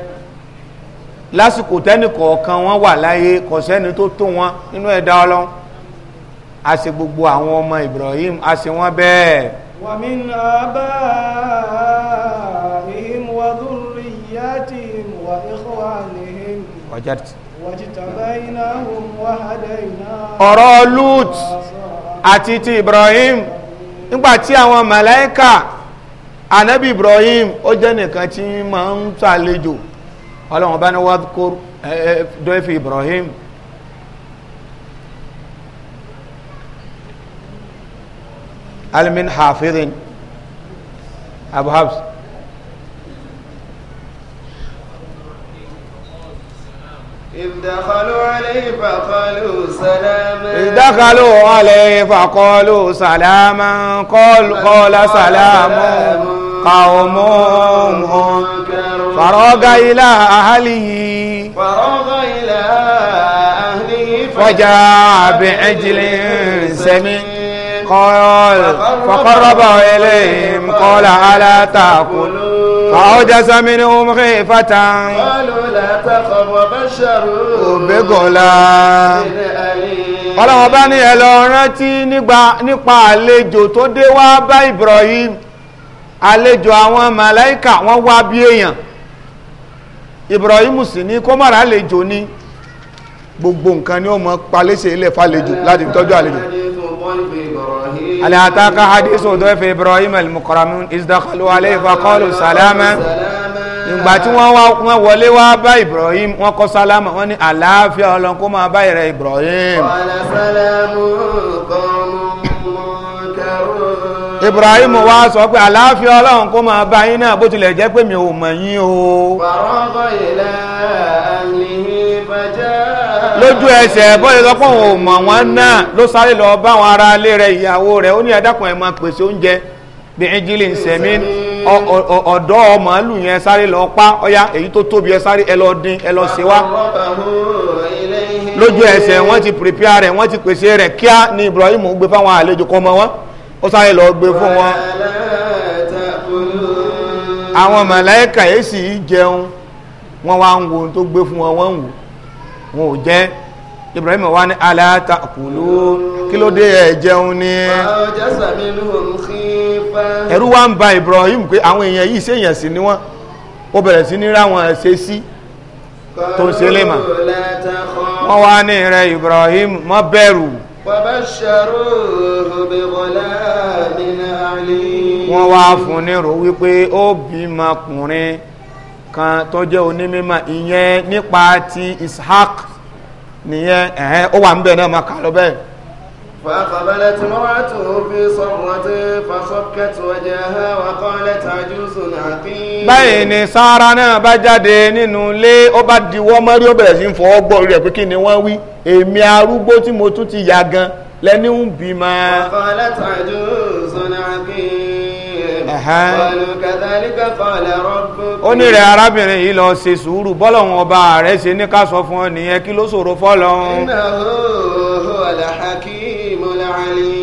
lásìkò tẹ́nì kọ̀ọ̀kan wọn wà láyé kò sẹ́ni tó tó wọn nínú ẹ̀dá ọlọ́run a ṣe gbogbo àwọn ọmọ Ibrahim a ṣe wọn bẹ́ẹ̀. wa min abaihim wa dhurriyyatihim wa ikhwanihim wajtabainahum wa hadaynahum. ọ̀rọ̀ Lut àti ti Ibrahim nígbà tí àwọn màláíkà anabi ibrahim ó jẹ́ nìkan tí máa ń ṣàlejò ọlọ́run bá ní wadhkur dọ́ẹ̀fì ibrahim alimin hafidhin abu habs إذ دخلوا عليه فقالوا سلاما إذ دخلوا عليه فقالوا سلاما قال قال سلام قوم فرغ إلى أهله فرغ إلى أهله فجاء بعجل سمين قال فقربه إليهم قال ألا تأكلون فأوجس منهم خيفة قالوا لا تخف وبشروا بغلام ọlọ́run ọba ní ẹ lọ rántí nípa àlejò tó dé wá bá Ibrahim àlejò àwọn màláìkà wọ́n wá bí èèyàn Ibrahim sì ní kó mọ̀ra àlejò ní gbogbo nǹkan ni ó mọ̀ palẹ́sẹ̀ ilẹ̀ falejò láti tọ́jú àlejò. هل حديث ضيف إبراهيم المكرمون إذ دخلوا عليه فقالوا سلاما ìgbà tí wọ́n wá wọ́n wọlé wá bá Ibrahim wọ́n kọ́ sálámà wọ́n ní àlàáfíà Ọlọ́run kó máa bá ìrẹ Ibrahim. Ibrahim wá sọ pé àlàáfíà Ọlọ́run kó máa bá yín náà bó tilẹ̀ jẹ́ pé mi ò mọ̀ yín o. fàrọ́gọ́ ìlà lójú ẹsẹ̀ bọ́lẹ̀ lọ́pọ̀ òun mọ̀ wọ́n náà ló sáré lọ bá àwọn ará ilé rẹ̀ ìyàwó rẹ̀ ó ní ẹ̀dàkùn ẹ̀ máa pèsè oúnjẹ bí ìjìlì ń sẹ̀mí ọ̀dọ́ màálù yẹn sáré lọ pa ọ̀yá èyí tó tóbi ẹ sáré ẹ lọ dín ẹ lọ ṣe wá lójú ẹsẹ̀ wọ́n ti prepare rẹ̀ wọ́n ti pèsè rẹ̀ kíá ni Ibrahim gbé fáwọn àlejò kan mọ́ wọn ó sáré lọ gbé fún wọn àwọn màláíkà yìí sì jẹun wọ́n wá ń wo ohun tó gbé fún wọn wọ́n ń wò wọn ò jẹ́ Ibrahim wa ní aláta kùlú kí ló dé ẹ̀ jẹun ní ẹ̀rú wa ń ba Ibrahim pé àwọn èèyàn yìí ṣèyàn sí ni wọ́n ó bẹ̀rẹ̀ sí ní ráwọn ṣe sí tó ń ṣe lè mà wọ́n wá ní rẹ̀ Ibrahim má bẹ̀rù wọ́n wá fún ní rò wípé ó bímọ kùnrin kan tó jẹ́ onímọ̀ ìyẹn nípa ti ishaq nìyẹn ẹ̀hẹ́n ó wà ń bẹ̀ náà máa kà lọ bẹ́ẹ̀. فأقبلت امرأته في صرة فصكت وجهها وقالت عجوز عقيم báyìí ni Sárà náà bá jáde nínú ilé ó bá diwọ́ mọ́rí ó bẹ̀rẹ̀ sí ń fọwọ́ gbọ́ rẹ̀ pé kí ni wọ́n wí èmi arúgbó tí mo tún ti yá gan lẹ́ni ń bímọ. وقالت عجوز عقيم ó ní rẹ̀ arábìnrin yìí lọ ṣe sùúrù bọ́lọ̀hún ọba rẹ̀ ṣe ní ká sọ fún ọ nìyẹn kí ló ṣòro fọ́lọ́hún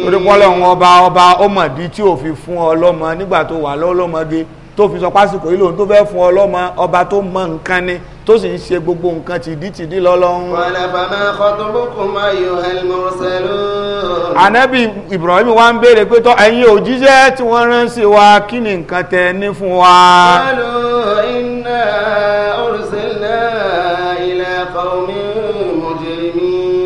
torí bọ́lọ̀hún ọba ọba ó mọ̀dí tí ò fi fún ọ lọ́mọ nígbà tó wà lọ́lọ́mọge tó fi sọ pásìkò yìí lòun tó fẹ́ fún ọ lọ́mọ ọba tó mọ nǹkan ni tó sì ń ṣe gbogbo nǹkan tìdítìdí lọ́lọ́run. ànábì Ibrahim wa ń béèrè pé tọ́ ẹ̀yin òjíṣẹ́ tí wọ́n rán sí wa kí ni nǹkan tẹ́ ní fún wa.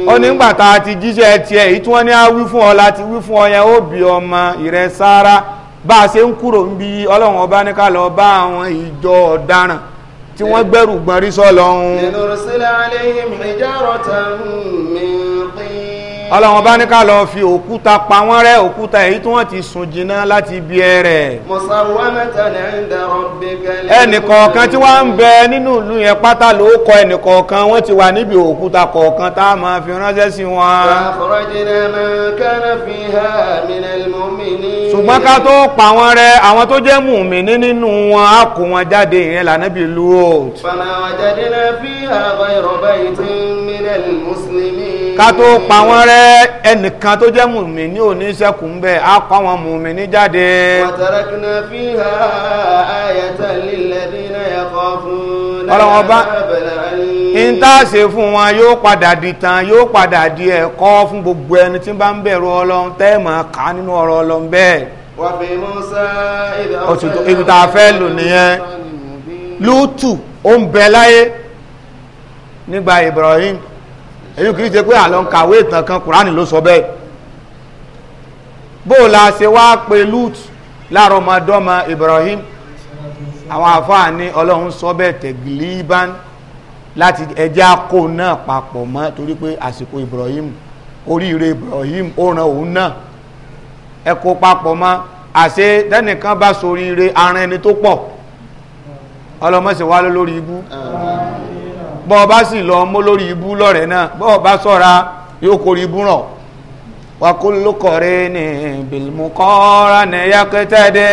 ó nígbà tá a ti jíṣẹ́ tiẹ̀ èyí tí wọ́n ní á wí fún ọ láti wí fún ọ yẹn ó bí ọmọ ìrẹsára bá a ṣe ń kúrò ń bí ọlọ́run ọba ní ká lọ bá àwọn ìjọ ọ̀daràn tí wọ́n gbẹ́rù gbọ́n rí sọ́lọ́hún. lẹ́nu rẹ̀ sílẹ̀ alẹ́ yìí mi jẹ́ ọ̀rọ̀ tán mi ọlọ́run bá ní ká lọ fi òkúta pa wọ́n rẹ́ òkúta èyí tí wọ́n ti sùn jìnnà láti ibi ẹ̀rẹ̀. ẹnìkọ̀ọ̀kan tí wọ́n ń bẹ nínú ìlú yẹn pátá ló kọ ẹnìkọ̀ọ̀kan wọ́n ti wà níbi òkúta kọ̀ọ̀kan tá a máa fi ránṣẹ́ sí wọn. ṣùgbọ́n ká tó pa wọ́n rẹ́ àwọn tó jẹ́ mùmíní nínú wọn á kó wọn jáde ìyẹn lànà bíi lóòt ká tó pa wọ́n rẹ́ ẹnìkan tó jẹ́ mùmí ní òní sẹ́kù ń bẹ̀ á kọ́ wọn mùmí ní jáde. wàtàràkìnà fi hà áyàtà lílẹ̀ dínà ẹ̀kọ́ fún ọlọ́wọ́n bá ń tá fún wọn yóò padà di tán yóò padà di ẹ̀kọ́ fún gbogbo ẹni tí bá ń bẹ̀rù ọlọ́run tẹ́ máa kà nínú ọ̀rọ̀ ọlọ́run bẹ́ẹ̀. wàbí musa ìdá ọ̀fẹ́ lò nìyẹn lútù ó ń bẹ láyé nígbà ibrahim èyí kìí ṣe pé àlọ́ ń kàwé ìtàn kan kùránì ló sọ bẹ́ẹ̀ bó la ṣe wá pe lut láàrọ̀ ọmọdọ́mọ Ibrahim àwọn àfáà ní ọlọ́run sọ bẹ́ẹ̀ tẹ̀gìlíbán láti ẹjẹ́ àkó náà papọ̀ mọ́ torí pé àsìkò Ibrahim oríire Ibrahim ó ran òun náà ẹ kó papọ̀ mọ́ àṣẹ tẹ́nìkan bá soríire arin ẹni tó pọ̀ ọlọ́mọ sì wá lórí ibú. Uh -huh. bọ́ ọba sì lọ mọ́ lórí ibú lọ́rẹ̀ náà bọ́ ọba sọ́ra yóò kórè ibú ràn wakulukọ̀rẹ́ ni bilimukọ́ra ni yakẹ́tẹ́ dé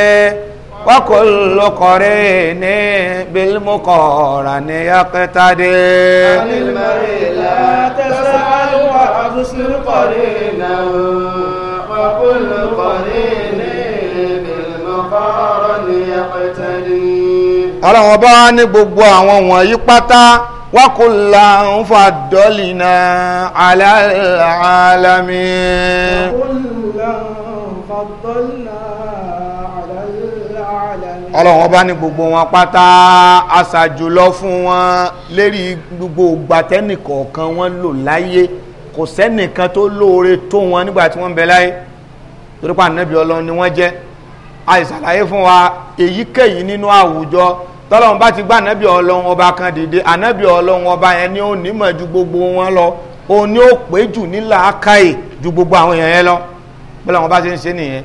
wakulukọ̀rẹ́ ni bilimukọ́ra ni yakẹ́tẹ́ alimari la tẹsán aluwa abusulukọ̀rẹ́ náà wakulukọ̀rẹ́ ni bilimukọ́ra ni yakẹ́tẹ́ dé. ọlọ́run ọba ní gbogbo àwọn wọ̀nyí pátá. وكلا فضلنا على العالمين وكلا فضلنا على العالمين ọlọ́run ọba ní gbogbo wọn pátá aṣàjùlọ fún wọn lérí gbogbo ògbàtẹ́nì kọ̀ọ̀kan wọn lò láyé kò sẹ́nìkan tó lóore tó wọn nígbà tí wọ́n ń bẹ láyé torípa ànábì ọlọ́run ni wọ́n jẹ́ àìsàlàyé fún wa èyíkéyìí nínú àwùjọ tọ́lọ́run bá ti gbá ànábì ọlọ́run ọba kan dìde ànábì ọlọ́run ọba yẹn ni ó nímọ̀ ju gbogbo wọn lọ òun ni ó pé jù ní làákàyè ju gbogbo àwọn èèyàn yẹn lọ bọ́lá wọn bá ṣe ń ṣe nìyẹn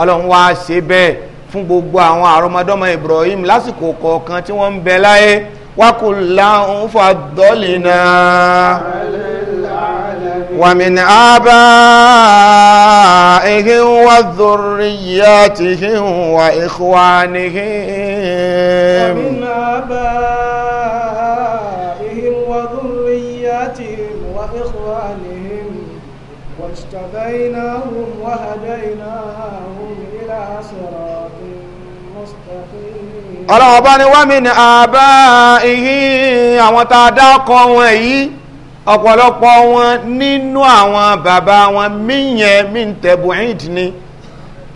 ọlọ́run wá ṣe bẹ́ẹ̀ fún gbogbo àwọn àrọmọdọ́mọ Ibrahim lásìkò kọ̀ọ̀kan tí wọ́n ń bẹ láyé wákò láhùn fàdọ́lì náà. ومن آبائهم وذرياتهم وإخوانهم ومن آبائهم وذرياتهم وإخوانهم واجتبيناهم وهديناهم إلى صراط مستقيم. ọlọ́wọ́ bá ní wọ́n mi ní àbá ìhín àwọn tá a dá wọn yìí. ọ̀pọ̀lọpọ̀ wọn nínú àwọn bàbá wọn míyẹn mí ń tẹ̀bù ẹ̀yìn tì ní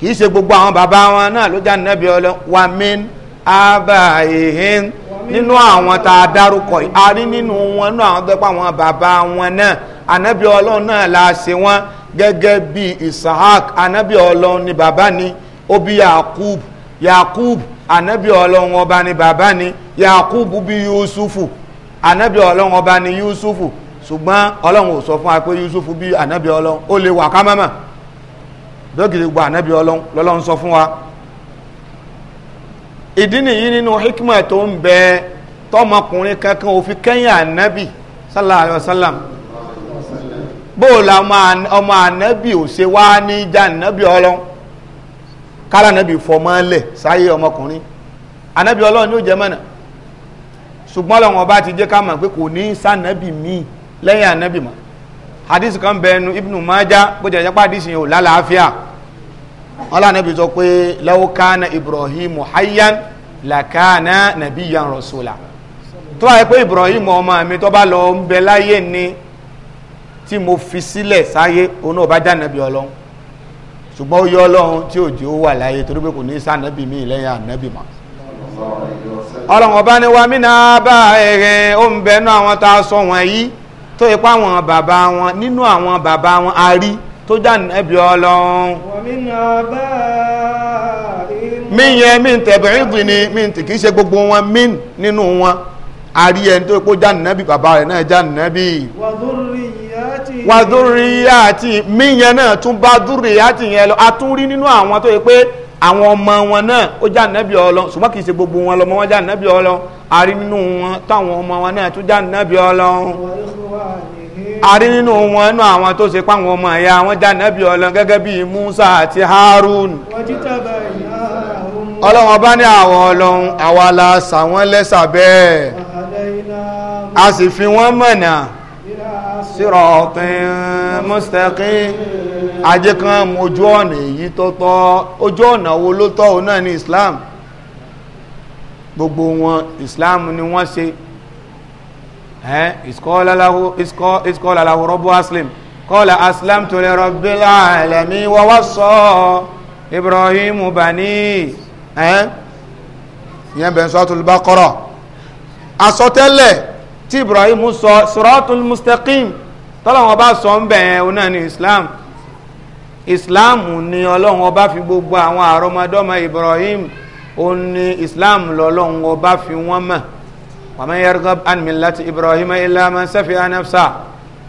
kì í ṣe gbogbo àwọn bàbá wọn náà ló já nẹ́bí ọlọ́ wa min abaihin nínú àwọn tá a dárúkọ a rí nínú wọn nínú àwọn tó pa àwọn bàbá wọn náà ànábì ọlọ́run náà la ṣe wọn gẹ́gẹ́ bí Isahak ànábì ọlọ́run ni bàbá ni ó bí Yakub Yakub ànábì ọlọ́run ọba ni bàbá ni Yakub bí Yusufu ànábì ọlọ́run ọba ni Yusufu ṣùgbọ́n ọlọ́run ò sọ fún wa pé yusuf bí ànábì ọlọ́run ó lè wà ká mọ́mọ́ dókìlì gba ànábì ọlọ́run lọ́lọ́run sọ fún wa ìdí nìyí nínú hikma tó ń bẹ tọmọkùnrin kankan òfin kẹ́yìn ànábì sallallahu alayhi wa sallam bóòlù ọmọ anabi ò ṣe wá ní ìjà anabi ọlọ́run kára ànábì fọmọ́ lẹ̀ sáyé ọmọkùnrin ànábì ọlọ́run ní ó jẹ́ mọ́nà ṣùgbọ́n ọlọ́run ọba ti jẹ́ ká mọ̀ pé kò ní sànábì míì lẹ́yìn anabi hadith kan bẹnu ibnu maja bó jẹ́ pé hadith yẹn ò lálàáfíà wọn lànàbí sọ pé lawokana ibrahim hayyan lakana nabiyan rasula tó wáyé pé ibrahim ọmọ mi tó bá lọ ń bẹ láyé ni tí mo fi sílẹ̀ sáyé òun náà bá já nàbí ṣùgbọ́n ó yọ ọlọ́run tí ó wà láyé torí pé kò ní mi lẹ́yìn ọlọ́run ọba ni wa mí náà bá ẹ̀rẹ̀ ó ń tó yẹ pé àwọn bàbá wọn nínú àwọn bàbá wọn a rí tó já ẹbí ọlọ́run. mí yẹn mí tẹ̀bẹ̀rẹ̀ ìdùn ni mí kì í ṣe gbogbo wọn mí nínú wọn a rí ẹni tó yẹ kó já nẹ́bí bàbá rẹ̀ náà já nẹ́bí. wà dúrìyàtì mí yẹn náà tún bá dúrìyàtì yẹn lọ a tún rí nínú àwọn tó yẹ pé àwọn ọmọ wọn náà ó já nẹ́bí ọlọ ṣùgbọ́n kì í ṣe gbogbo wọn lọmọ wọn já nẹ́bí ọlọ a rí nínú wọn táwọn ọmọ wọn náà tún já nẹ́bí ọlọ. a rí nínú wọn nínú àwọn tó ṣe páwọn ọmọ ẹ̀yà wọn já nábì ọlọ́n gẹ́gẹ́ bí Musa àti Harun ọlọ́wọ́n bá ní àwọn ọlọ́run àwa la ṣà wọ́n lẹ́ṣà bẹ́ẹ̀ a sì fi wọ́n mọ̀nà sírọ̀tìn mustaqim ajé kan ojú ọ̀nà èyí tó tọ́ ojú ọ̀nà wo ló tọ́ òun náà ní Islam gbogbo wọn Islam ni wọ́n ṣe Eh? iskọ́lá lahu rọ́bù aslim kọ́lá aslam tó lè rọ́bì alẹ́mí wọ́wọ́ sọ ibrahim bani eh? ìyẹn bẹ̀rẹ̀ suratul baqara àsọtẹ́lẹ̀ tí ibrahim sọ suratul mustaqim tọ́lọ́wọ́n bá sọ ń bẹ̀rẹ̀ ọ̀nà ní islam islam ni ọlọ́run ọba fi gbogbo àwọn àrọmọdọ́mọ ibrahim ó ní islam lọ́lọ́run ọba fi wọ́n mọ̀ wàmẹ́ yarghab an millati ibrahim illa man safiha nafsa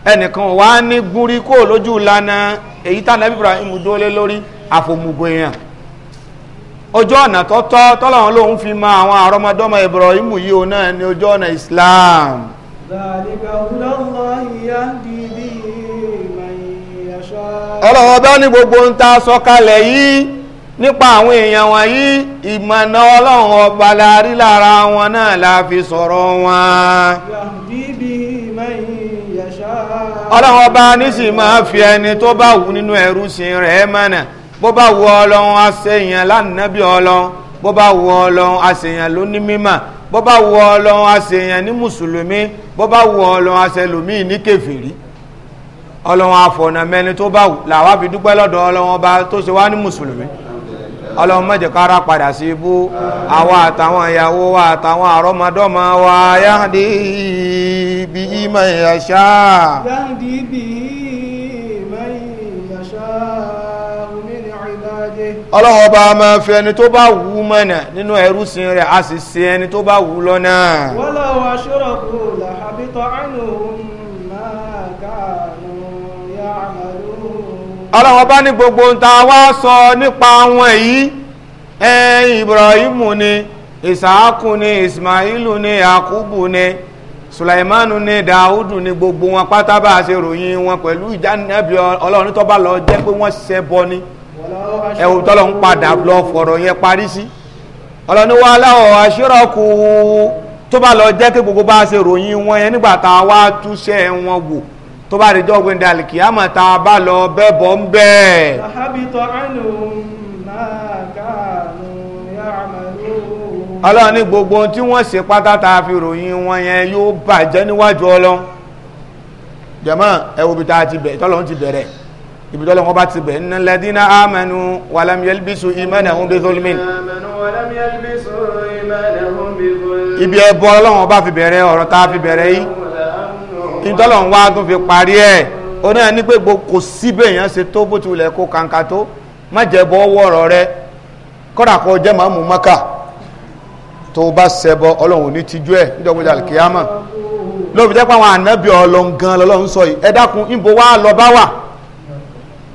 ẹnìkan wà ní gúnrí kó lójú lana èyí tá nàbí ibrahim dólé lórí àfòmùgò èèyàn ojú ọ̀nà tọ́tọ́ tọ́lọ́run lòun fi ma àwọn àrọmọdọ́mọ ibrahim yìí ò náà ní ojú ọ̀nà islam. ọlọ́wọ́ bá ní gbogbo ń ta sọ̀kalẹ̀ yìí nípa àwọn èèyàn wọ̀nyí ìmọ̀nà ọlọ́run ọba la rí lára wọn náà la fi sọ̀rọ̀ wọn ọlọ́run ọba nísì máa fi ẹni tó bá wù nínú ẹrúsìn rẹ̀ mọ̀nà bó bá wù ọlọ́run aṣèyàn lánàbí ọlọ́run bó bá wù ọlọ́run aṣèyàn ló ní mímọ̀ bó bá wù ọlọ́run aṣèyàn ní mùsùlùmí bó bá wù ọlọ́run aṣèlùmí ní kèfèrí ọlọ́run àfọ̀nàmẹ́ni tó bá wù làwa fi dúpẹ́ lọ́dọ̀ ọlọ́run ọba tó ṣe wá ní mùsùlùmí ọlọ́run má jẹ́ kára padà sí ibú àwa àtàwọn ìyàwó wa àtàwọn àrọ́mọdọ́mọ wa yáǹdí bí ìmọ̀ ìyàṣá. yáǹdí bí ìmọ̀ ìyàṣá min ibadihi. ọlọ́run ọba máa fi ẹni tó bá wù ú mọ̀nà nínú ẹrúsìn rẹ̀ a sì ṣe ẹni tó bá wù ú lọ́nà. walaw ashraku lahabita anhum ọlọ́wọ́ bá ní gbogbo ń ta wá sọ nípa àwọn èyí ẹ̀yìn ibrahimu ni isaaku ni ismailu ni yakubu ni sulaimanu ni daudu ni gbogbo wọn pátá bá a ṣe ròyìn wọn pẹ̀lú ìjánilẹ́bí ọlọ́run tó bá lọ jẹ́ pé wọ́n ṣẹbọ ni ẹ̀wù tọ́lọ́ ń padà lọ fọ̀rọ̀ yẹn parí sí ọlọ́ni wa aláwọ̀ aṣírọ́kù tó bá lọ jẹ́ pé gbogbo bá a ṣe ròyìn wọn yẹn nígbà tá a wá túṣẹ́ wọn wò tó bá rí jọ́gbìn dalẹ̀ kì á mọ̀ tá a bá lọ bẹ́bọ̀ ń bẹ́ ọlọ́run ní gbogbo ohun tí wọ́n ṣe pátá tá fi ròyìn wọn yẹn yóò bàjẹ́ níwájú ọlọ́run jàmá ẹ wo ibi tá a ti bẹ̀ tọ́lọ́run ti bẹ̀rẹ̀ ibi tọ́lọ́run wọn bá ti bẹ̀ innal ladina amanu walam yalbisu ibi ẹbọ ọlọ́run ọba fi bẹ̀rẹ̀ ọ̀rọ̀ tá a fi bẹ̀rẹ̀ yìí ìtọ́lọ̀ ń wá tún fi parí ẹ̀ ó náà ní pé kò síbẹ̀ èèyàn ṣe tó bó ti wulẹ̀ kó kàǹkà tó má jẹ́ bọ́ wọ̀rọ̀ rẹ kọ́dà kó jẹ́ màá mú mọ́kà tó bá ṣẹbọ ọlọ́run ò ní tijú ẹ̀ lóbi jẹ́ pé àwọn ànábì ọlọ́run gan lọ́lọ́run sọ yìí ìbò wa lọ bá wà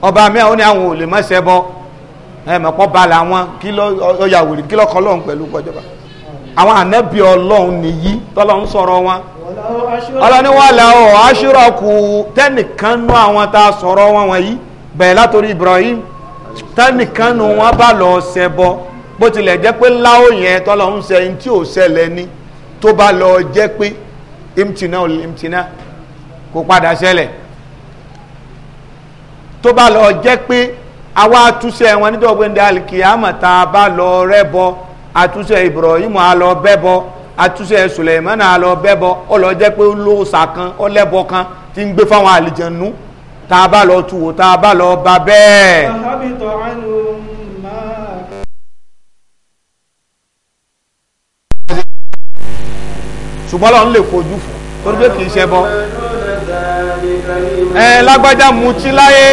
ọba mi àwọn ní lè má ṣẹbọ ọlọ́ni wà láwọ̀ aṣírọ̀kù tẹ́nìkan nú àwọn tá a sọ̀rọ̀ wọn wọ̀nyí bẹ̀rẹ̀ látòrí Ibrahim tẹ́nìkan nú wọn bá lọ ṣẹbọ bó tilẹ̀ jẹ́ pé láwọ̀ yẹn tọ́lọ̀ ń ṣe tí ò ṣẹlẹ̀ ni tó bá lọ jẹ́ pé imtina ò imtina kò padà ṣẹlẹ̀ tó bá lọ jẹ́ pé àwa àtúnṣe wọn nítorí pé ndé alikiyama tá bá lọ rẹ́bọ àtúnṣe Ibrahim a lọ bẹ́bọ. àtúnṣe Sùlẹ̀mánà àlọ́ bẹ́bọ ọlọ́jẹ́ pé lóòsà kan ọlẹ́bọ kan ti ń gbé fáwọn àlìjẹnú tá a bá lọ tu tá a bá lọ ba bẹ́ẹ̀. ṣùgbọ́n lọ́n lè fojú fún torí pé kì í ṣe bọ́ ẹ lágbájá láyé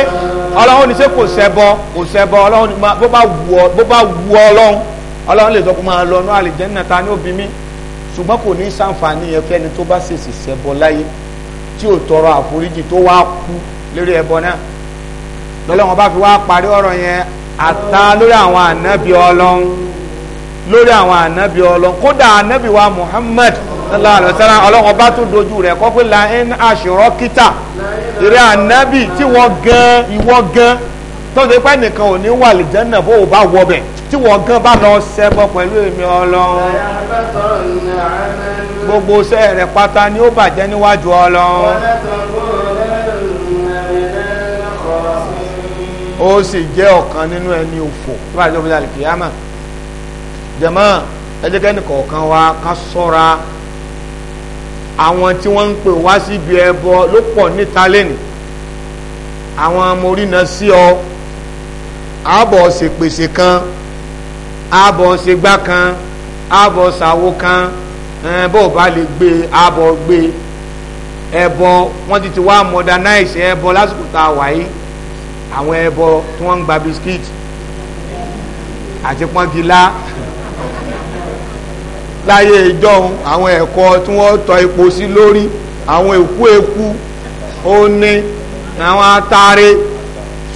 ọlọ́run ní ṣe kò kò ọlọ́run bó bá wù ọ ọlọ́run lè sọ pé ṣùgbọ́n kò ní sàǹfààní yẹn fẹ́ni tó bá ṣèṣì ṣẹbọ láyé tí ò tọrọ àforíjì tó wá kú lórí ẹbọ náà lọ́lọ́wọ́n bá fi wá parí ọ̀rọ̀ yẹn àta lórí àwọn ànábì ọlọ́run lórí àwọn ànábì ọlọ́run kódà ànábì wa Muhammad sallallahu alaihi wasallam ọlọ́run bá tún dojú rẹ̀ kọ́ pé lain aṣọ̀rọ̀ kíta ìrẹ́ ànábì tí wọ́n gan ìwọ́ gan tó ṣe pẹ́ nìkan ò ní wà lìjẹ́ náà bó o bá wọ bẹ́ẹ̀ tí wọ́n gan bá lọ ṣẹbọ pẹ̀lú èmi ọlọ́run gbogbo iṣẹ́ pátá ni ó bàjẹ́ níwájú ọlọ́run ó sì jẹ́ ọ̀kan nínú ẹni òfò tó bá jẹ́ òfin àlè kìyàmà jẹ̀mọ́ ẹjẹ́kẹ́ni kọ̀ọ̀kan wa ká sọ́ra àwọn tí wọ́n ń pè wá síbi ẹbọ ló pọ̀ níta lẹ́nìí àwọn amorínà sí ọ àbọ̀ ṣèpèsè kan àbọ̀ ṣègbà kan àbọ̀ ṣàwo kan bó o bá lè gbé àbọ̀ gbé ẹbọ wọ́n ti ti wá modernize ẹbọ lásìkò tá a wà yìí àwọn ẹbọ tí wọ́n ń gba bisikíìtì àti pọ́ngilá láyé ìjọhun àwọn ẹ̀kọ́ tí wọ́n tọ epo sí lórí àwọn èkú eku ó ní àwọn atare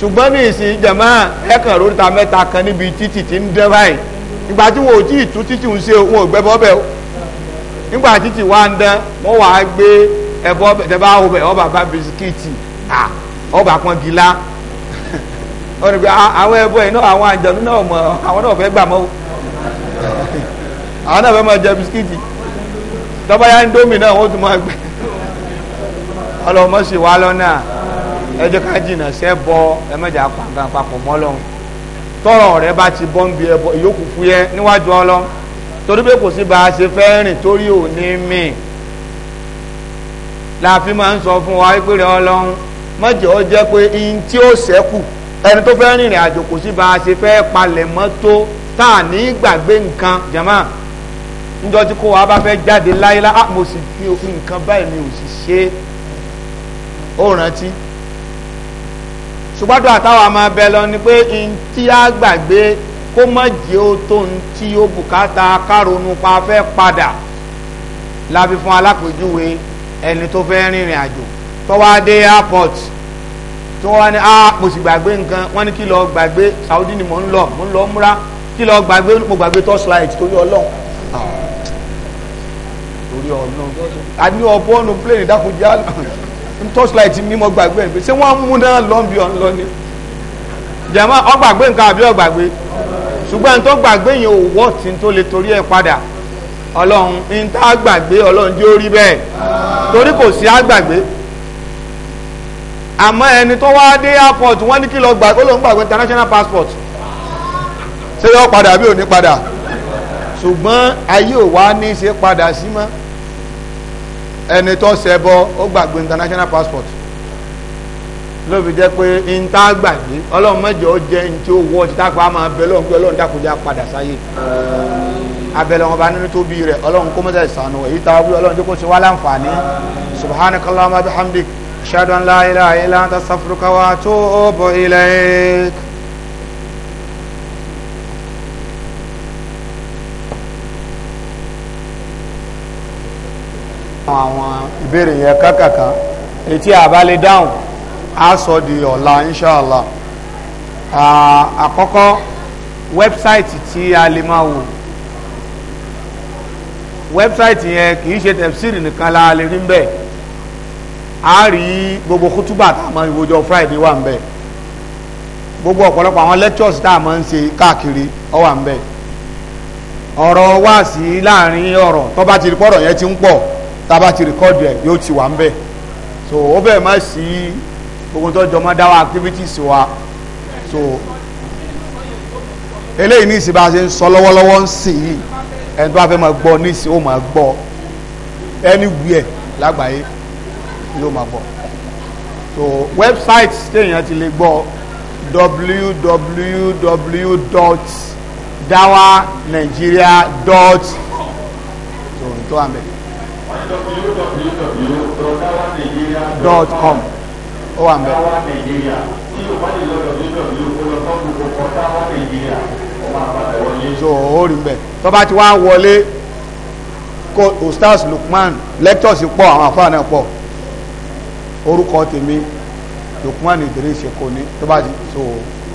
ṣùgbọ́n ní ìsìn jẹ̀mọ́ ẹ̀kan lóríta mẹ́ta kan níbi títì tí ń dẹ́ báyìí ìgbà tí wọn ò tí ì tú títì ń ṣe wọn ò gbẹ́ bọ́bẹ̀ o nígbà títì wá ń dán wọ́n wà á gbé ẹ̀bọ́ tẹ́bá ọbẹ̀ ọba bá bisikíìtì ọba kan gila wọ́n ní pé àwọn ẹ̀bọ́ yìí náà àwọn àjọ̀dún náà mọ̀ àwọn náà fẹ́ gbà mọ́ o àwọn náà fẹ́ máa jẹ bisikíìtì tọ́báyá ń dómìnà wọ́n tún máa gbé ọlọ́mọ ṣèwà lọ́nà ẹ jẹ́ ká jìnnà sẹ́ bọ ẹ mẹ́jà pàǹkan papọ̀ mọ́ lọ́hùn tọ́rọ̀ rẹ bá ti bọ́ ń bi ẹbọ ìyókù fúyẹ́ níwájú ọlọ́hùn torí pé kò sí bá a ṣe fẹ́ rìn torí ò ní mì la fi máa ń sọ fún wa pé rẹ ọlọ́hùn mọ́jọ́ ó jẹ́ pé ihun tí ó ṣẹ́kù ẹni tó fẹ́ rìnrìn àjò kò sí bá a ṣe fẹ́ palẹ̀ mọ́ tó tá à ní gbàgbé nǹkan jàmáà njọ tí kò wá bá fẹ́ jáde láyé lá ah, mo sì fi nǹkan báyìí mi ò sì ṣe é ó rántí ṣùgbọ́n tó àtàwọn àmọ́ ẹbẹ lọ ni pé n tí a gbàgbé kó mọ̀ jẹ́ ó tó n tí ó bùkátà kárònú pa fẹ́ padà láfi fún alápèjúwe ẹni tó fẹ́ rìnrìn àjò tó wá dé airport tó wá ní ah mo sì gbàgbé nǹkan wọ́n ní kí lọ gbàgbé Saudi ni mò ń lọ mò ń lọ múra kí lọ gbàgbé mo gbàgbé torchlight torí ọlọ́run ah, torí ọlọ́run àdínní ọ̀pọ̀ ọ̀nù plane dákúnjá torchlight mímọ́ gbàgbé ẹ̀ pé ṣé wọ́n mú náà lọ́nbi ọ̀nlọ́ ni jẹ̀mọ́ ọgbàgbé nǹkan àbí ọgbàgbé ṣùgbọ́n tó gbàgbé yẹn ò wọ́ tí tó lè torí ẹ̀ padà ọlọ́run ní tá a gbàgbé ọlọ́run jẹ́ orí bẹ́ẹ̀ torí kò sí àgbàgbé àmọ́ ẹni tó wá dé airport wọ́n ní kí lọ gbàgbé ló ń gbàgbé international passport ṣé yọ padà bí ò ní padà ṣùgbọ́n ayé ò wá ní í ṣe padà sí mọ́ ẹni tó ṣẹbọ ó gbàgbé international passport ló fi jẹ́ pé n tá gbàgbé ọlọ́run mẹ́jọ jẹ́ n tí ó wọ́ ti tápá máa bẹ lọ́run pé ọlọ́run dákúnjá padà sáyé abẹ́lẹ̀ wọn bá nínú tóbi rẹ̀ ọlọ́run kó mọ́tà ìsànù èyí tá a wí ọlọ́run tó kó sí wá láǹfààní subhanakallahumma bihamdik ashhadu an la ilaha illa anta astaghfiruka wa atubu ilaik. kan àwọn ìbéèrè yẹn kákàkà etí àbálẹ dáhùn á sọ di ọ̀la inshàlá àkọ́kọ́ wẹ́bsáìtì tí a lè máa wò wẹ́bsáìtì yẹn kì í ṣe tẹ̀fsìrì nìkan la lè rí bẹ́ẹ̀ a rí gbogbo kútúbà tá a máa ìwòjọ Friday wà ń bẹ́ẹ̀ gbogbo ọ̀pọ̀lọpọ̀ àwọn lectures tá a máa ń ṣe káàkiri ó wà ń bẹ́ẹ̀ ọ̀rọ̀ wá sí láàrin ọ̀rọ̀ tó bá ti rí pọ̀rọ̀ yẹn ti ń pọ̀ tába ti rìkọ́dù ẹ̀ yóò ti wà ń bẹ̀ so ó bẹ̀rẹ̀ má sí gbogbo tó jọmọ́ dáwọ́ activities wa so eléyìí ní ìsìn bá a ṣe ń sọ lọ́wọ́lọ́wọ́ ń sìn yìí ẹni tó bá fẹ́ máa gbọ́ ní ìsìn ó máa gbọ́ anywhere lágbàáyé ló máa gbọ́ so website téèyàn ti lè gbọ́ www.dawanigeria.org so n tó wà mẹ́rin dot com ó wà mbẹ. so ó rí mbẹ tó bá ti wá wọlé kó ustaz lukman lectures pọ̀ àwọn afáà náà pọ̀ orúkọ tèmi lukman idris èkó ni tó bá ti so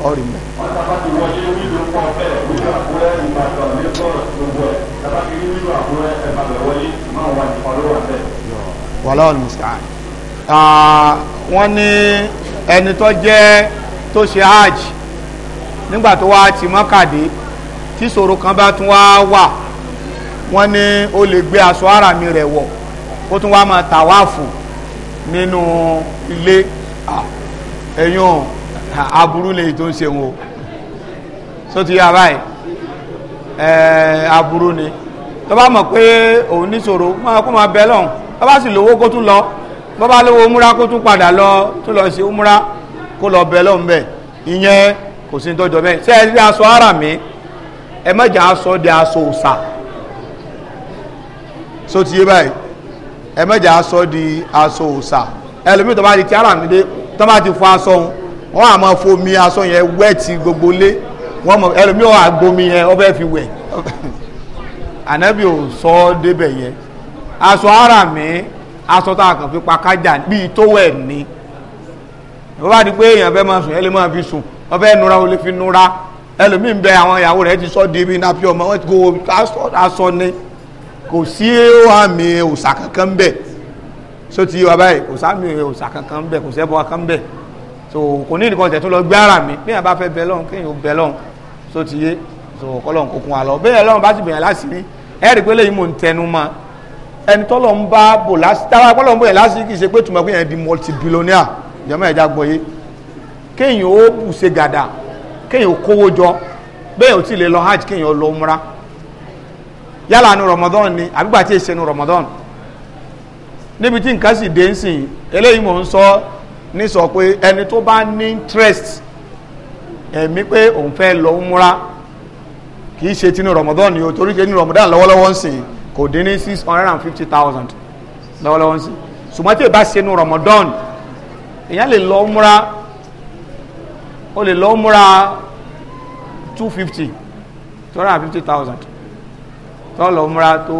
ó rí mbẹ. wọ́n sábà ti wọlé wíìlú pọ̀ bẹ́ẹ̀ wíìlú àkúrẹ́ ìbàdàn lẹ́kọ̀ọ́ gbogbo ẹ̀ sábà ti rí wíìlú wallahu musta'an ah, wọ́n ní ẹni tó jẹ́ tó ṣe hajj nígbà tó wá ti mọ́kàdé tí ṣòro kan bá tún wá wà wọ́n ní ó lè gbé aṣọ ara mi rẹ̀ wọ̀ ó tún wá máa tàwáàfù nínú ilé ah, ẹ̀yàn aburú lè tó ń ṣe o só ti yá báyìí eh, aburú ni tó bá mọ̀ pé òun níṣòro kó máa bẹ́ lọ́hùn bó bá sì lówó kó tún lọ bó bá lówó múra kó tún padà lọ tún lọ sí múra kó lọ bẹ lọ́n bẹ ìyẹn kò sí tọ́jọ́ bẹ́ẹ̀ ṣe é rí aṣọ ara mi ẹ mẹ́jà aṣọ di aṣọ òòṣà so ti yé báyìí ẹ mẹ́jà aṣọ di aṣọ òòṣà ẹlòmíì tó bá di ti ara mi dé tó bá ti fọ aṣọ òun wọn àmọ́ fomi aṣọ yẹn wẹ́ẹ̀tì gbogbo lé wọn mọ ẹlòmíì wọn àgbomi yẹn ọbẹ̀ fi wẹ̀ ànábì ò sọ ọ́ débẹ̀ yẹn aṣọ ara mi aṣọ tá a kàn fi pa kájà bíi tówẹ̀ ni ìwọ́n bá di pé èèyàn fẹ́ máa sùn ẹlẹ́mọ̀ fi sùn wọ́n fẹ́ nura o lè fi nura ẹlòmíín bẹ àwọn ìyàwó rẹ̀ ti sọ́ di ibi náà fi ọmọ wọn kò aṣọ ni kò sí àmì òòsà kankan bẹ̀ so ti wà báyìí kò sáàmì òòsà kankan bẹ̀ kò sẹ́bọ̀ kankan bẹ̀ so kò ní nìkan tẹ̀tún lọ gbé ara mi bí yàn bá fẹ́ bẹ lọ́hùn kéèyàn bẹ lọ́hùn so ti yé so kọ́lọ́hùn kókun wa lọ bẹ́ẹ̀ lọ́hùn bá ti bẹ̀yàn láti rí ẹ̀rí pé mò ń tẹnu mọ́ ẹni tọ́lọ̀ ń bá bò lásì dára pọ́lọ̀ ń bò yẹn lásì kì í ṣe pé tùmọ̀ pé yẹn di multi-billionaire jẹ́mọ́ ẹ̀já gbọ́yé kéèyàn ó bù ṣe gàdà kéèyàn ó kówó jọ bẹ́ẹ̀ ò lè lọ hajj kéèyàn ó lọ múra Ramadan ni àbígbà tí Ramadan níbi tí nǹkan sì dé ń sìn eléyìí mò ń sọ ní lọ múra kì í ṣe o torí ṣe ní Ramadan kò dín ní six hundred and fifty thousand lọ́wọ́lọ́wọ́ sí ṣùgbọ́n tí ì bá ṣe nu Ramadan èèyàn lè lọ múra ó lè lọ múra two fifty two hundred and fifty thousand tó lọ múra tó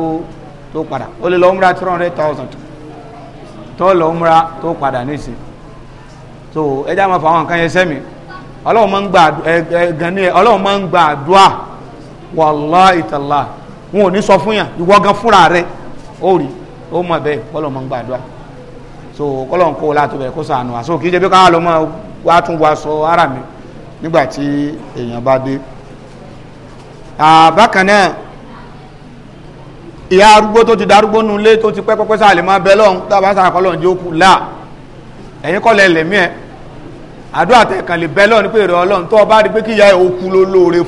tó padà ó lè lọ múra three hundred thousand tó lọ múra tó padà nísìn so ẹja máa fọ àwọn nǹkan yẹn sẹ́mi Ọlọ́run máa ń gba ẹ gan ní ẹ Ọlọ́run máa ń gba àdúrà wàláhì tàláhì. wọn ò ní sọ fún yàn ìwọ gan fúnra rẹ ó rí ó mọ bẹ́ẹ̀ kọlọ mọ gbàdúrà so kọlọ ń kó o láti bẹ sọ ara mi nígbà tí èèyàn bá dé bákan náà ìyá arúgbó tó ti darúgbó nu ilé tó ti pẹ́pẹ́pẹ́ máa bẹ lọ́hún là ẹ̀yin lẹ̀mí ẹ̀ àdúrà tẹ̀kàn bẹ lọ́hún pé èrè tó o bá rí pé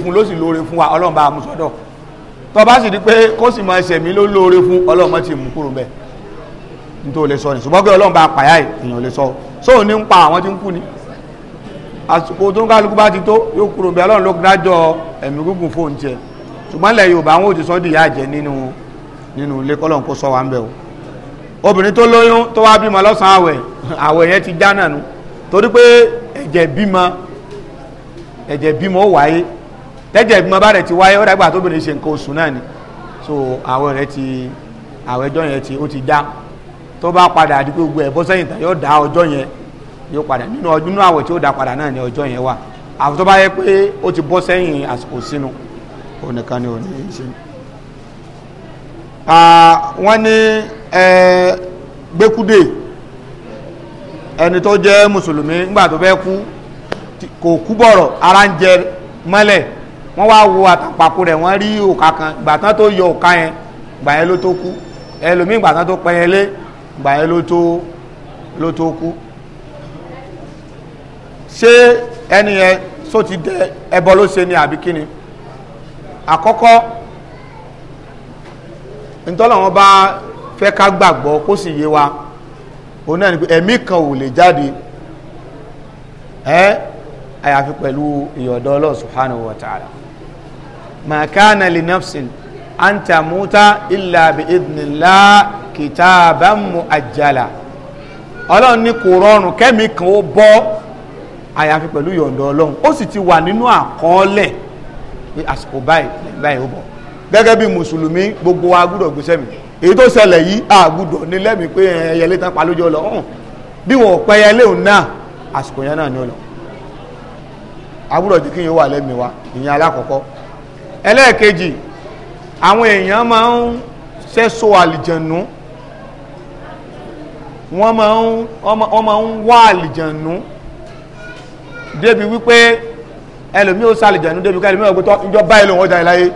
tó bá sì di pé kó sì máa ṣẹ̀mí ló lóore fún ọlọ́mọ ti mú kúrò bẹ́ẹ̀ nítorí o lè sọ ni ṣùgbọ́n pé ọlọ́run bá pàyà èèyàn lè sọ sóò ní ń pa àwọn tí ń kú ni àsìkò tó ń kálukú bá ti tó yóò kúrò bẹ́ẹ̀ ọlọ́run ló dájọ́ ẹ̀mí gígùn fóun tiẹ̀ ṣùgbọ́n ilẹ̀ yorùbá àwọn òtí sọ́ dìyà jẹ́ nínú nínú ilé kọ́lọ́n kó sọ wa ń bẹ̀ o obìnrin tó lóyún tó wá bímọ lọ́sàn-án àwẹ̀ tẹ́jẹ̀ ìbímọ bá rẹ̀ ti wáyé ó dàgbà tóbìnrin ṣe nǹkan oṣù náà ni so àwọn rẹ̀ ti àwọn ẹjọ́ yẹn ti ó ti dá tó bá padà àdúgbò gbogbo ẹ̀ bọ́ sẹ́yìn tán yóò dá ọjọ́ yẹn yóò padà nínú ọdún náà àwẹ̀ tí ó dá padà náà ni ọjọ́ yẹn wà àfi tó bá yẹ pé ó ti bọ́ sẹ́yìn àsìkò sínú onìkan ni òní ṣe. wọ́n ní gbẹ́kúdè ẹni tó jẹ́ mùsùlùmí nígbà tó fẹ́ kú kò kú bọ̀rọ̀ ara ń jẹ mọ́lẹ̀ wọ́n wá wo àtàpàkò rẹ̀ wọ́n rí òkà kan ìgbà tán tó yọ òkà yẹn ìgbà yẹn ló tó kú ẹlòmíì ìgbà tán tó pẹyẹ lé ìgbà yẹn ló tó ló tó kú ṣé ẹni yẹn só ti dẹ ẹbọ ló ṣe ni àbí kíni àkọ́kọ́ ntọ́lọ́wọ́n bá fẹ́ ká gbàgbọ́ kó sì yé wa òun náà ni pé ẹ̀mí kan ò lè jáde ẹ́ àyàfi pẹ̀lú ìyọ̀dọ̀ Ọlọ́run subhanahu wa ta'ala ma kana li nafsin an tamuta illa bi idnillah kitaban muajjala ọlọ́run ní kò rọrùn kẹ́mi kan ó bọ́ àyàfi pẹ̀lú yọ̀ǹda ọlọ́run ó sì ti wà nínú àkọọ́lẹ̀ pé àsìkò báyìí báyìí ó bọ̀ gẹ́gẹ́ bí mùsùlùmí gbogbo wa gbúdọ̀ gbèsè mi èyí tó ṣẹlẹ̀ yìí àgùdọ̀ ní lẹ́mìí pé ẹyẹlé tán pa lójú ọlọ ọ̀hún bí wọn ò ẹyẹlé òun náà àsìkò yẹn náà ní ọlọ àgbúdọ̀ jù kí yẹn wà lẹ́mìí wa ìyẹn alákọ̀ọ́kọ́ ẹlẹ́ẹ̀kejì àwọn èèyàn máa ń sẹ́so àlìjànú wọ́n máa ń wọ́n máa ń wá àlìjànú débi wípé ẹlòmí ó sàlìjànú débi ká ẹlòmí ọgbẹ́tọ́ ìjọ báyìí lòun ọjà ìláyé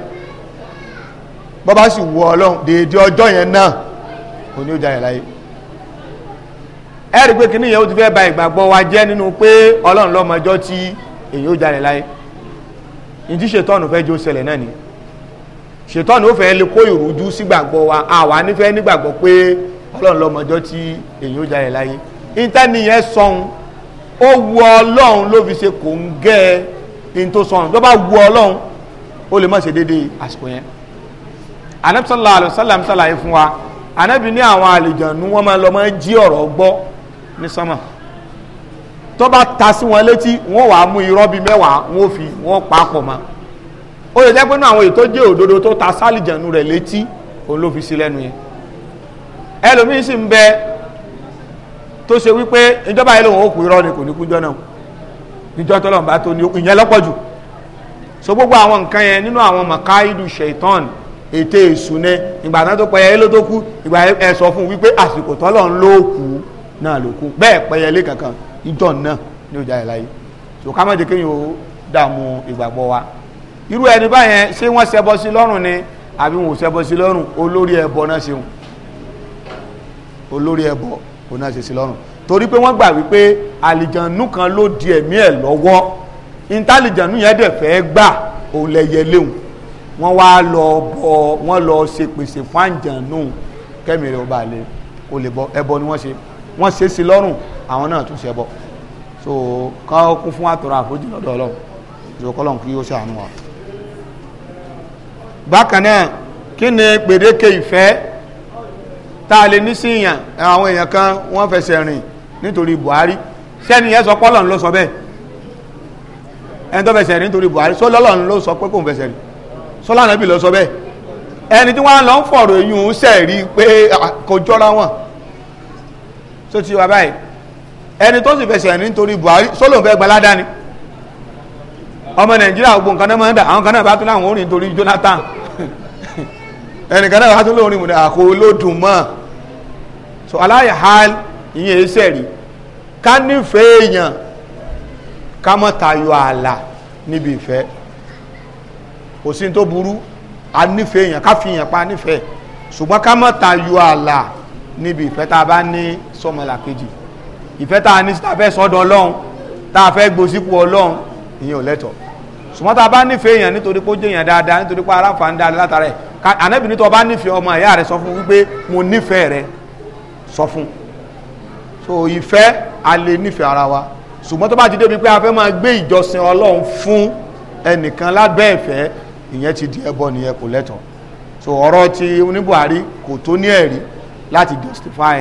bọ́bá sì wọ ọlọ́run dèédé ọjọ́ yẹn náà kò ní ọjà ìláyé ẹ̀rí pé kìnìyàn ó ti fẹ́ ba ìgbàgbọ́ wa jẹ́ nínú pé ọlọ́run lọ́mọjọ́ tí èyí ó jalè láyé ní tí ṣètọ́nù fẹ́ jó ṣẹlẹ̀ náà ni ṣètọ́nù ó fẹ́ lè kó ìrújú sígbàgbọ́ wa àwa nífẹ́ nígbàgbọ́ pé ọlọ́run lọ́mọjọ́ tí èyí ó jáde láyé íńtánì yẹn sọ̀hún ó wu ọlọ́run ló fi ṣe kò ń gẹ́ ẹ ní tó sọ̀hún tó bá wu ọlọ́run ó lè má ṣe déédéé àsìkò yẹn anabi sallallahu alayhi wa sallam ṣàlàyé fún wa anabi ní àwọn àlejò nu wọn máa lọ máa jí ọ̀rọ̀ gbọ́ ní sánmà tó bá ta sí wọn létí wọn wàá mú irọ́ bíi mẹ́wàá wọn ò fi wọn papọ̀ mọ́ ó lè jẹ́ pé náà àwọn èyí tó jẹ́ òdodo tó ta sálìjànú rẹ̀ létí òun ló fi sí lẹ́nu yẹn ẹlòmíín sì ń bẹ tó ṣe wípé ìjọba yìí lòun ò kú irọ́ ni kò ní kújọ́ náà níjọ́ tọ́lọ̀ bá tó ní ìyẹn lọ́pọ̀ jù so gbogbo àwọn nǹkan yẹn nínú àwọn makaidu shaitan ète ìsúné ìgbà náà tó pẹyẹ ló tó kú ìgbà ẹ sọ fún wípé àsìkò tọ́lọ̀ ń lò kú náà ló kú bẹ́ẹ̀ pẹyẹ kankan ìjọ náà ní ó jáde láyé so ká má jẹ́ kéèyàn ó dààmú ìgbàgbọ́ wa irú ẹni báyẹn ṣé wọ́n ṣẹbọ sí lọ́rùn ni àbí wọn ò ṣẹbọ sí lọ́rùn olórí ẹbọ náà ṣeun olórí ẹbọ òun náà ṣe sí lọ́rùn torí pé wọ́n gbà wípé àlìjànú kan ló di ẹ̀mí ẹ̀ lọ́wọ́ ìntàlìjànú yẹn dẹ̀ fẹ́ gbà òun lẹ́yẹ léwu wọ́n wá lọ bọ wọ́n lọ ṣe pèsè fún àǹjànú kẹ́mìrì ọba àlè kò lè bọ ẹbọ ni wọ́n ṣe wọ́n ṣe sí lọ́rùn àwọn náà tún ṣẹbọ so káwọ́ kún fún àtọrọ àforíjì lọ́dọ̀ ọlọ́run ìjọ kọ́lọ́run kí ó ṣàánú wa. bákan náà kí ni gbèdéke ìfẹ́ tá a lè ní sí ìyàn àwọn èèyàn kan wọ́n fẹsẹ̀ rìn nítorí Buhari sẹ́ni yẹn sọ pọ́lọ́n ló sọ bẹ́ẹ̀ ẹni tó fẹsẹ̀ rìn nítorí Buhari sọlọ́lọ́n ló sọ pé kò ń fẹsẹ̀ rìn sọlọ́nà bí ló sọ bẹ́ẹ̀ ẹni tí wọ́n lọ ń fọ̀rọ̀ eyín òun sẹ̀ pé kò jọra wọn tó ti wá báyìí ẹni tó sì fẹsẹ̀ ní nítorí Buhari sólò fẹ́ gbalada ni ọmọ Nàìjíríà gbogbo nǹkan náà máa ń dà àwọn kan náà bá tún láwọn orin nítorí Jonathan ẹnìkan náà bá tún lóorin mùdà àkó olódùn mọ́ so aláyà ha ìyẹn ẹsẹ̀ rí ká nífẹ̀ẹ́ èèyàn ká mọ́ tayọ ààlà níbi ìfẹ́ kò sí tó burú a nífẹ̀ẹ́ èèyàn ká fi èèyàn pa nífẹ̀ẹ́ ṣùgbọ́n ká mọ́ tayọ ààlà níbi ìfẹ́ tá a bá ní sọmọlà kejì. So, ìfẹ́ tá a ní tá a fẹ́ sọ́dọ̀ ọlọ́run tá a fẹ́ gbòsípò ọlọ́run ìyẹn ò lẹ́tọ̀ọ́ ṣùgbọ́n tá a bá nífẹ̀ẹ́ èèyàn nítorí pé ó jẹ́ èèyàn dáadáa nítorí pé aráǹfà ń dáa látara ẹ̀ ànábì nítorí ọba nífẹ̀ẹ́ ọmọ ìyá rẹ̀ sọ fún wípé mo nífẹ̀ẹ́ rẹ̀ sọ fún so ìfẹ́ a lè nífẹ̀ẹ́ ara wa ṣùgbọ́n tó bá ti débi pé a fẹ́ máa gbé ìjọsìn ọlọ́run fún ẹnìkan lábẹ́ ìfẹ́ ìyẹn ti di ẹbọ nìyẹn kò lẹ́tọ̀ọ́ so ọ̀rọ̀ ti oníbuhari kò tó ní ẹ̀rí láti justify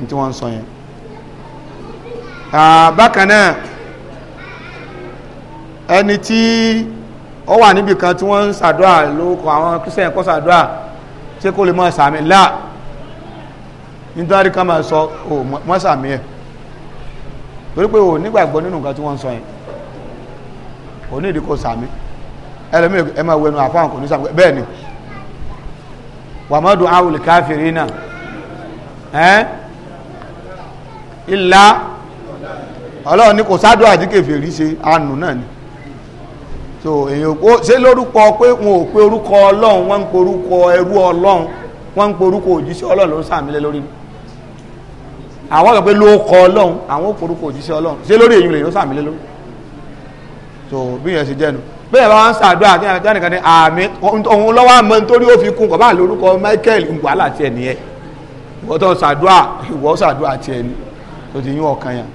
ní tí wọ́n ń sọ yẹn bákan náà ẹni tí ó wà níbi kan tí wọ́n ń ṣàdúrà lóko àwọn kristian kọ́ ṣàdúrà tí kò lè mọ sàmì láà nítorí ká máa sọ ò mọ́ sàmì ẹ̀ torí pé ò nígbàgbọ́ nínú nǹkan tí wọ́n ń sọ yẹn ò ní ìdí kò sàmì ẹlẹ́mìí ẹ máa wẹnu àfáwọn kò ní sàmì bẹ́ẹ̀ ni wàmọ́dún awùlì káfíìrì náà ẹ́ ilá ọlọ́run ní kò sádùn àdíkèfèrí ṣe àánú náà ni so èyàn ó ṣe lórúkọ pé wọn ò pe orúkọ ọlọ́run wọ́n ń pe orúkọ ẹrú ọlọ́run wọ́n ń pe orúkọ òjíṣẹ́ ọlọ́run ló ń sàmílẹ̀ lórí ni àwọn kan pé ló kọ ọlọ́run àwọn ò pe orúkọ òjíṣẹ́ ọlọ́run ṣe lórí èyí lèyàn sàmílẹ̀ lórí so bí yẹn ṣe jẹ́nu bẹ́ẹ̀ bá wọn ṣàdúrà tí wọn nìkan ní àmì òun lọ́wọ́ àmọ́ nítorí ó fi kún kọ̀ bá lórúkọ Michael ngwala tiẹ̀ nìyẹn ìwọ́tọ̀ ṣàdúrà ìwọ́ ṣàdúrà tiẹ̀ ni tó yín ọkàn yẹn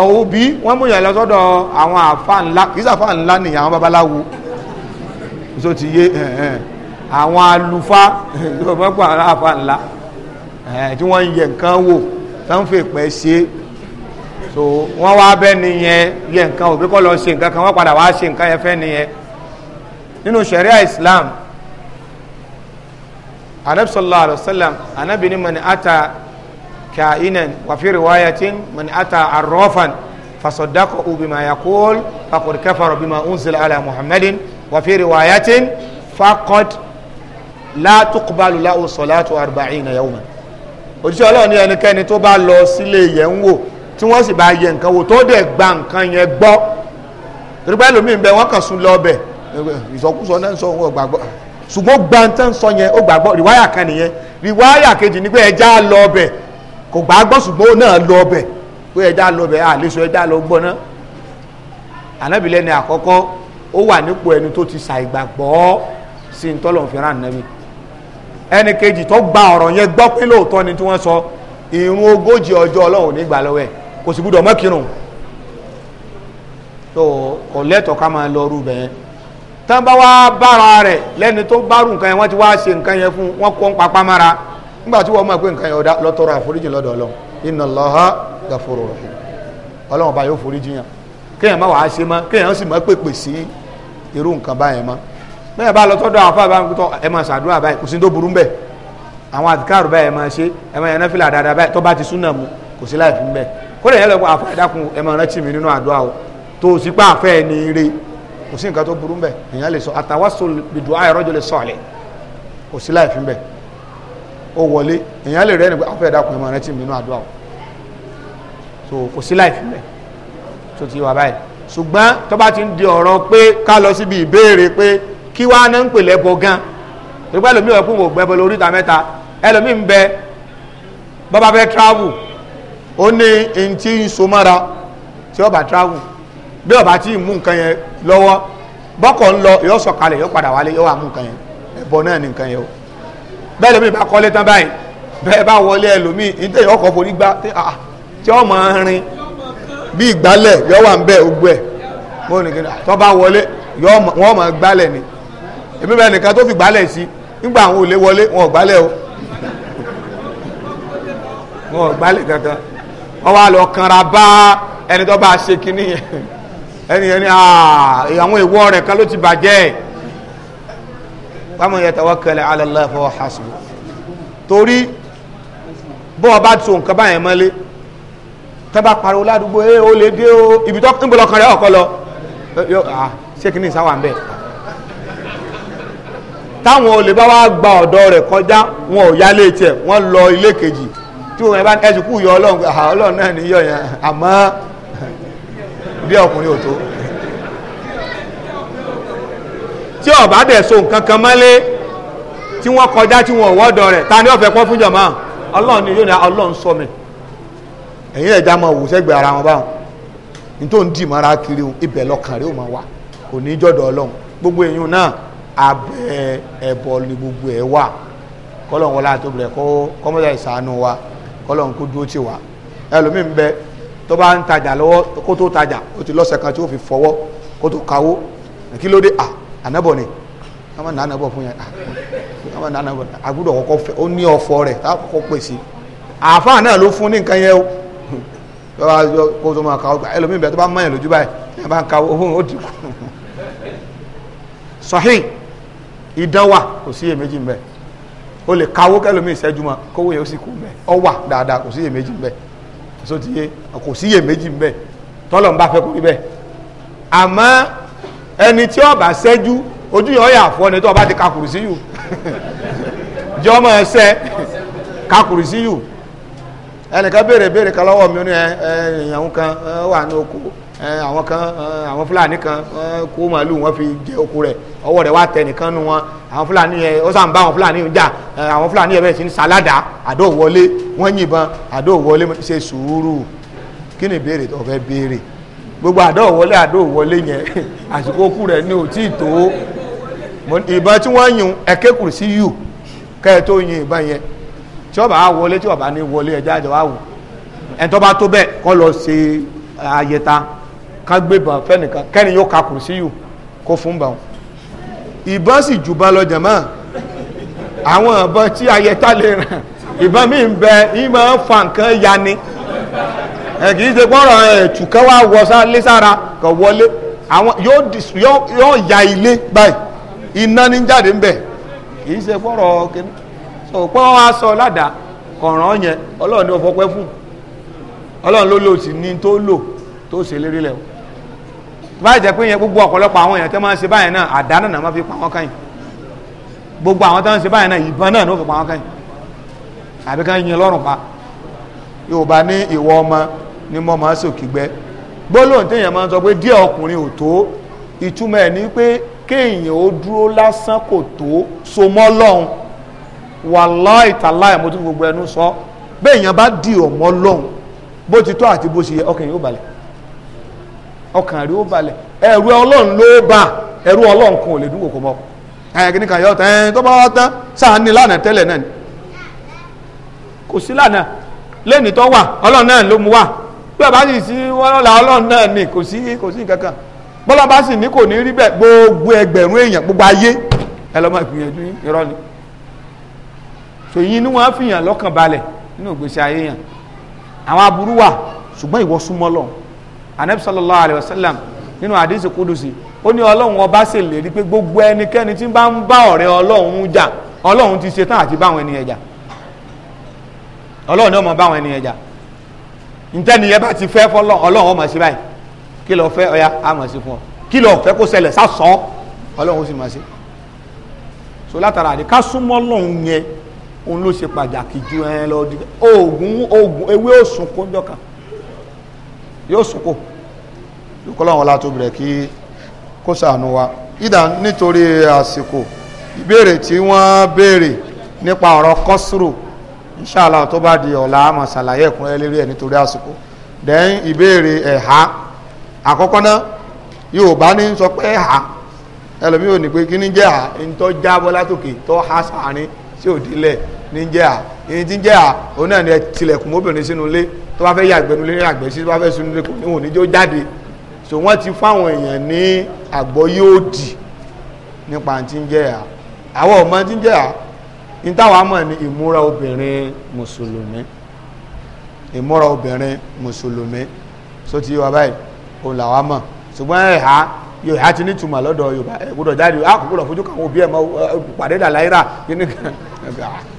ọ̀hún bí wọ́n mú yàn lọ sọ́dọ̀ àwọn àfa ńlá kì í sàfa ńlá nìyà àwọn babaláwo so ti yé àwọn alufa tó fẹ́ pọ̀ àwọn àfa ńlá tí wọ́n ń yẹ nǹkan wò tó ń fè pẹ́ ṣe so wọ́n wá bẹ́ nìyẹn yẹ nǹkan òbí kọ́ lọ ṣe nǹkan kan wọ́n padà wá ṣe nǹkan yẹn fẹ́ nìyẹn nínú sharia Islam anabi sallallahu alayhi wa sallam anabi ni mani ata كائنا وفي رواية من أتى عرافا فصدقه بما يقول فقد كفر بما أنزل على محمد وفي رواية فقد لا تقبل له صلاة أربعين يوما òjíṣẹ́ ọlọ́run ní ẹnikẹ́ni tó bá lọ sílé yẹ̀ ń wò tí wọ́n sì bá yẹ nǹkan wò tó dẹ̀ gba nǹkan yẹn gbọ́ torí pé lómi bẹ wọ́n kàn sún lọ bẹ̀ ìsọkúsọ náà ń sọ òun gbàgbọ́ ṣùgbọ́n gbàǹtàn sọ yẹn ó gbàgbọ́ rìwáyà kan nìyẹn rìwáyà kejì ní ẹja lọ bẹ̀ kò gbà gbọ́ ṣùgbọ́n ó náà lọ ọbẹ̀ pé ẹja lọ ọbẹ̀ àlesọ lọ gbọ́ná ná ni àkọ́kọ́ ó wà nípò ẹni tó ti ṣàìgbàgbọ́ sí ní tọ́lọ̀ ẹni kejì tó gba ọ̀rọ̀ yẹn gbọ́ pé lóòótọ́ ni tí wọ́n sọ ogójì ọjọ́ ọlọ́run lọ́wọ́ ẹ̀ kò ti wá ṣe nǹkan yẹn fún wọn kó ń nígbà tí wọ́n mọ̀ pé nǹkan yẹn ọ̀dà lọ́tọ́rọ̀ àforíjì lọ́dọ̀ ọlọ́run inna Allaha ghafurur rahim ọlọ́run bá yóò foríjì yàn kéèyàn má wàá ṣe mọ́ kéèyàn sì mọ́ pèpè sí irú nǹkan báyẹn mọ́ bẹ́ẹ̀ bá lọ́tọ́dọ̀ àwọn afáàbá ń tọ́ ẹ máa ṣàdúrà báyìí kò sí tó burú bẹ́ẹ̀ àwọn àdìkárù báyìí ẹ máa ṣe ẹ máa yẹn fìlà dáadáa báyìí tó bá ti súnà mu kò sí láì fi ń bẹ́ẹ̀ kó lè yẹn lọ́kọ́ àfa ẹ máa rántí mi nínú àdúrà o tó o sì pa àfẹ́ ẹ ire kò sí nǹkan tó burú bẹ́ẹ̀ èèyàn lè sọ àtàwásó bìdùn àìrọ́jọ lè sọ̀lẹ̀ kò sí láì fi bẹ́ẹ̀ ó wọlé èèyàn lè rẹ́ ni pé afẹ́ ah, ìdákun ẹ̀ máa rántí mi nínú àdúrà so kò sí láì fún mi tó ti wà báyìí ṣùgbọ́n tó bá ti ń di ọ̀rọ̀ pé ká lọ síbi ìbéèrè pé kí wá náà ń pè lẹ́bọ gan torí pé ẹlòmíì ọ̀pọ̀ ògbẹ́ bọ lórí ìta mẹ́ta ẹlòmíì ń bẹ bọ́bá fẹ́ travel ó ní ẹni tí ń so mọ́ra tí ó travel bí ó bá tí ì mú nǹkan yẹn lọ́wọ́ bọ́kọ̀ ń lọ yóò sọ̀kalẹ̀ yóò padà wálé yóò wà mú nǹkan yẹn ẹ̀bọ náà ní nǹkan yẹn o bẹ́ẹ̀ lómi bá kọ́lé tán báyìí bẹ́ẹ̀ bá wọlé ẹlòmíì ìdè ọkọ̀ forí gbá tí ọmọ rin bí ìgbálẹ̀ yọ wà ń bẹ́ẹ̀ ogbó ẹ̀ mo ní kíni tó bá wọlé wọ́n mọ̀ gbálẹ̀ ni èmi bẹ́ẹ̀ nìkan tó fi gbálẹ̀ sí nígbà àwọn wọlé wọn ò o wọn ò gbálẹ̀ kankan lọ kanra bá ẹni tó bá ṣe àwọn ìwọ rẹ kan bàjẹ́ wàmọ̀ yatawakkal ala Allah fahuwa hasbuh torí bó ọba tó nǹkan báyẹn mọ́lé tẹ́bà pariwo ládùúgbò ẹ ó lè dé o ibi tó ń bọ̀lọ̀kan rẹ̀ ọ̀kọ́ lọ ṣé kìíní sáwà ń bẹ̀ táwọn olè bá wá gba ọ̀dọ́ rẹ̀ kọjá wọn ò yálé tiẹ̀ wọ́n lọ ilé kejì tí wọn bá ẹsùn kú yọ ọlọ́run ọlọ́run náà níyọ̀ yẹn àmọ́ bí ọkùnrin ò tó. tí ọba dẹ̀ so nǹkan kan mọ́lé tí wọ́n kọjá tí wọ́n wọ́dọ̀ rẹ̀ ta ni ọ̀fẹ́ pọ́ fún jọ̀mọ́ ọlọ́run ni yóò ní ọlọ́run sọ mi ẹ̀yin máa wò sẹ́gbẹ̀ ara wọn báwọn tó ń dì mọ́ra kiri ibẹ̀ lọ́kàn rẹ̀ ó máa wà òní jọ̀dọ̀ ọlọ́run gbogbo èèyàn náà abẹ́ ni ẹ̀ wà wọlé wa ànábọ̀ ni wọ́n máa ná ànábọ̀ fún yẹn wọ́n máa ná ànábọ̀ àgùdọ̀ kọ́kọ́ fẹ́ ó ní ọ̀fọ̀ rẹ̀ tá kọ́kọ́ pè sí àáfàá náà ló fún ní nǹkan yẹn o yọba kó tó máa ka ọgbà ẹlòmíì bẹ tó bá mọ̀yàn lójú báyìí ẹ bá ń ka owó ó dínkù sọ̀hìn ìdánwà kò sí èméjì mbẹ o lè kawó kẹlòmíì ìṣẹ́jú mọ kówó yẹn ó sì kú mbẹ ọ wà dáadáa kò sí èméjì mbẹ so kò sí èméjì mbẹ tọ́lọ̀ ń bá fẹ́ kó rí bẹ́ẹ̀ ẹni tí ọ ṣẹ́jú ojú yọ ọyà fún ẹni tó bá ti kakùrù sí yù ọmọ sí yù ẹnìkan béèrè béèrè kan lọ́wọ́ mi ní kan wà ní oko àwọn kan àwọn fúlàní kan kó fi jẹ oko rẹ ọwọ́ rẹ̀ wá tẹ nìkan nu wọn àwọn fúlàní yẹn ó sàn bá àwọn fúlàní yẹn jà àwọn fúlàní yẹn sí ní sàládà wọ́n yìnbọn gbogbo àdó òwọlé àdó òwọlé yẹn àsìkò kú rẹ̀ ní òtí ìtò ìbọn tí wọ́n yùn ẹ̀kẹ́ kùrù sí yù kẹ́ẹ̀ tó yìn ìbọn yẹn tí ọba á wọlé tí ọba ní wọlé ẹjọ́ àjọ wà wò ẹni tó bá tó bẹ́ẹ̀ kọ́ lọ ṣe àyẹ̀ta ká gbébọn fẹ́nìkan yóò ka kùrù sí yù kó fún bàwọn ìbọn sì jù bá lọ jẹ̀mọ́ àwọn ìbọn tí àyẹ̀ta lè ràn ìbọn mi ń bẹ ìmọ̀ fa nǹkan yani ẹ̀ kì í ṣe pọ́nrọ̀ ẹ̀tù kẹwà wọ̀sá lé sára kọ̀ wọlé àwọn yóò ya ilé báyìí iná ní jáde ń bẹ̀ kì í ṣe pọ́nrọ̀ pé sọ ládàá yẹn ọlọ́run ní fún ọlọ́run ló lò sí tó lò tó ṣe lérí báyìí jẹ́ pé yẹn gbogbo ọ̀pọ̀lọpọ̀ àwọn èèyàn tó máa ń ṣe báyìí náà náà máa fi àwọn tó ń ni mo máa sòkìgbẹ́ gbólóhùn téèyàn máa ń sọ pé díẹ̀ ọkùnrin ò tó ìtumọ̀ ẹ̀ ni pé kéèyàn ó dúró lásán kò tó so mọ́ lọ́hùn wàláì tàláì mo tún gbogbo ẹnu sọ béèyàn bá dì ọ̀ mọ́ lọ́hùn bó ti tọ́ àti bó ṣe yẹ ọkàn yóò balẹ̀ ọkàn rí ó balẹ̀ ẹ̀rù ọlọ́run ló bá ẹ̀rù ọlọ́run kan ò lè dúnkòkò mọ́ ẹ̀yìn kìíní kan yọ ọ̀tá ẹ̀yìn tó bá wá tán sáà ní lánàá tẹ́lẹ̀ náà kò sí lánàá lẹ́nìí tó wà ọlọ́run náà ló mú wà bí ọba sì sí wọn lọ́la ọlọ́run náà ni kò sí kò sí nǹkan kan bọ́lá bá sì ní kò ní rí bẹ́ẹ̀ gbogbo ẹgbẹ̀rún èèyàn gbogbo ayé ẹ lọ́mọ ìgbìyànjú irọ́ ni tòyìn ni wọ́n á fìyàn lọ́kàn balẹ̀ nínú ìgbésí ayé yàn àwọn aburú wà ṣùgbọ́n ìwọ súnmọ́ lọ anabi sallallahu alayhi wa sallam nínú àdínsì kúdùsì ó ní ọlọ́run ọba ṣe lè rí pé gbogbo ẹnikẹ́ni tí bá ń bá ọ̀rẹ́ ọlọ́run jà ọlọ́run ti ṣetán àti báwọn ènìyàn jà ọlọ́run ni mọ báwọn ènìyàn jà ntẹ́ni yẹn bá ti fẹ́ fọlọ́ ọlọ́run ọmọ sí báyìí kí lọ fẹ́ ọya àmọ̀ sí fún ọ kí lọ fẹ́ kó ṣẹlẹ̀ sásán ọlọ́run ó sì máa ṣe so látara àdé ká súnmọ́ lọ́hún yẹn òun ló ṣe pàtàkì ju ẹ lọ di oògùn oògùn ewé òsùnkó ńjọ kan yóò sùnkó lókọ́ lọ́wọ́ la tó bẹ̀rẹ̀ kí kó sànù wa ìdá nítorí àsìkò ìbéèrè tí wọ́n béèrè nípa ọ̀rọ̀ kọ́sùrù inṣàlá tó bá di ọ̀la àmọ̀ ṣàlàyé ẹ̀kúnrẹ́ lérí ẹ̀ nítorí àsìkò then ìbéèrè ẹ̀há àkọ́kọ́ náà Yorùbá ní sọ pé ẹ̀há ẹlòmíì ò ní pé kí ní jẹ́ à ń tọ́ jábọ́ látòkè tọ́ ha, sàárín sí òdílẹ̀ ní jẹ́ à èyí tí jẹ́ à òun náà ni ẹ tilẹ̀kùn mọ́bìnrin sínú ilé tó bá fẹ́ yàgbẹ́nu lé àgbẹ̀ sí tó bá fẹ́ sínú ilé kò ní òní jó jáde so wọ́n ti fáwọn èèyàn ní àgbọ̀ yóò dì nípa tí ń jẹ́ à àwọn ọmọ tí jẹ́ à ní táwọn amọ̀ ní ìmúra obìnrin mùsùlùmí ìmúra obìnrin mùsùlùmí só ti wà báyìí òun làwọn amọ̀ ṣùgbọ́n ẹ̀há yóò há ti ní túmọ̀ lọ́dọ̀ yorùbá gbọ́dọ̀ jáde a kò gbọ́dọ̀ fojú kàwọn òbí ẹ̀ mọ́ pàdé dà láyéra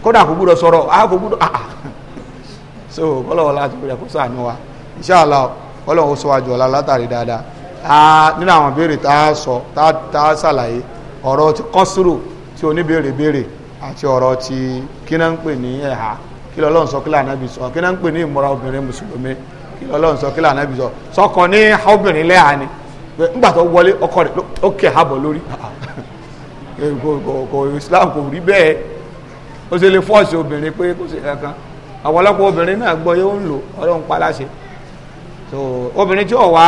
kódà kò gbọ́dọ̀ sọ̀rọ̀ a kò gbọ́dọ̀ a ah, ah. so kọ́lọ̀wọ́ láti gbọ́dọ̀ kó sàánú wa inshallah kọ́lọ̀wọ́ sọ àjọ ọ̀la látàrí dáadáa nínú àwọn béèrè tá a sọ tá a ṣàlàyé ọ̀rọ̀ ti kọ́sùrù tí oníbèrè béèrè àti ọ̀rọ̀ ti kí náà ń pè ní ẹ̀há kí lọ́lọ́run sọ kí lànàbì sọ kí náà ń pè ní ìmúra obìnrin mùsùlùmí kí sọ sọkọ ní obìnrin lẹ́hà ni nígbà tó wọlé ọkọ rẹ̀ ó kẹ̀ lórí kò Islam kò rí bẹ́ẹ̀ ó ṣe lè fọ́ọ̀sì obìnrin pé kankan obìnrin náà gbọ́ yóò ń lò ọlọ́run so obìnrin tí ò wá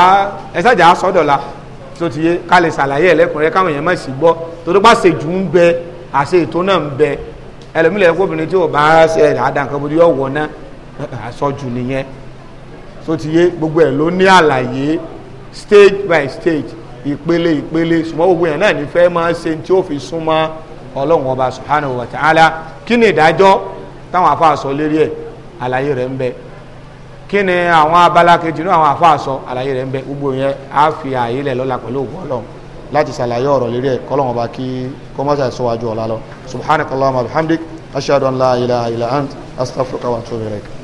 tó ti yé ká lè ṣàlàyé káwọn èèyàn má sì gbọ́ torí àṣẹ ètò náà ń bẹ ẹlòmílẹ̀ kóbìnrin tí ò bá ṣe àdàkànbọ̀dé ọ̀wọ́ náà àṣọjù nìyẹn tó ti yé gbogbo ẹ̀ ló ní àlàyé stage by stage ìpele ìpele ṣùgbọ́n gbogbo yẹn náà ní fẹ́ máa ṣe tí ó fi súnmọ́ ọlọ́run ọba subhanahu wa ta'ala kí ni ìdájọ́ táwọn afa sọ lérí ẹ̀ àlàyé rẹ̀ ń bẹ kí ni àwọn abala kejì ní àwọn afa sọ àlàyé rẹ̀ ń bẹ gbogbo yẹn á fi àyè lẹ̀ lọ́la pẹ̀lú ògbọ́n ọlọ́run láti ṣàlàyé ọ̀rọ̀ lérí ẹ̀ kọ́lọ́wọ́n bá kí kọ́mọ́sà ìṣọ́wájú ọ̀la lọ subhanakallahumma wa bihamdik ashhadu an la ilaha illa ant astaghfiruka wa atubu ilaik